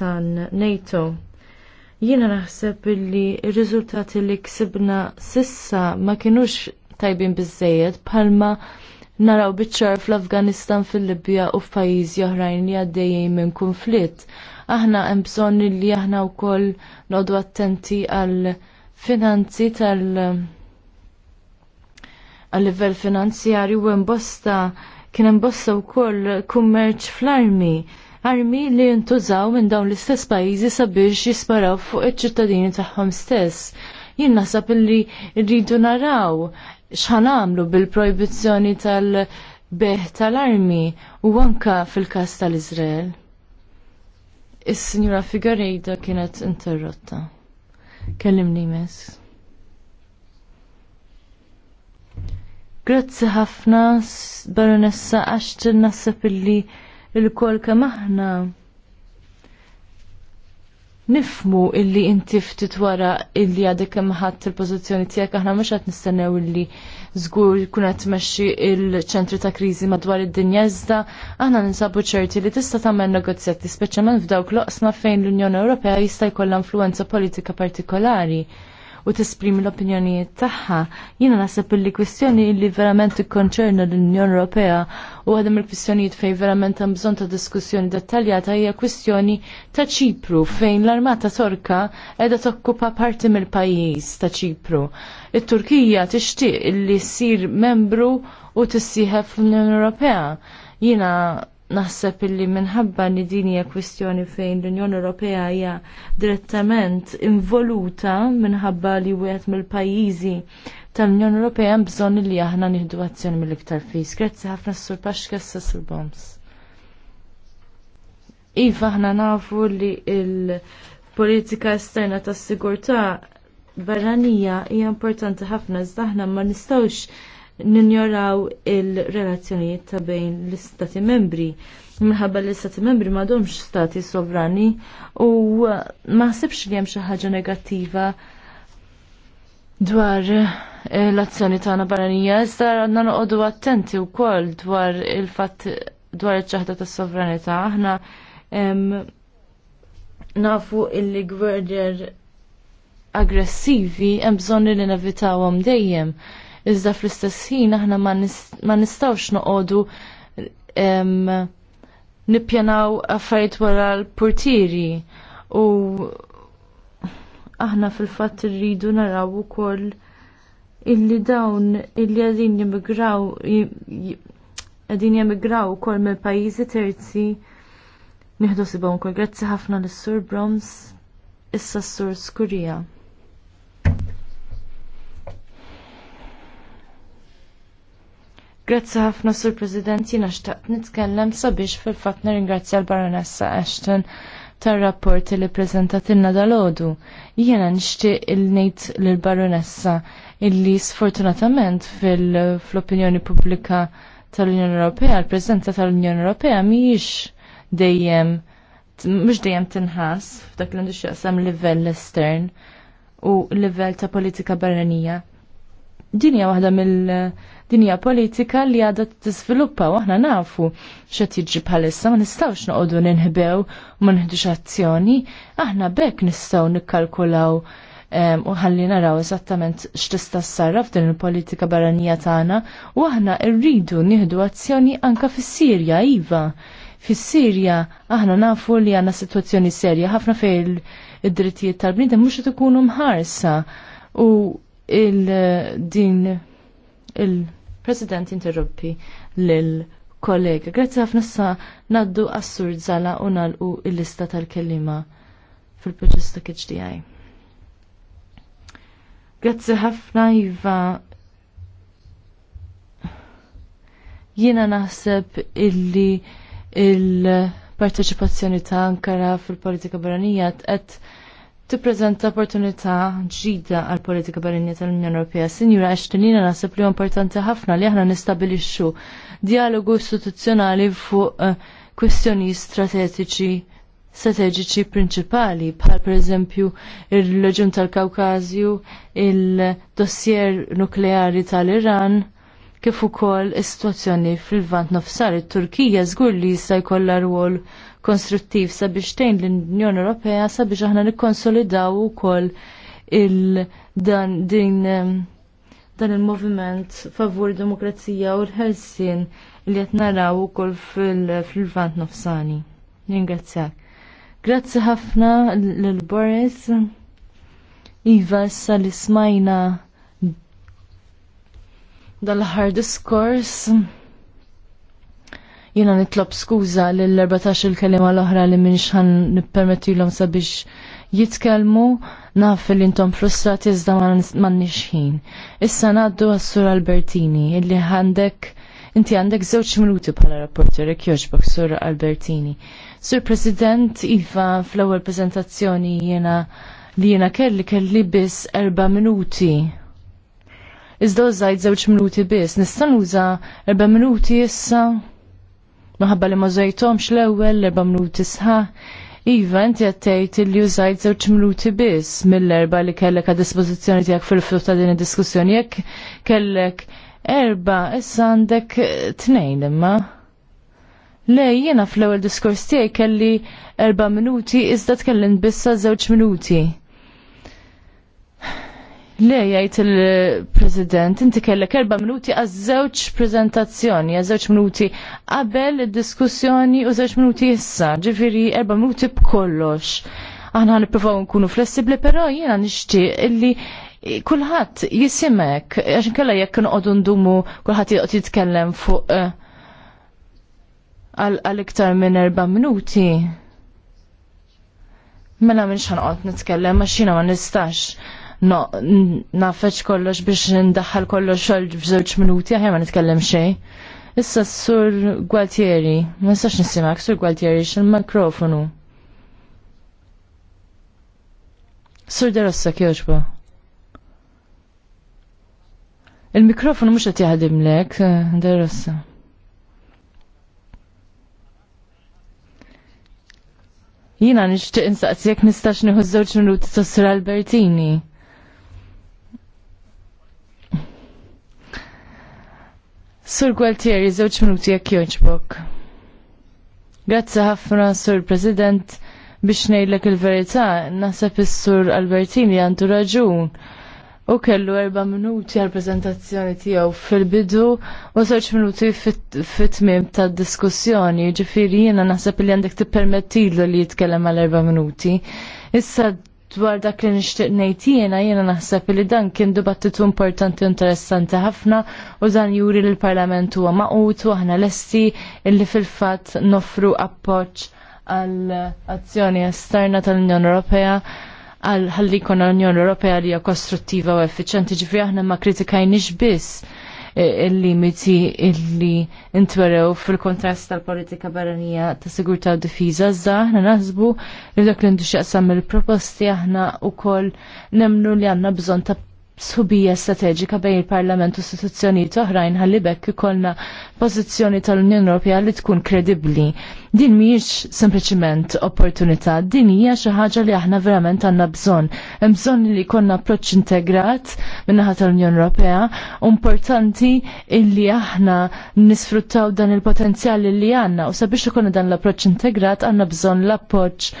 tan NATO. Jiena naħseb li r-riżultati li ksibna sissa ma kinux tajbin biżejjed bħalma naraw biċċar fl-Afganistan, fil-Libja u f'pajjiżi oħrajn li għaddejjin minn konflitt. Aħna hemm bżonn li aħna wkoll nodu attenti għal finanzi tal- għal livell finanzjarju u imbosta kien imbosta wkoll kummerċ fl-armi armi li jintużaw minn dawn l-istess pajjiżi sabiex jisparaw fuq iċ-ċittadini tagħhom stess. Jien naħseb illi rridu naraw xħan għamlu bil-projbizzjoni tal-beħ tal-armi u anka fil-kas tal-Izrael. Is-Sinjura Figarejda kienet interrotta. Kellimni mess. Grazzi ħafna, Baronessa Ashton, nasab illi il-kol aħna nifmu illi inti ftit wara illi għadek maħat il-pozizjoni tiegħek aħna mhux qed nistennew illi żgur jkun qed tmexxi il-ċentru ta' kriżi madwar id-dinja iżda aħna ninsabu ċerti li tista' tagħmel negozjati speċjalment f'dawk loqsma fejn l-Unjoni Ewropea jista' jkollha influenza politika partikolari u tisprimi l-opinjonijiet tagħha. Jiena naħseb li kwistjoni li verament ikkonċerna l-Unjoni Ewropea u għadem il-kwistjonijiet fejn verament hemm bżonn ta' diskussjoni dettaljata hija kwistjoni ta' Ċipru fejn l-Armata Torka qiegħda tokkupa parti mill-pajjiż ta' Ċipru. It-Turkija tixtieq li ssir membru u tissieħeb fl-Unjoni Ewropea. Jiena naħseb illi minħabba li din hija kwistjoni fejn l-Unjoni Ewropea hija direttament involuta minħabba li wieħed mill-pajjiżi tal-Unjoni Ewropea hemm bżonn li aħna nieħdu azzjoni mill-iktar fis. Grazzi ħafna s-sur Paxka s-sur Boms. Iva aħna nafu li il-politika esterna tas-sigurtà barranija hija importanti ħafna iżda aħna ma nistgħux ninjoraw il-relazzjonijiet ta' bejn l-istati membri. Minħabba l-istati membri domx stati sovrani u ma ħsibx li hemm xi ħaġa negattiva dwar eh, l-azzjoni tagħna barranija, iżda għandna noqogħdu attenti wkoll dwar il fat dwar iċ-ċaħda tas-sovranità. Aħna nafu il-gwerder aggressivi hemm bżonn li nevitawhom dejjem. Iżda fl-istess ħin aħna ma nistawx noqogħdu nippjanaw affarijiet wara l-portieri u aħna fil-fatt irridu naraw ukoll illi dawn illi għadin jemigraw għadin jemigraw ukoll mill pajjiżi terzi nieħdu sibhom kol grazzi ħafna lis sur Broms issa s-Sur Skurija. Grazzi ħafna sur President jina xtaqt nitkellem sabiex fil-fatt nirringrazzja l-Baronessa Ashton tar-rapport li prezentat ilna dal-ħodu. Jena nishti il-nejt l-baronessa illi sfortunatament fil-opinjoni pubblika tal-Unjoni Ewropea, l-prezenza tal-Unjoni Ewropea miex dejjem, mux dejjem tinħas f'dak l-industri sam livell estern u livell ta' politika barranija dinja waħda mill dinja politika li għadha t-tisviluppa u aħna nafu x'qed jiġi bħalissa ma nistgħux noqogħdu ninħbew u ma nħidux azzjoni, aħna bekk nistgħu nikkalkulaw u ħalli naraw eżattament x'tista' ssarraf din il-politika barranija tagħna u aħna rridu nieħdu azzjoni anka fis-Sirja iva. Fis-Sirja aħna nafu li għandna sitwazzjoni serja ħafna fejn id-drittijiet tal-bniedem mhux qed ikunu mħarsa u il-din il-President interruppi lil kollega Grazzi ħafna sa naddu assur zala u il-lista tal-kellima fil-proċess ta' KHDI. Grazzi ħafna Iva jiena naħseb illi il-parteċipazzjoni ta' Ankara fil-politika barranija qed tippreżenta opportunità ġdida għal politika barinja tal-Unjoni Ewropea. Sinjura Ashtonina naħseb li importanti ħafna li aħna nistabilixxu dialogu istituzzjonali fuq eh, kwestjoni strategiċi strategiċi prinċipali bħal pereżempju il leġun tal-Kawkazju, il-dossier nukleari tal-Iran, kif ukoll is-sitwazzjoni fil-Vant nofsar it-Turkija żgur li jista' jkollha rwol konstruttiv sabiex tgħin l-Unjoni Ewropea sabiex aħna nikkonsolidaw ukoll il-dan din dan il-moviment favur demokrazija u l-ħelsin li qed naraw ukoll fil-vant nofsani. Ningrazzjak. Grazzi ħafna l-Boris. Iva, issa li smajna dal-ħar diskors. Jina nitlob skuza l-14 il-kelima l-oħra li minx ħan nippermettilhom sabiex jitkellmu naf li intom frustrati iżda ma ħin. Issa ngħaddu għas-Sur Albertini illi għandek inti għandek żewġ minuti bħala rapporter jogħġbok Sur Albertini. Sur President Iva fl-ewwel preżentazzjoni jiena li jiena kelli kelli biss erba' minuti Iżda użajt żewġ minuti biss, nistan nuża erba' minuti issa Maħabba li ma żajtomx l-ewwel erba' minuti sħaħ. Iva, inti għattajt li użajt zewċ minuti biss mill-erba li kellek għad dispozizjoni tijak fil-fluf ta' din id-diskussjoni. Jekk kellek erba, issa għandek tnejn imma. Le, jena fl-ewel diskors tijaj kelli erba minuti, iżda tkellim bissa zewċ minuti. Le, jgħid il-President, inti kellek erba minuti għazzewċ żewġ prezentazzjoni, għazzewċ żewġ minuti qabel id-diskussjoni u żewġ minuti issa, ġifiri erba minuti b'kollox. Aħna nippruvaw nkunu flessibli, però jiena nixtieq illi kulħadd jisimek, għax kella jekk noqogħdu ndumu kulħadd jgħot jitkellem fuq eh, għal iktar minn erba' minuti. Mela minn għot nitkellem, għax jiena ma nistax no, nafeċ kollox biex ndaħħal kollox xol f'żewġ minuti, aħjar ma nitkellem xej. Issa s-sur Gualtieri, ma nistax nisimak, sur Gualtieri, xil-mikrofonu. Sur Derossa, kjoġba. Il-mikrofonu mux għatjaħdim lek, Derossa. Jina nishtiq insaqsijek nistax nieħu żewġ minuti s sur Albertini. Sur Gualtieri, żewġ minuti jekk joġbok. Grazzi ħafna, Sur President, biex ngħidlek il-verità, naħseb is-Sur Albertini għandu raġun. U kellu erba' minuti għal prezentazzjoni tiegħu fil-bidu u żewġ minuti fit-tmiem tad-diskussjoni. Ġifieri jiena naħseb li għandek tippermettilu li jitkellem għal erba' minuti. Issa dwar dak li nixtieq ngħid jiena jiena naħseb li dan kien dibattitu importanti interessanti ħafna u dan juri li l-Parlament huwa maqut u aħna lesti illi fil-fatt noffru appoġġ għall azzjoni esterna tal-Unjoni Ewropea għal ħalli kon l-Unjoni Ewropea li hija kostruttiva u effiċjenti ġifi aħna ma kritikajniex biss il-limiti illi intwerew fil-kontrast tal-politika barranija ta' sigurtà u difiża za aħna naħsbu li dak li ndixxaqsam il-proposti aħna wkoll nemnu li għandna bżonn ta' sħubija strateġika bejn il-Parlament u istituzzjoni oħrajn ħalli bekk ikollna pożizzjoni tal-Unjoni Ewropea li tkun kredibbli. Din mhijiex sempliċiment opportunità, din hija xi ħaġa li aħna verament għandna bżonn. Hemm bżonn li jkollna approċċ integrat min-naħa tal-Unjoni Ewropea, importanti illi aħna nisfruttaw dan il-potenzjal li għandna u sabiex ikun dan l-approċċ integrat għandna bżonn l-appoġġ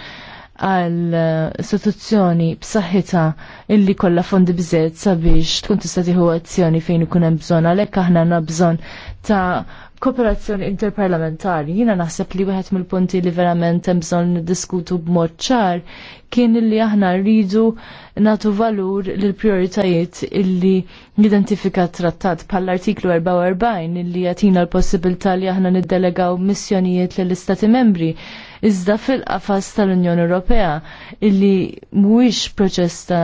għal istituzzjoni b'saħħitha illi kollha fondi bżed sabiex tkun tista' tieħu azzjoni fejn ikun hemm bżonn għalhekk aħna għandna bżonn ta' kooperazzjoni interparlamentari. Jiena naħseb li wieħed mill-punti li verament hemm bżonn niddiskutu b'mod ċar kien illi aħna rridu natu valur lil prioritajiet illi nidentifika trattat bħall artiklu 44 illi jagħtina l-possibilità li aħna niddelegaw missjonijiet lill-Istati membri iżda fil-qafas tal-Unjoni Ewropea illi mhuwiex proċess ta'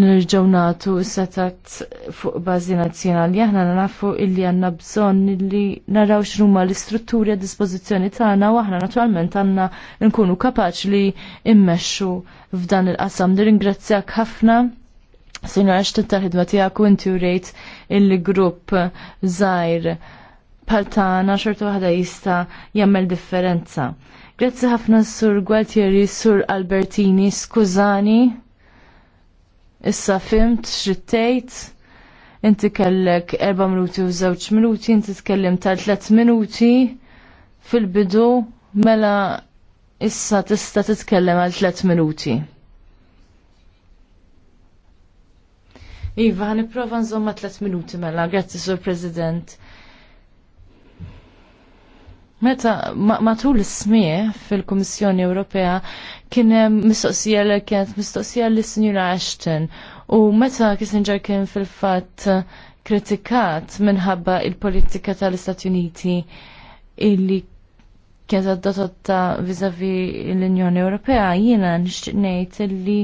nirġaw nagħtu setat fuq bażi nazzjonali Aħna nafu illi għandna bżonn illi naraw x'huma l-istrutturi għad dispożizzjoni tagħna u aħna naturalment għandna nkunu kapaċi li immexxu f'dan il-qasam. Nirringrazzjak ħafna. Sinjora x'tit tal-ħidma tiegħek u inti rejt il-grupp żgħir bħal tagħna xorta waħda jista' jammel differenza. Grazzi ħafna sur Gualtieri, sur Albertini, skużani. Issa fimt xittejt. Inti kellek erba' minuti u żewġ minuti, inti tkellem ta' 3 minuti fil-bidu mela issa tista' titkellem għal 3 minuti. Iva, għan iprofa nżomma 3 minuti mela, grazzi sur President. Meta matul is-smieħ fil-Kummissjoni Ewropea kien hemm mistoqsija li kienet mistoqsija li Sinjura Ashton u meta Kissinger kien fil-fatt kritikat minħabba il-politika tal-Istati Uniti illi kienet adottata vizavi l-Unjoni Ewropea jiena nixtieq ngħid illi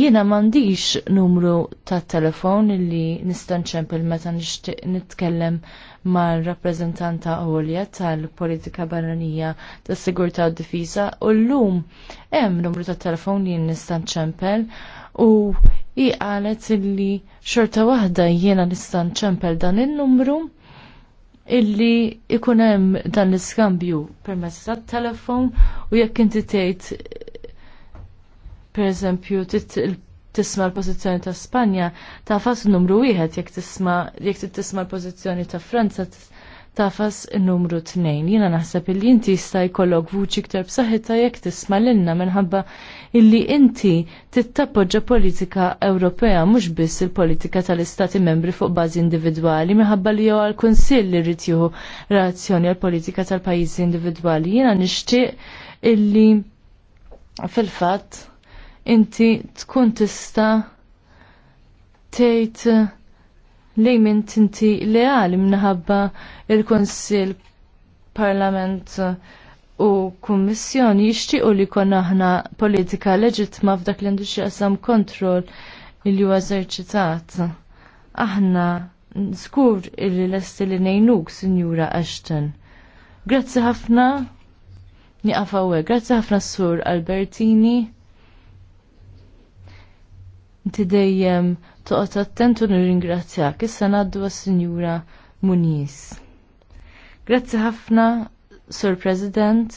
jiena m'għandix numru ta' telefon illi nistanċempil meta nixtieq nitkellem mal rappreżentanta għolja tal-politika barranija tas sigurtà u d-difiża u llum hemm numru tat telefon li nista' nċempel u i qalet illi xorta waħda jiena nista' nċempel dan in-numru illi ikun hemm dan l-iskambju permezz tat-telefon u jekk inti tgħid pereżempju tisma' l-pożizzjoni ta' Spanja, tafas numru wieħed jekk tisma' jekk tisma' l-pożizzjoni ta' Franza tafas numru tnejn. Jiena naħseb illi inti jista' jkollok vuċi ktar b'saħħitha jekk tisma' lilna minħabba illi inti tittappoġġa politika Ewropea mhux biss il-politika tal-istati membri fuq bażi individwali minħabba li jew għall-Kunsill li rrid jieħu reazzjoni għall politika tal-pajjiżi individwali. Jiena nixtieq illi fil-fatt inti tkun tista tgħid li minn tinti leali minnħabba il-Konsil Parlament u Kummissjoni jixtiequ li kon aħna politika leġitma f'dak li għandu xieqsam kontroll il huwa eżerċitat. Aħna nżgur illi lesti li nejnuk, Sinjura Ashton. Grazzi ħafna, niqafawe, grazzi ħafna Sur Albertini. Inti dejjem toqgħod attent u nirringrazzjak. Issa ngħaddu għas-Sinjura Muniz. Grazzi ħafna, Sur President.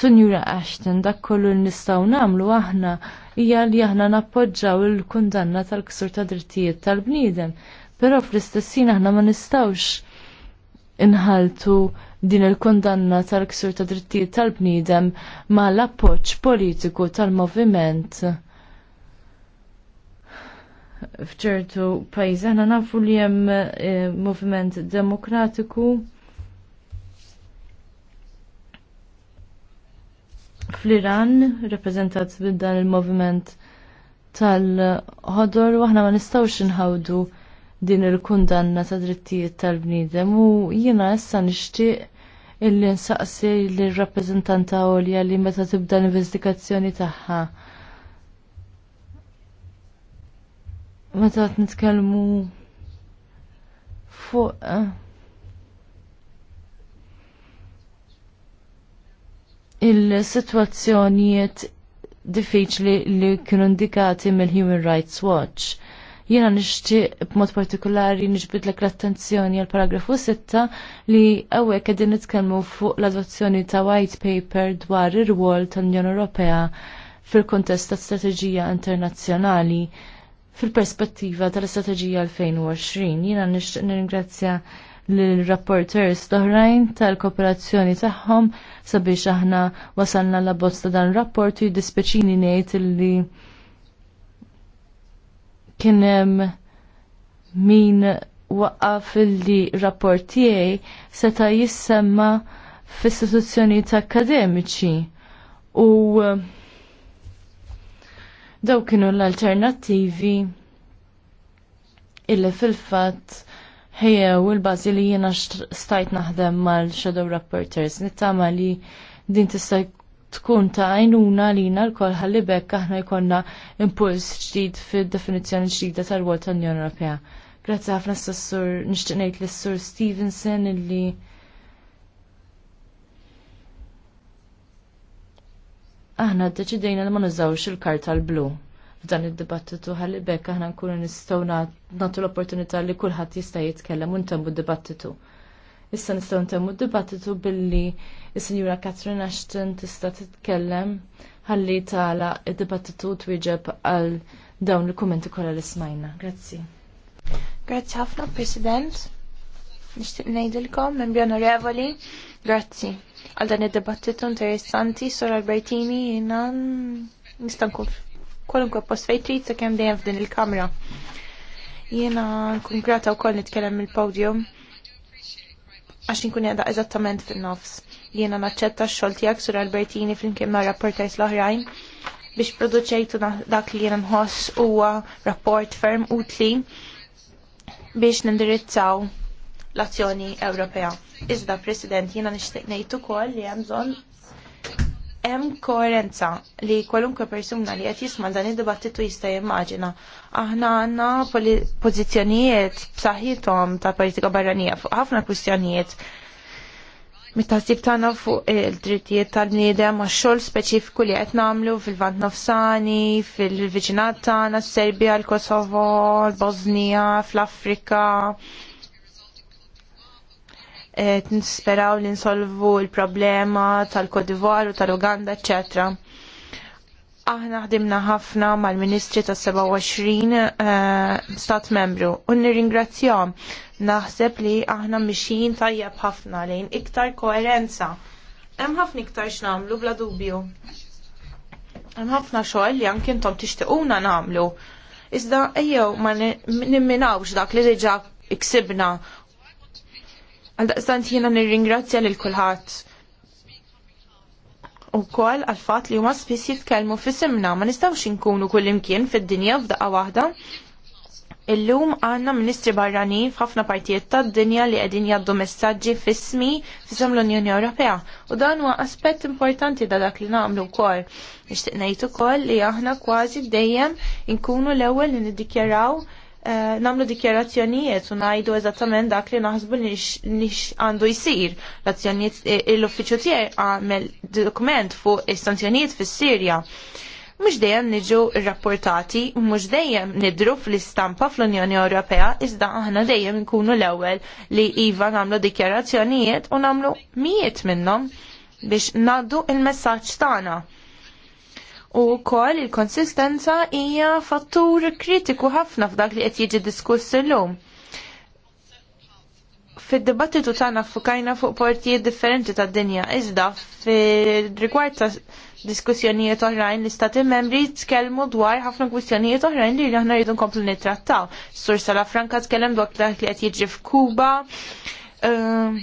Sinjura Ashton, dak kollu li nistgħu nagħmlu aħna hija li aħna nappoġġaw il-kundanna tal-ksur ta' drittijiet tal-bniedem. Però fl-istessin aħna ma nistgħux inħaltu din il-kundanna tal-ksur ta' drittijiet tal-bniedem ma l-appoġġ politiku tal-moviment fċertu pajzana Aħna nafu li hemm movement eh, moviment demokratiku fl-Iran, rappreżentat dan il-moviment tal-ħodor, waħna aħna ma nistgħux nħawdu din il-kundanna ta' drittijiet tal-bniedem u jiena issa nixtieq li nsaqsi l-rappresentanta għolja li meta tibda l-investigazzjoni tagħha meta qed nitkellmu fuq eh, il situazzjonijiet diffiċli li kienu indikati mill-Human Rights Watch. Jiena nixtieq b'mod partikolari niġbidlek l-attenzjoni għal paragrafu 6 li hawnhekk qegħdin nitkellmu fuq l-adozzjoni ta' white paper dwar ir-rwol tal-Unjoni Ewropea fil-kontest ta' strateġija internazzjonali fil-perspettiva tal-Istrateġija 2020. Jiena nixtieq nirringrazzja l-rapporters l-oħrajn tal-kooperazzjoni tagħhom sabiex aħna wasalna la bozz ta' dan rapport u dispeċini ngħid li kien hemm min waqqaf li rapport tiegħi seta' jissemma f'istituzzjonijiet akademiċi u Daw kienu l-alternattivi illi fil-fatt ħejjew il-bażi li jiena stajt naħdem mal-Shadow Rapporters. Nittama li din tista' tkun ta' għajnuna lina l-kol ħalli bekk aħna jkonna impuls ġdid fil-definizjoni ġdida tal-Wol tal-Unjoni Ewropea. Grazzi ħafna s-sur, nishtiqnejt l-sur Stevenson illi aħna ddeċidejna li ma nużawx il-karta l-blu f'dan id-dibattitu ħalli bekk aħna nkunu nistgħu nagħtu l-opportunità li kulħadd jista' jitkellem u ntemmu d-dibattitu. Issa nistgħu ntemmu d-dibattitu billi is-Sinjura Catherine Ashton tista' titkellem ħalli tala id-dibattitu twieġeb għal dawn il-kummenti kollha li smajna. Grazzi. Grazzi ħafna, President. Nixtieq ngħidilkom, membri onorevoli, grazzi għal dan id-dibattitu interessanti, Sor Albertini, jina nista' kolunkwe post fejtri trid sakemm dejjem f'din il-kamra. Jiena nkun grata wkoll nitkellem il-podium għax nkun qiegħda eżattament fin-nofs. Jiena naċċetta x-xogħol tiegħek Sur Albertini flimkien ma' rapporters l-oħrajn biex produċejtu dak li jiena nħoss huwa rapport ferm utli biex nindirizzaw l-azzjoni Ewropea. Iżda, President, jiena nixtieq ngħid ukoll li hemm bżonn hemm koerenza li kwalunkwe persuna li qed jisma' dan id-dibattitu jista' jimmaġina. Aħna għandna pożizzjonijiet b'saħħithom ta' politika barranija fuq ħafna kwistjonijiet mit-tasib tagħna fuq il-drittijiet tal-bniedem għax xogħol speċifiku li qed nagħmlu fil-Vant Nofsani, fil-viċinat tagħna, s-Serbja, l-Kosovo, l-Bosnija, fl-Afrika, nisperaw li nsolvu il-problema tal-Kodivar u tal-Uganda, etc. Aħna ħdimna ħafna mal-Ministri ta' 27 uh, stat membru u nirringrazzjahom. Naħseb li aħna mixin tajjeb ħafna lejn iktar koerenza. Hemm ħafna iktar x'namlu bla dubju. Hemm ħafna xogħol li anke intom tixtiquna nagħmlu. Iżda ejjew ma nimminawx dak li diġà iksibna Għaldaqstant jiena nirringrazzja lil kulħadd u kol għal-fat li huma spiss jitkellmu fisimna ma nistawx inkunu kull imkien fid-dinja f'daqqa waħda. Illum għanna ministri barranin f'ħafna partijiet tad-dinja li qegħdin jaddu messaġġi fismi fisem l-Unjoni Ewropea u dan huwa aspett importanti da dak li nagħmlu wkoll. Nixtieq ngħid ukoll li aħna kważi dejjem inkunu l-ewwel li niddikjaraw Eh, namlu dikjerazzjonijiet u najdu eżattament dak li naħsbu nix għandu jisir. L-azzjonijiet eh, l-uffiċu tiegħi għamel dokument fuq is-sanzjonijiet fis-Sirja. Mhux dejjem niġu rapportati, mhux dejjem nidru fl-istampa fl-Unjoni Ewropea, iżda aħna dejjem nkunu l-ewwel li iva nagħmlu dikjarazzjonijiet u nagħmlu mijiet minnhom biex naddu il-messaġġ tagħna U koll il-konsistenza hija fattur kritiku ħafna f'dak li qed jiġi diskuss illum. Fid-dibattitu tagħna fukajna fuq portijiet differenti tad-dinja, iżda fir-rigward ta' diskussjonijiet oħrajn l-istati membri tkellmu dwar ħafna kwistjonijiet oħrajn li aħna rridu nkomplu nittrattaw. Sur Sala Franka tkellem dwar dak li qed jiġri f'Kuba. Ehm,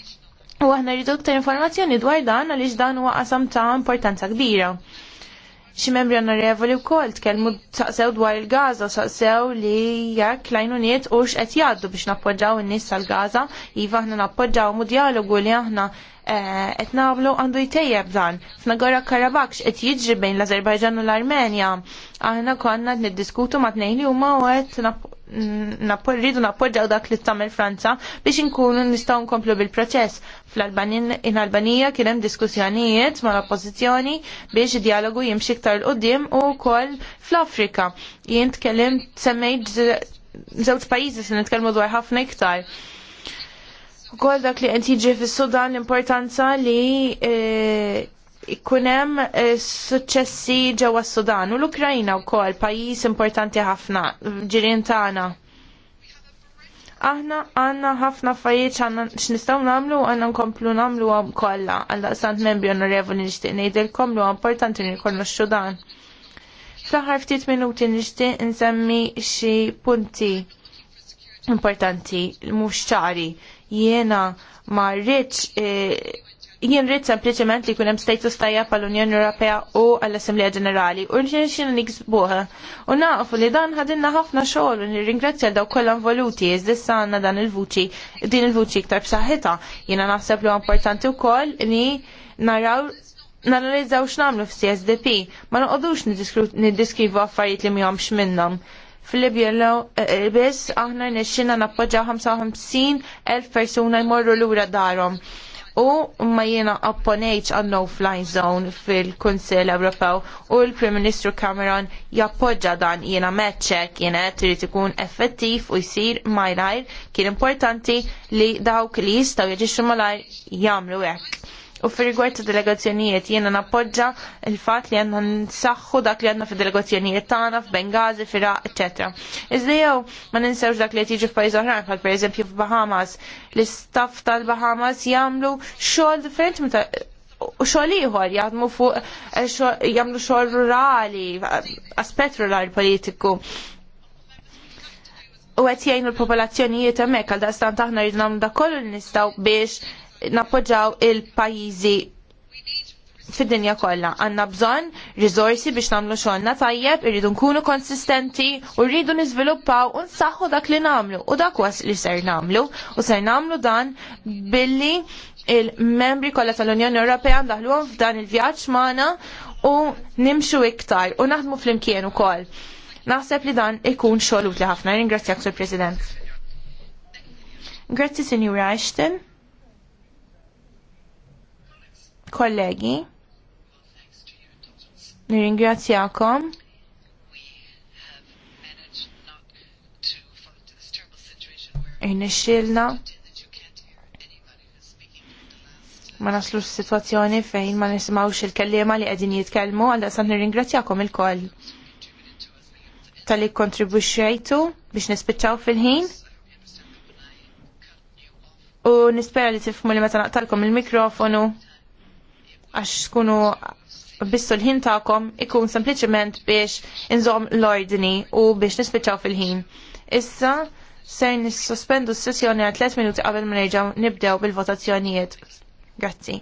u aħna rridu aktar informazzjoni dwar dan għaliex dan huwa qasam ta' importanza kbira xi membri onorevoli wkoll tkellmu saqsew dwar il-Gaza u saqsew li jekk l niet u x'qed jgħaddu biex nappoġġaw in-nies tal-Gaza, iva aħna nappoġġaw mu dialogu li aħna eh, qed nagħmlu għandu jtejjeb dan. F'Nagora Karabakh x'qed jiġri bejn l-Azerbajġan u l-Armenja. Aħna konna niddiskutu ma' tnejn li huma u qed rridu nappoġġaw dak li tagħmel Franza biex inkunu nistgħu nkomplu bil-proċess. In albanija kien hemm diskussjonijiet mal-oppożizzjoni biex dialogu jimxi iktar l qudiem u wkoll fl-Afrika. Jien tkellim semmejt żewġ pajjiżi se nitkellmu dwar ħafna iktar. Ukoll dak li qed jiġi fis-Sudan l-importanza li eh, ikunem eh, successi ġewwa Sudan u l-Ukrajna wkoll pajjiż importanti ħafna ġirien tagħna. Aħna għanna ħafna affarijiet għanna x'nistgħu nagħmlu għandna nkomplu nagħmlu għam kollha għal sant membri onorevoli nixtieq ngħidilkom li importanti li jkollna x-Sudan. Fl-aħħar ftit minuti nixtieq insemmi xi punti importanti mhux ċari jiena ma rridx eh, jien rrit sempliċement li jkun hemm status tajjeb għall unjoni Ewropea u għall-Assemblea Ġenerali u nxin xin niksbuħa. U nafu li dan ħadinna ħafna xogħol u nirringrazzja daw kollan voluti iżdissa għandna dan il-vuċi, din il-vuċi iktar b'saħħitha. Jiena naħseb li importanti wkoll li naraw nanalizzaw x'namlu f'CSDP, ma noqogħdux niddiskrivu affarijiet li mhomx minnhom fil-Libjello eh, biss aħna nixxina nappoġġa 55,000 persuna jmorru lura darhom u ma jiena apponejċ għan no-fly zone fil kunsel Ewropew u l-Prim Ministru Cameron jappoġġa dan jiena meċċek jiena trid ikun effettiv u jsir malajr kien importanti li dawk li jistgħu jaġixxu malajr jagħmlu hekk. U fi rigward ta' delegazzjonijiet jiena nappoġġa il-fatt li għandna nsaħħu dak li għandna fi delegazzjonijiet tagħna f'Bengazi, f'Iraq, etc. Iżda jew ma ninsewx dak li qed jiġi f'pajjiż oħrajn bħal pereżempju f'Bahamas. L-istaff tal-Bahamas jagħmlu xogħol differenti meta u xogħol ieħor jaħdmu fuq eh, jagħmlu xogħol rurali, aspett rurali politiku u qed jgħinu l-popolazzjonijiet hemmhekk għal daqstant aħna rridu nagħmlu dak kollu nistgħu biex nappoġġaw il-pajjiżi fid-dinja kollha. Għandna bżonn riżorsi biex nagħmlu xogħolna tajjeb, irridu nkunu konsistenti u rridu niżviluppaw u nsaħħu dak li nagħmlu u dak was li ser nagħmlu u ser nagħmlu dan billi il-membri kollha tal-Unjoni Ewropea ndaħluhom f'dan il-vjaġġ magħna u nimxu iktar u naħdmu flimkien ukoll. Naħseb li dan ikun xogħol utli ħafna. Ringrazzjak sur President. Grazzi Sinjura Ashton kollegi, nirringrazzjakom. Irnexxilna ma naslu s-situazzjoni fejn ma nisimawx il-kellima li qegħdin jitkellmu, għalda san nirringrazzjakom il-koll tal-li kontribuxxejtu biex nispiċċaw fil-ħin. U nispera li tifmu li meta naqtalkom il-mikrofonu għax kunu bissu l-ħin ta'kom ikun sempliciment biex inżom l ordini u biex nispiċaw fil-ħin. Issa, ser nissospendu s-sessjoni għal 3 minuti qabel ma nerġgħu nibdew bil-votazzjonijiet. Grazzi.